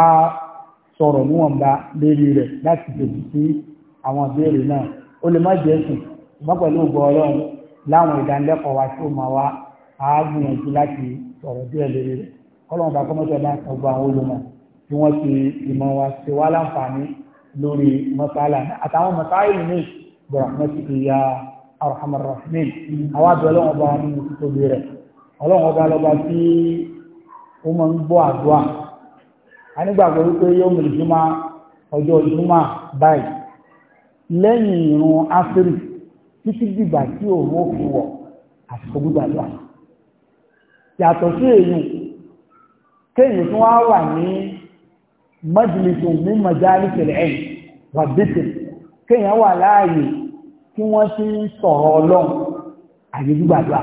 sọ̀rọ̀ níwọ̀nba lérí rẹ̀ láti fèsì sí àwọn ìbéèrè náà ó lè má jẹ́ sùn ṣùgbọ́n pẹ̀lú ògbọ́ ọlọ́run láwọn ìdánilẹ́kọ̀ọ́ wa tí ó máa wá á gbìyànjú láti sọ̀rọ̀ díẹ̀ lérí rẹ̀ kọ́lọ́run bá kọ́mọ́tò sọ gbọ́ àwọn olùmọ̀ tí wọ́n ti ìmọ̀ arhamar rahimin àwọn àbẹ̀ ọlọ́run ọba ní oṣù tóbi rẹ̀ ọlọ́run ọba lọ́ba tí ó máa ń gbọ́ àdúrà a nígbàgbọ́ wípé yóò mìlì júmọ́ ọjọ́ júmọ́ báyìí lẹ́yìn ìrun áfírì títí dìgbà tí òun ó fi wọ̀ àsìkò gbígbàdúrà yàtọ̀ sí èyí kéèyàn tún wá wà ní mọ́jìlìsùn ní mọ̀jálì tẹ̀lẹ̀ ẹ̀ wà bẹ́tẹ̀ kéèyàn wà láàyè tí wọ́n ṣe ń sọ̀rọ̀ ọlọ́run àyè gbígbàdúrà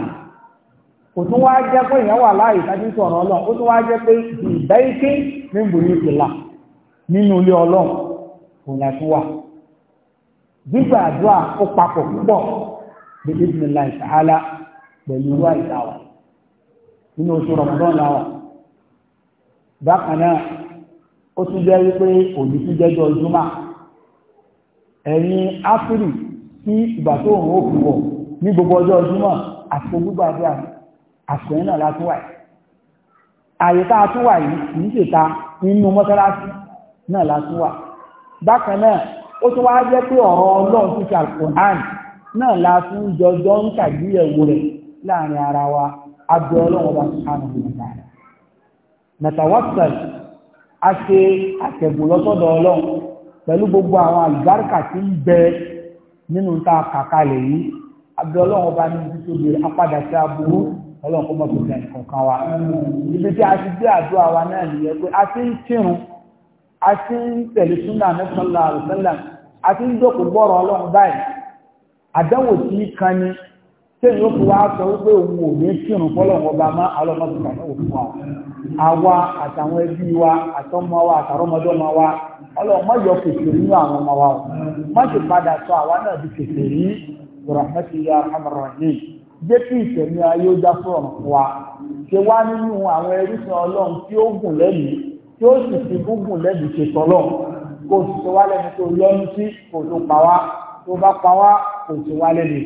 kò tún wá jẹ́ pé èèyàn wà láàyè tájú sọ̀rọ̀ ọlọ́run ó tún wá jẹ́ pé ìgbà ike ní ìbòyí ìpìlà nínú ilé ọlọ́run òun la tún wà gbígbàdúrà ó papọ̀ púpọ̀ bíbí ní la ìsàhálà pẹ̀lú ìwà ìdáwà nínú oṣù rọ̀mọdán làwà bákan náà ó tún jẹ́ wípé òní tún jẹ́jọ́ ìjùmọ̀ ẹ̀yìn áfírì sí ìgbà tó òun ó fi wọ̀ ní gbogbo ọjọ́ ọjúmọ́ àfogúgbàdúrà àfẹ́yìn náà látún wà yìí àyè tá a tún wà yìí kì í ṣèta nínú mọ́sálásí náà látún wà bákan náà ó tún wáá jẹ́ pé ọ̀rọ̀ ọlọ́run ti ṣe àkùnhàn náà la tún jọjọ́ ń ṣàgbéyẹ̀wò rẹ̀ láàrin ara wa abẹ́ ọlọ́run ọba sùhánù nìyàtà rẹ̀ nàtàwọ́sẹ̀l a ṣe àtẹ̀gùn lọ́sọ̀dọ̀ ọlọ́run pẹ̀lú gbogbo àwọn àlùbáríkà tí ń bẹ nínú tá a kàkalẹ̀ yìí abẹ́ ọlọ́run ọba ní ibi tó lè apádà sí aburú ọlọ́run kó mọ̀ tó fẹ́ nǹkan wa ibi tí a ti gbé àdúrà wa náà nìyẹn pé a ti ń kírun a ti ń tẹ̀lé súnà tẹ́yìn ó fi wá sọ wípé òun ò ní kírun fọ́lọ̀ wọn bá máa alọ́mọ́sí kan náà fún wa àwa àtàwọn ẹbí wa àtọmọ wa àtàrọmọdọ́mọ wa ọlọ́mọyọ kèké nínú àwọn ọmọ wa o má sì padà sọ àwa náà di kèké yìí rahmatu ya hamara ní jẹ́ kí ìtẹ̀mí ayé ó dá fún ọ̀nà fún wa ṣe wá nínú àwọn ẹrúsìn ọlọ́run tí ó gùn lẹ́nu tí ó sì fi gúngùn lẹ́nu ṣe tọ́lọ́ kò sì ṣe wá lẹ́nu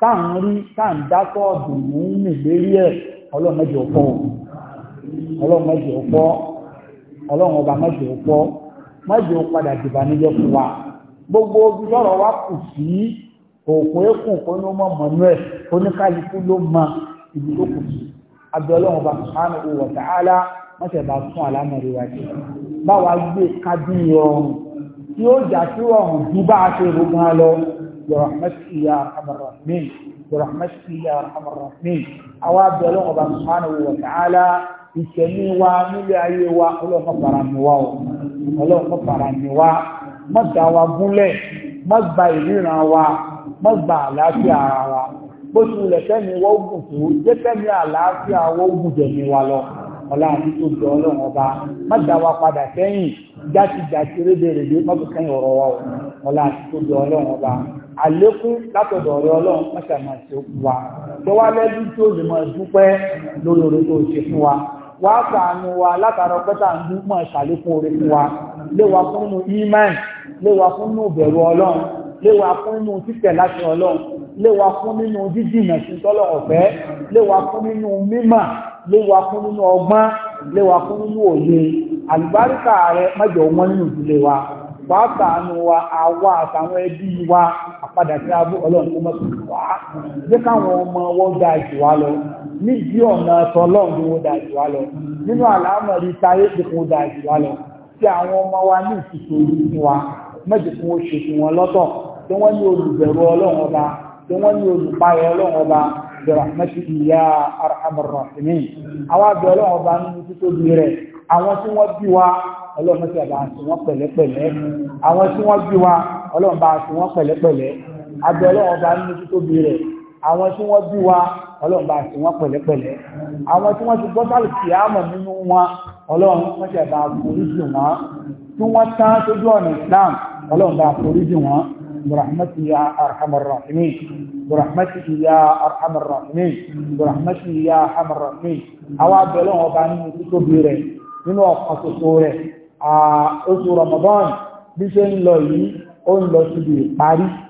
tá ń rí tá ń dákọ̀ dùnú nì lérí ẹ̀ ọlọ́mọdé ọ̀pọ̀ ọlọ́mọdé ọ̀pọ̀ ọlọ́run ọba mọ́jọ ọ̀pọ̀ padà dìbànújẹ́ fún wa gbogbo ojú lọ́rọ̀ wa kù sí ní mọ́ ibi tó kù sí abẹ́ bá fún wa báwa gbé tí ó jà sí برحمتك يا أرحم الراحمين برحمتك يا أرحم الراحمين أواب الله سبحانه وتعالى ìṣẹ̀mí wa nílé ayé wa ọlọ́mọ fara mi wá o ọlọ́mọ fara mi wá má dá wa gúnlẹ̀ má gba ìríran wa má gba àlàáfíà ara wa bó ti wulẹ̀ fẹ́mi wọ́n gùn tó jẹ́ fẹ́mi àlàáfíà wọ́n gùn jẹ̀mí wa lọ ọlá àti tó jọ ọlọ́run ọba má dá wa padà sẹ́yìn jásìjásì rédèrèdè mọ́bù kẹ́yìn ọ̀rọ̀ wa ọlá àti tó jọ ọlọ́run ọba àlékún látọ̀dọ̀ ọ̀rọ̀ ọlọ́run mọ́sàmá sí òkú wa tó wá lẹ́bí tó lè mọ̀ dúpẹ́ lórí oore tó ṣe fún wa wá ṣàánú wa látara pẹ́tà ń dún mọ̀ ṣàlékún oore fún wa léwa fún inú imán léwa fún inú ìbẹ̀rù ọlọ́run léwa fún inú títẹ̀ láti ọlọ́run léwa fún nínú jíjìnà sí tọ́lọ̀ ọ̀fẹ́ léwa fún nínú mímọ̀ léwa fún nínú ọgbọ́n léwa fún nínú òye àlùbáríkà rẹ mọ́jọ wọn nínú ìdílé wa wàá sàánú wa àwa àtàwọn ẹbí wa àpadà sí abú ọlọ́run tó mọ̀ wá jẹ́ káwọn ọmọ wọn da jù wá lọ níbi ọ̀nà tọlọ́run tó wọ́n da jù wá lọ nínú àlámọ̀ rí táyé tó kún da jù wá lọ tí wọ́n ní olùbẹ̀rù ọlọ́run ọba tí wọ́n ní olùpayọ̀ ọlọ́run ọba برحمته يا أرحم الراحمين àwọn àgbẹ̀ ọlọ́run ọba ń títóbi rẹ̀ àwọn tí wọ́n bí wa ọlọ́run tí àbá sí wọn pẹ̀lẹ́pẹ̀lẹ́ àwọn tí wọ́n bí wa ọlọ́run bá sí wọn pẹ̀lẹ́pẹ̀lẹ́ àgbẹ̀ ọlọ́run ọba ń títóbi rẹ̀ àwọn tí wọ́n bí wa ọlọ́run bá sí wọn pẹ̀lẹ́pẹ̀lẹ́ àwọn tí wọ́n ti gbọ́ sálì kì á mọ̀ nínú wọn ọlọ́run wọ́n ti àbá foríjì wọn tí wọ́n tán sójú ọ̀nà Islam ọlọ́run bá foríjì wọn برحمته يا أرحم الراحمين برحمته يا أرحم الراحمين برحمته يا أرحم الراحمين àwọn abẹ́lẹ́ wọn bá nínú tó tóbi rẹ̀ nínú ọ̀kan ṣoṣo rẹ̀ oṣù Ramadan bí ṣe ń lọ yìí ó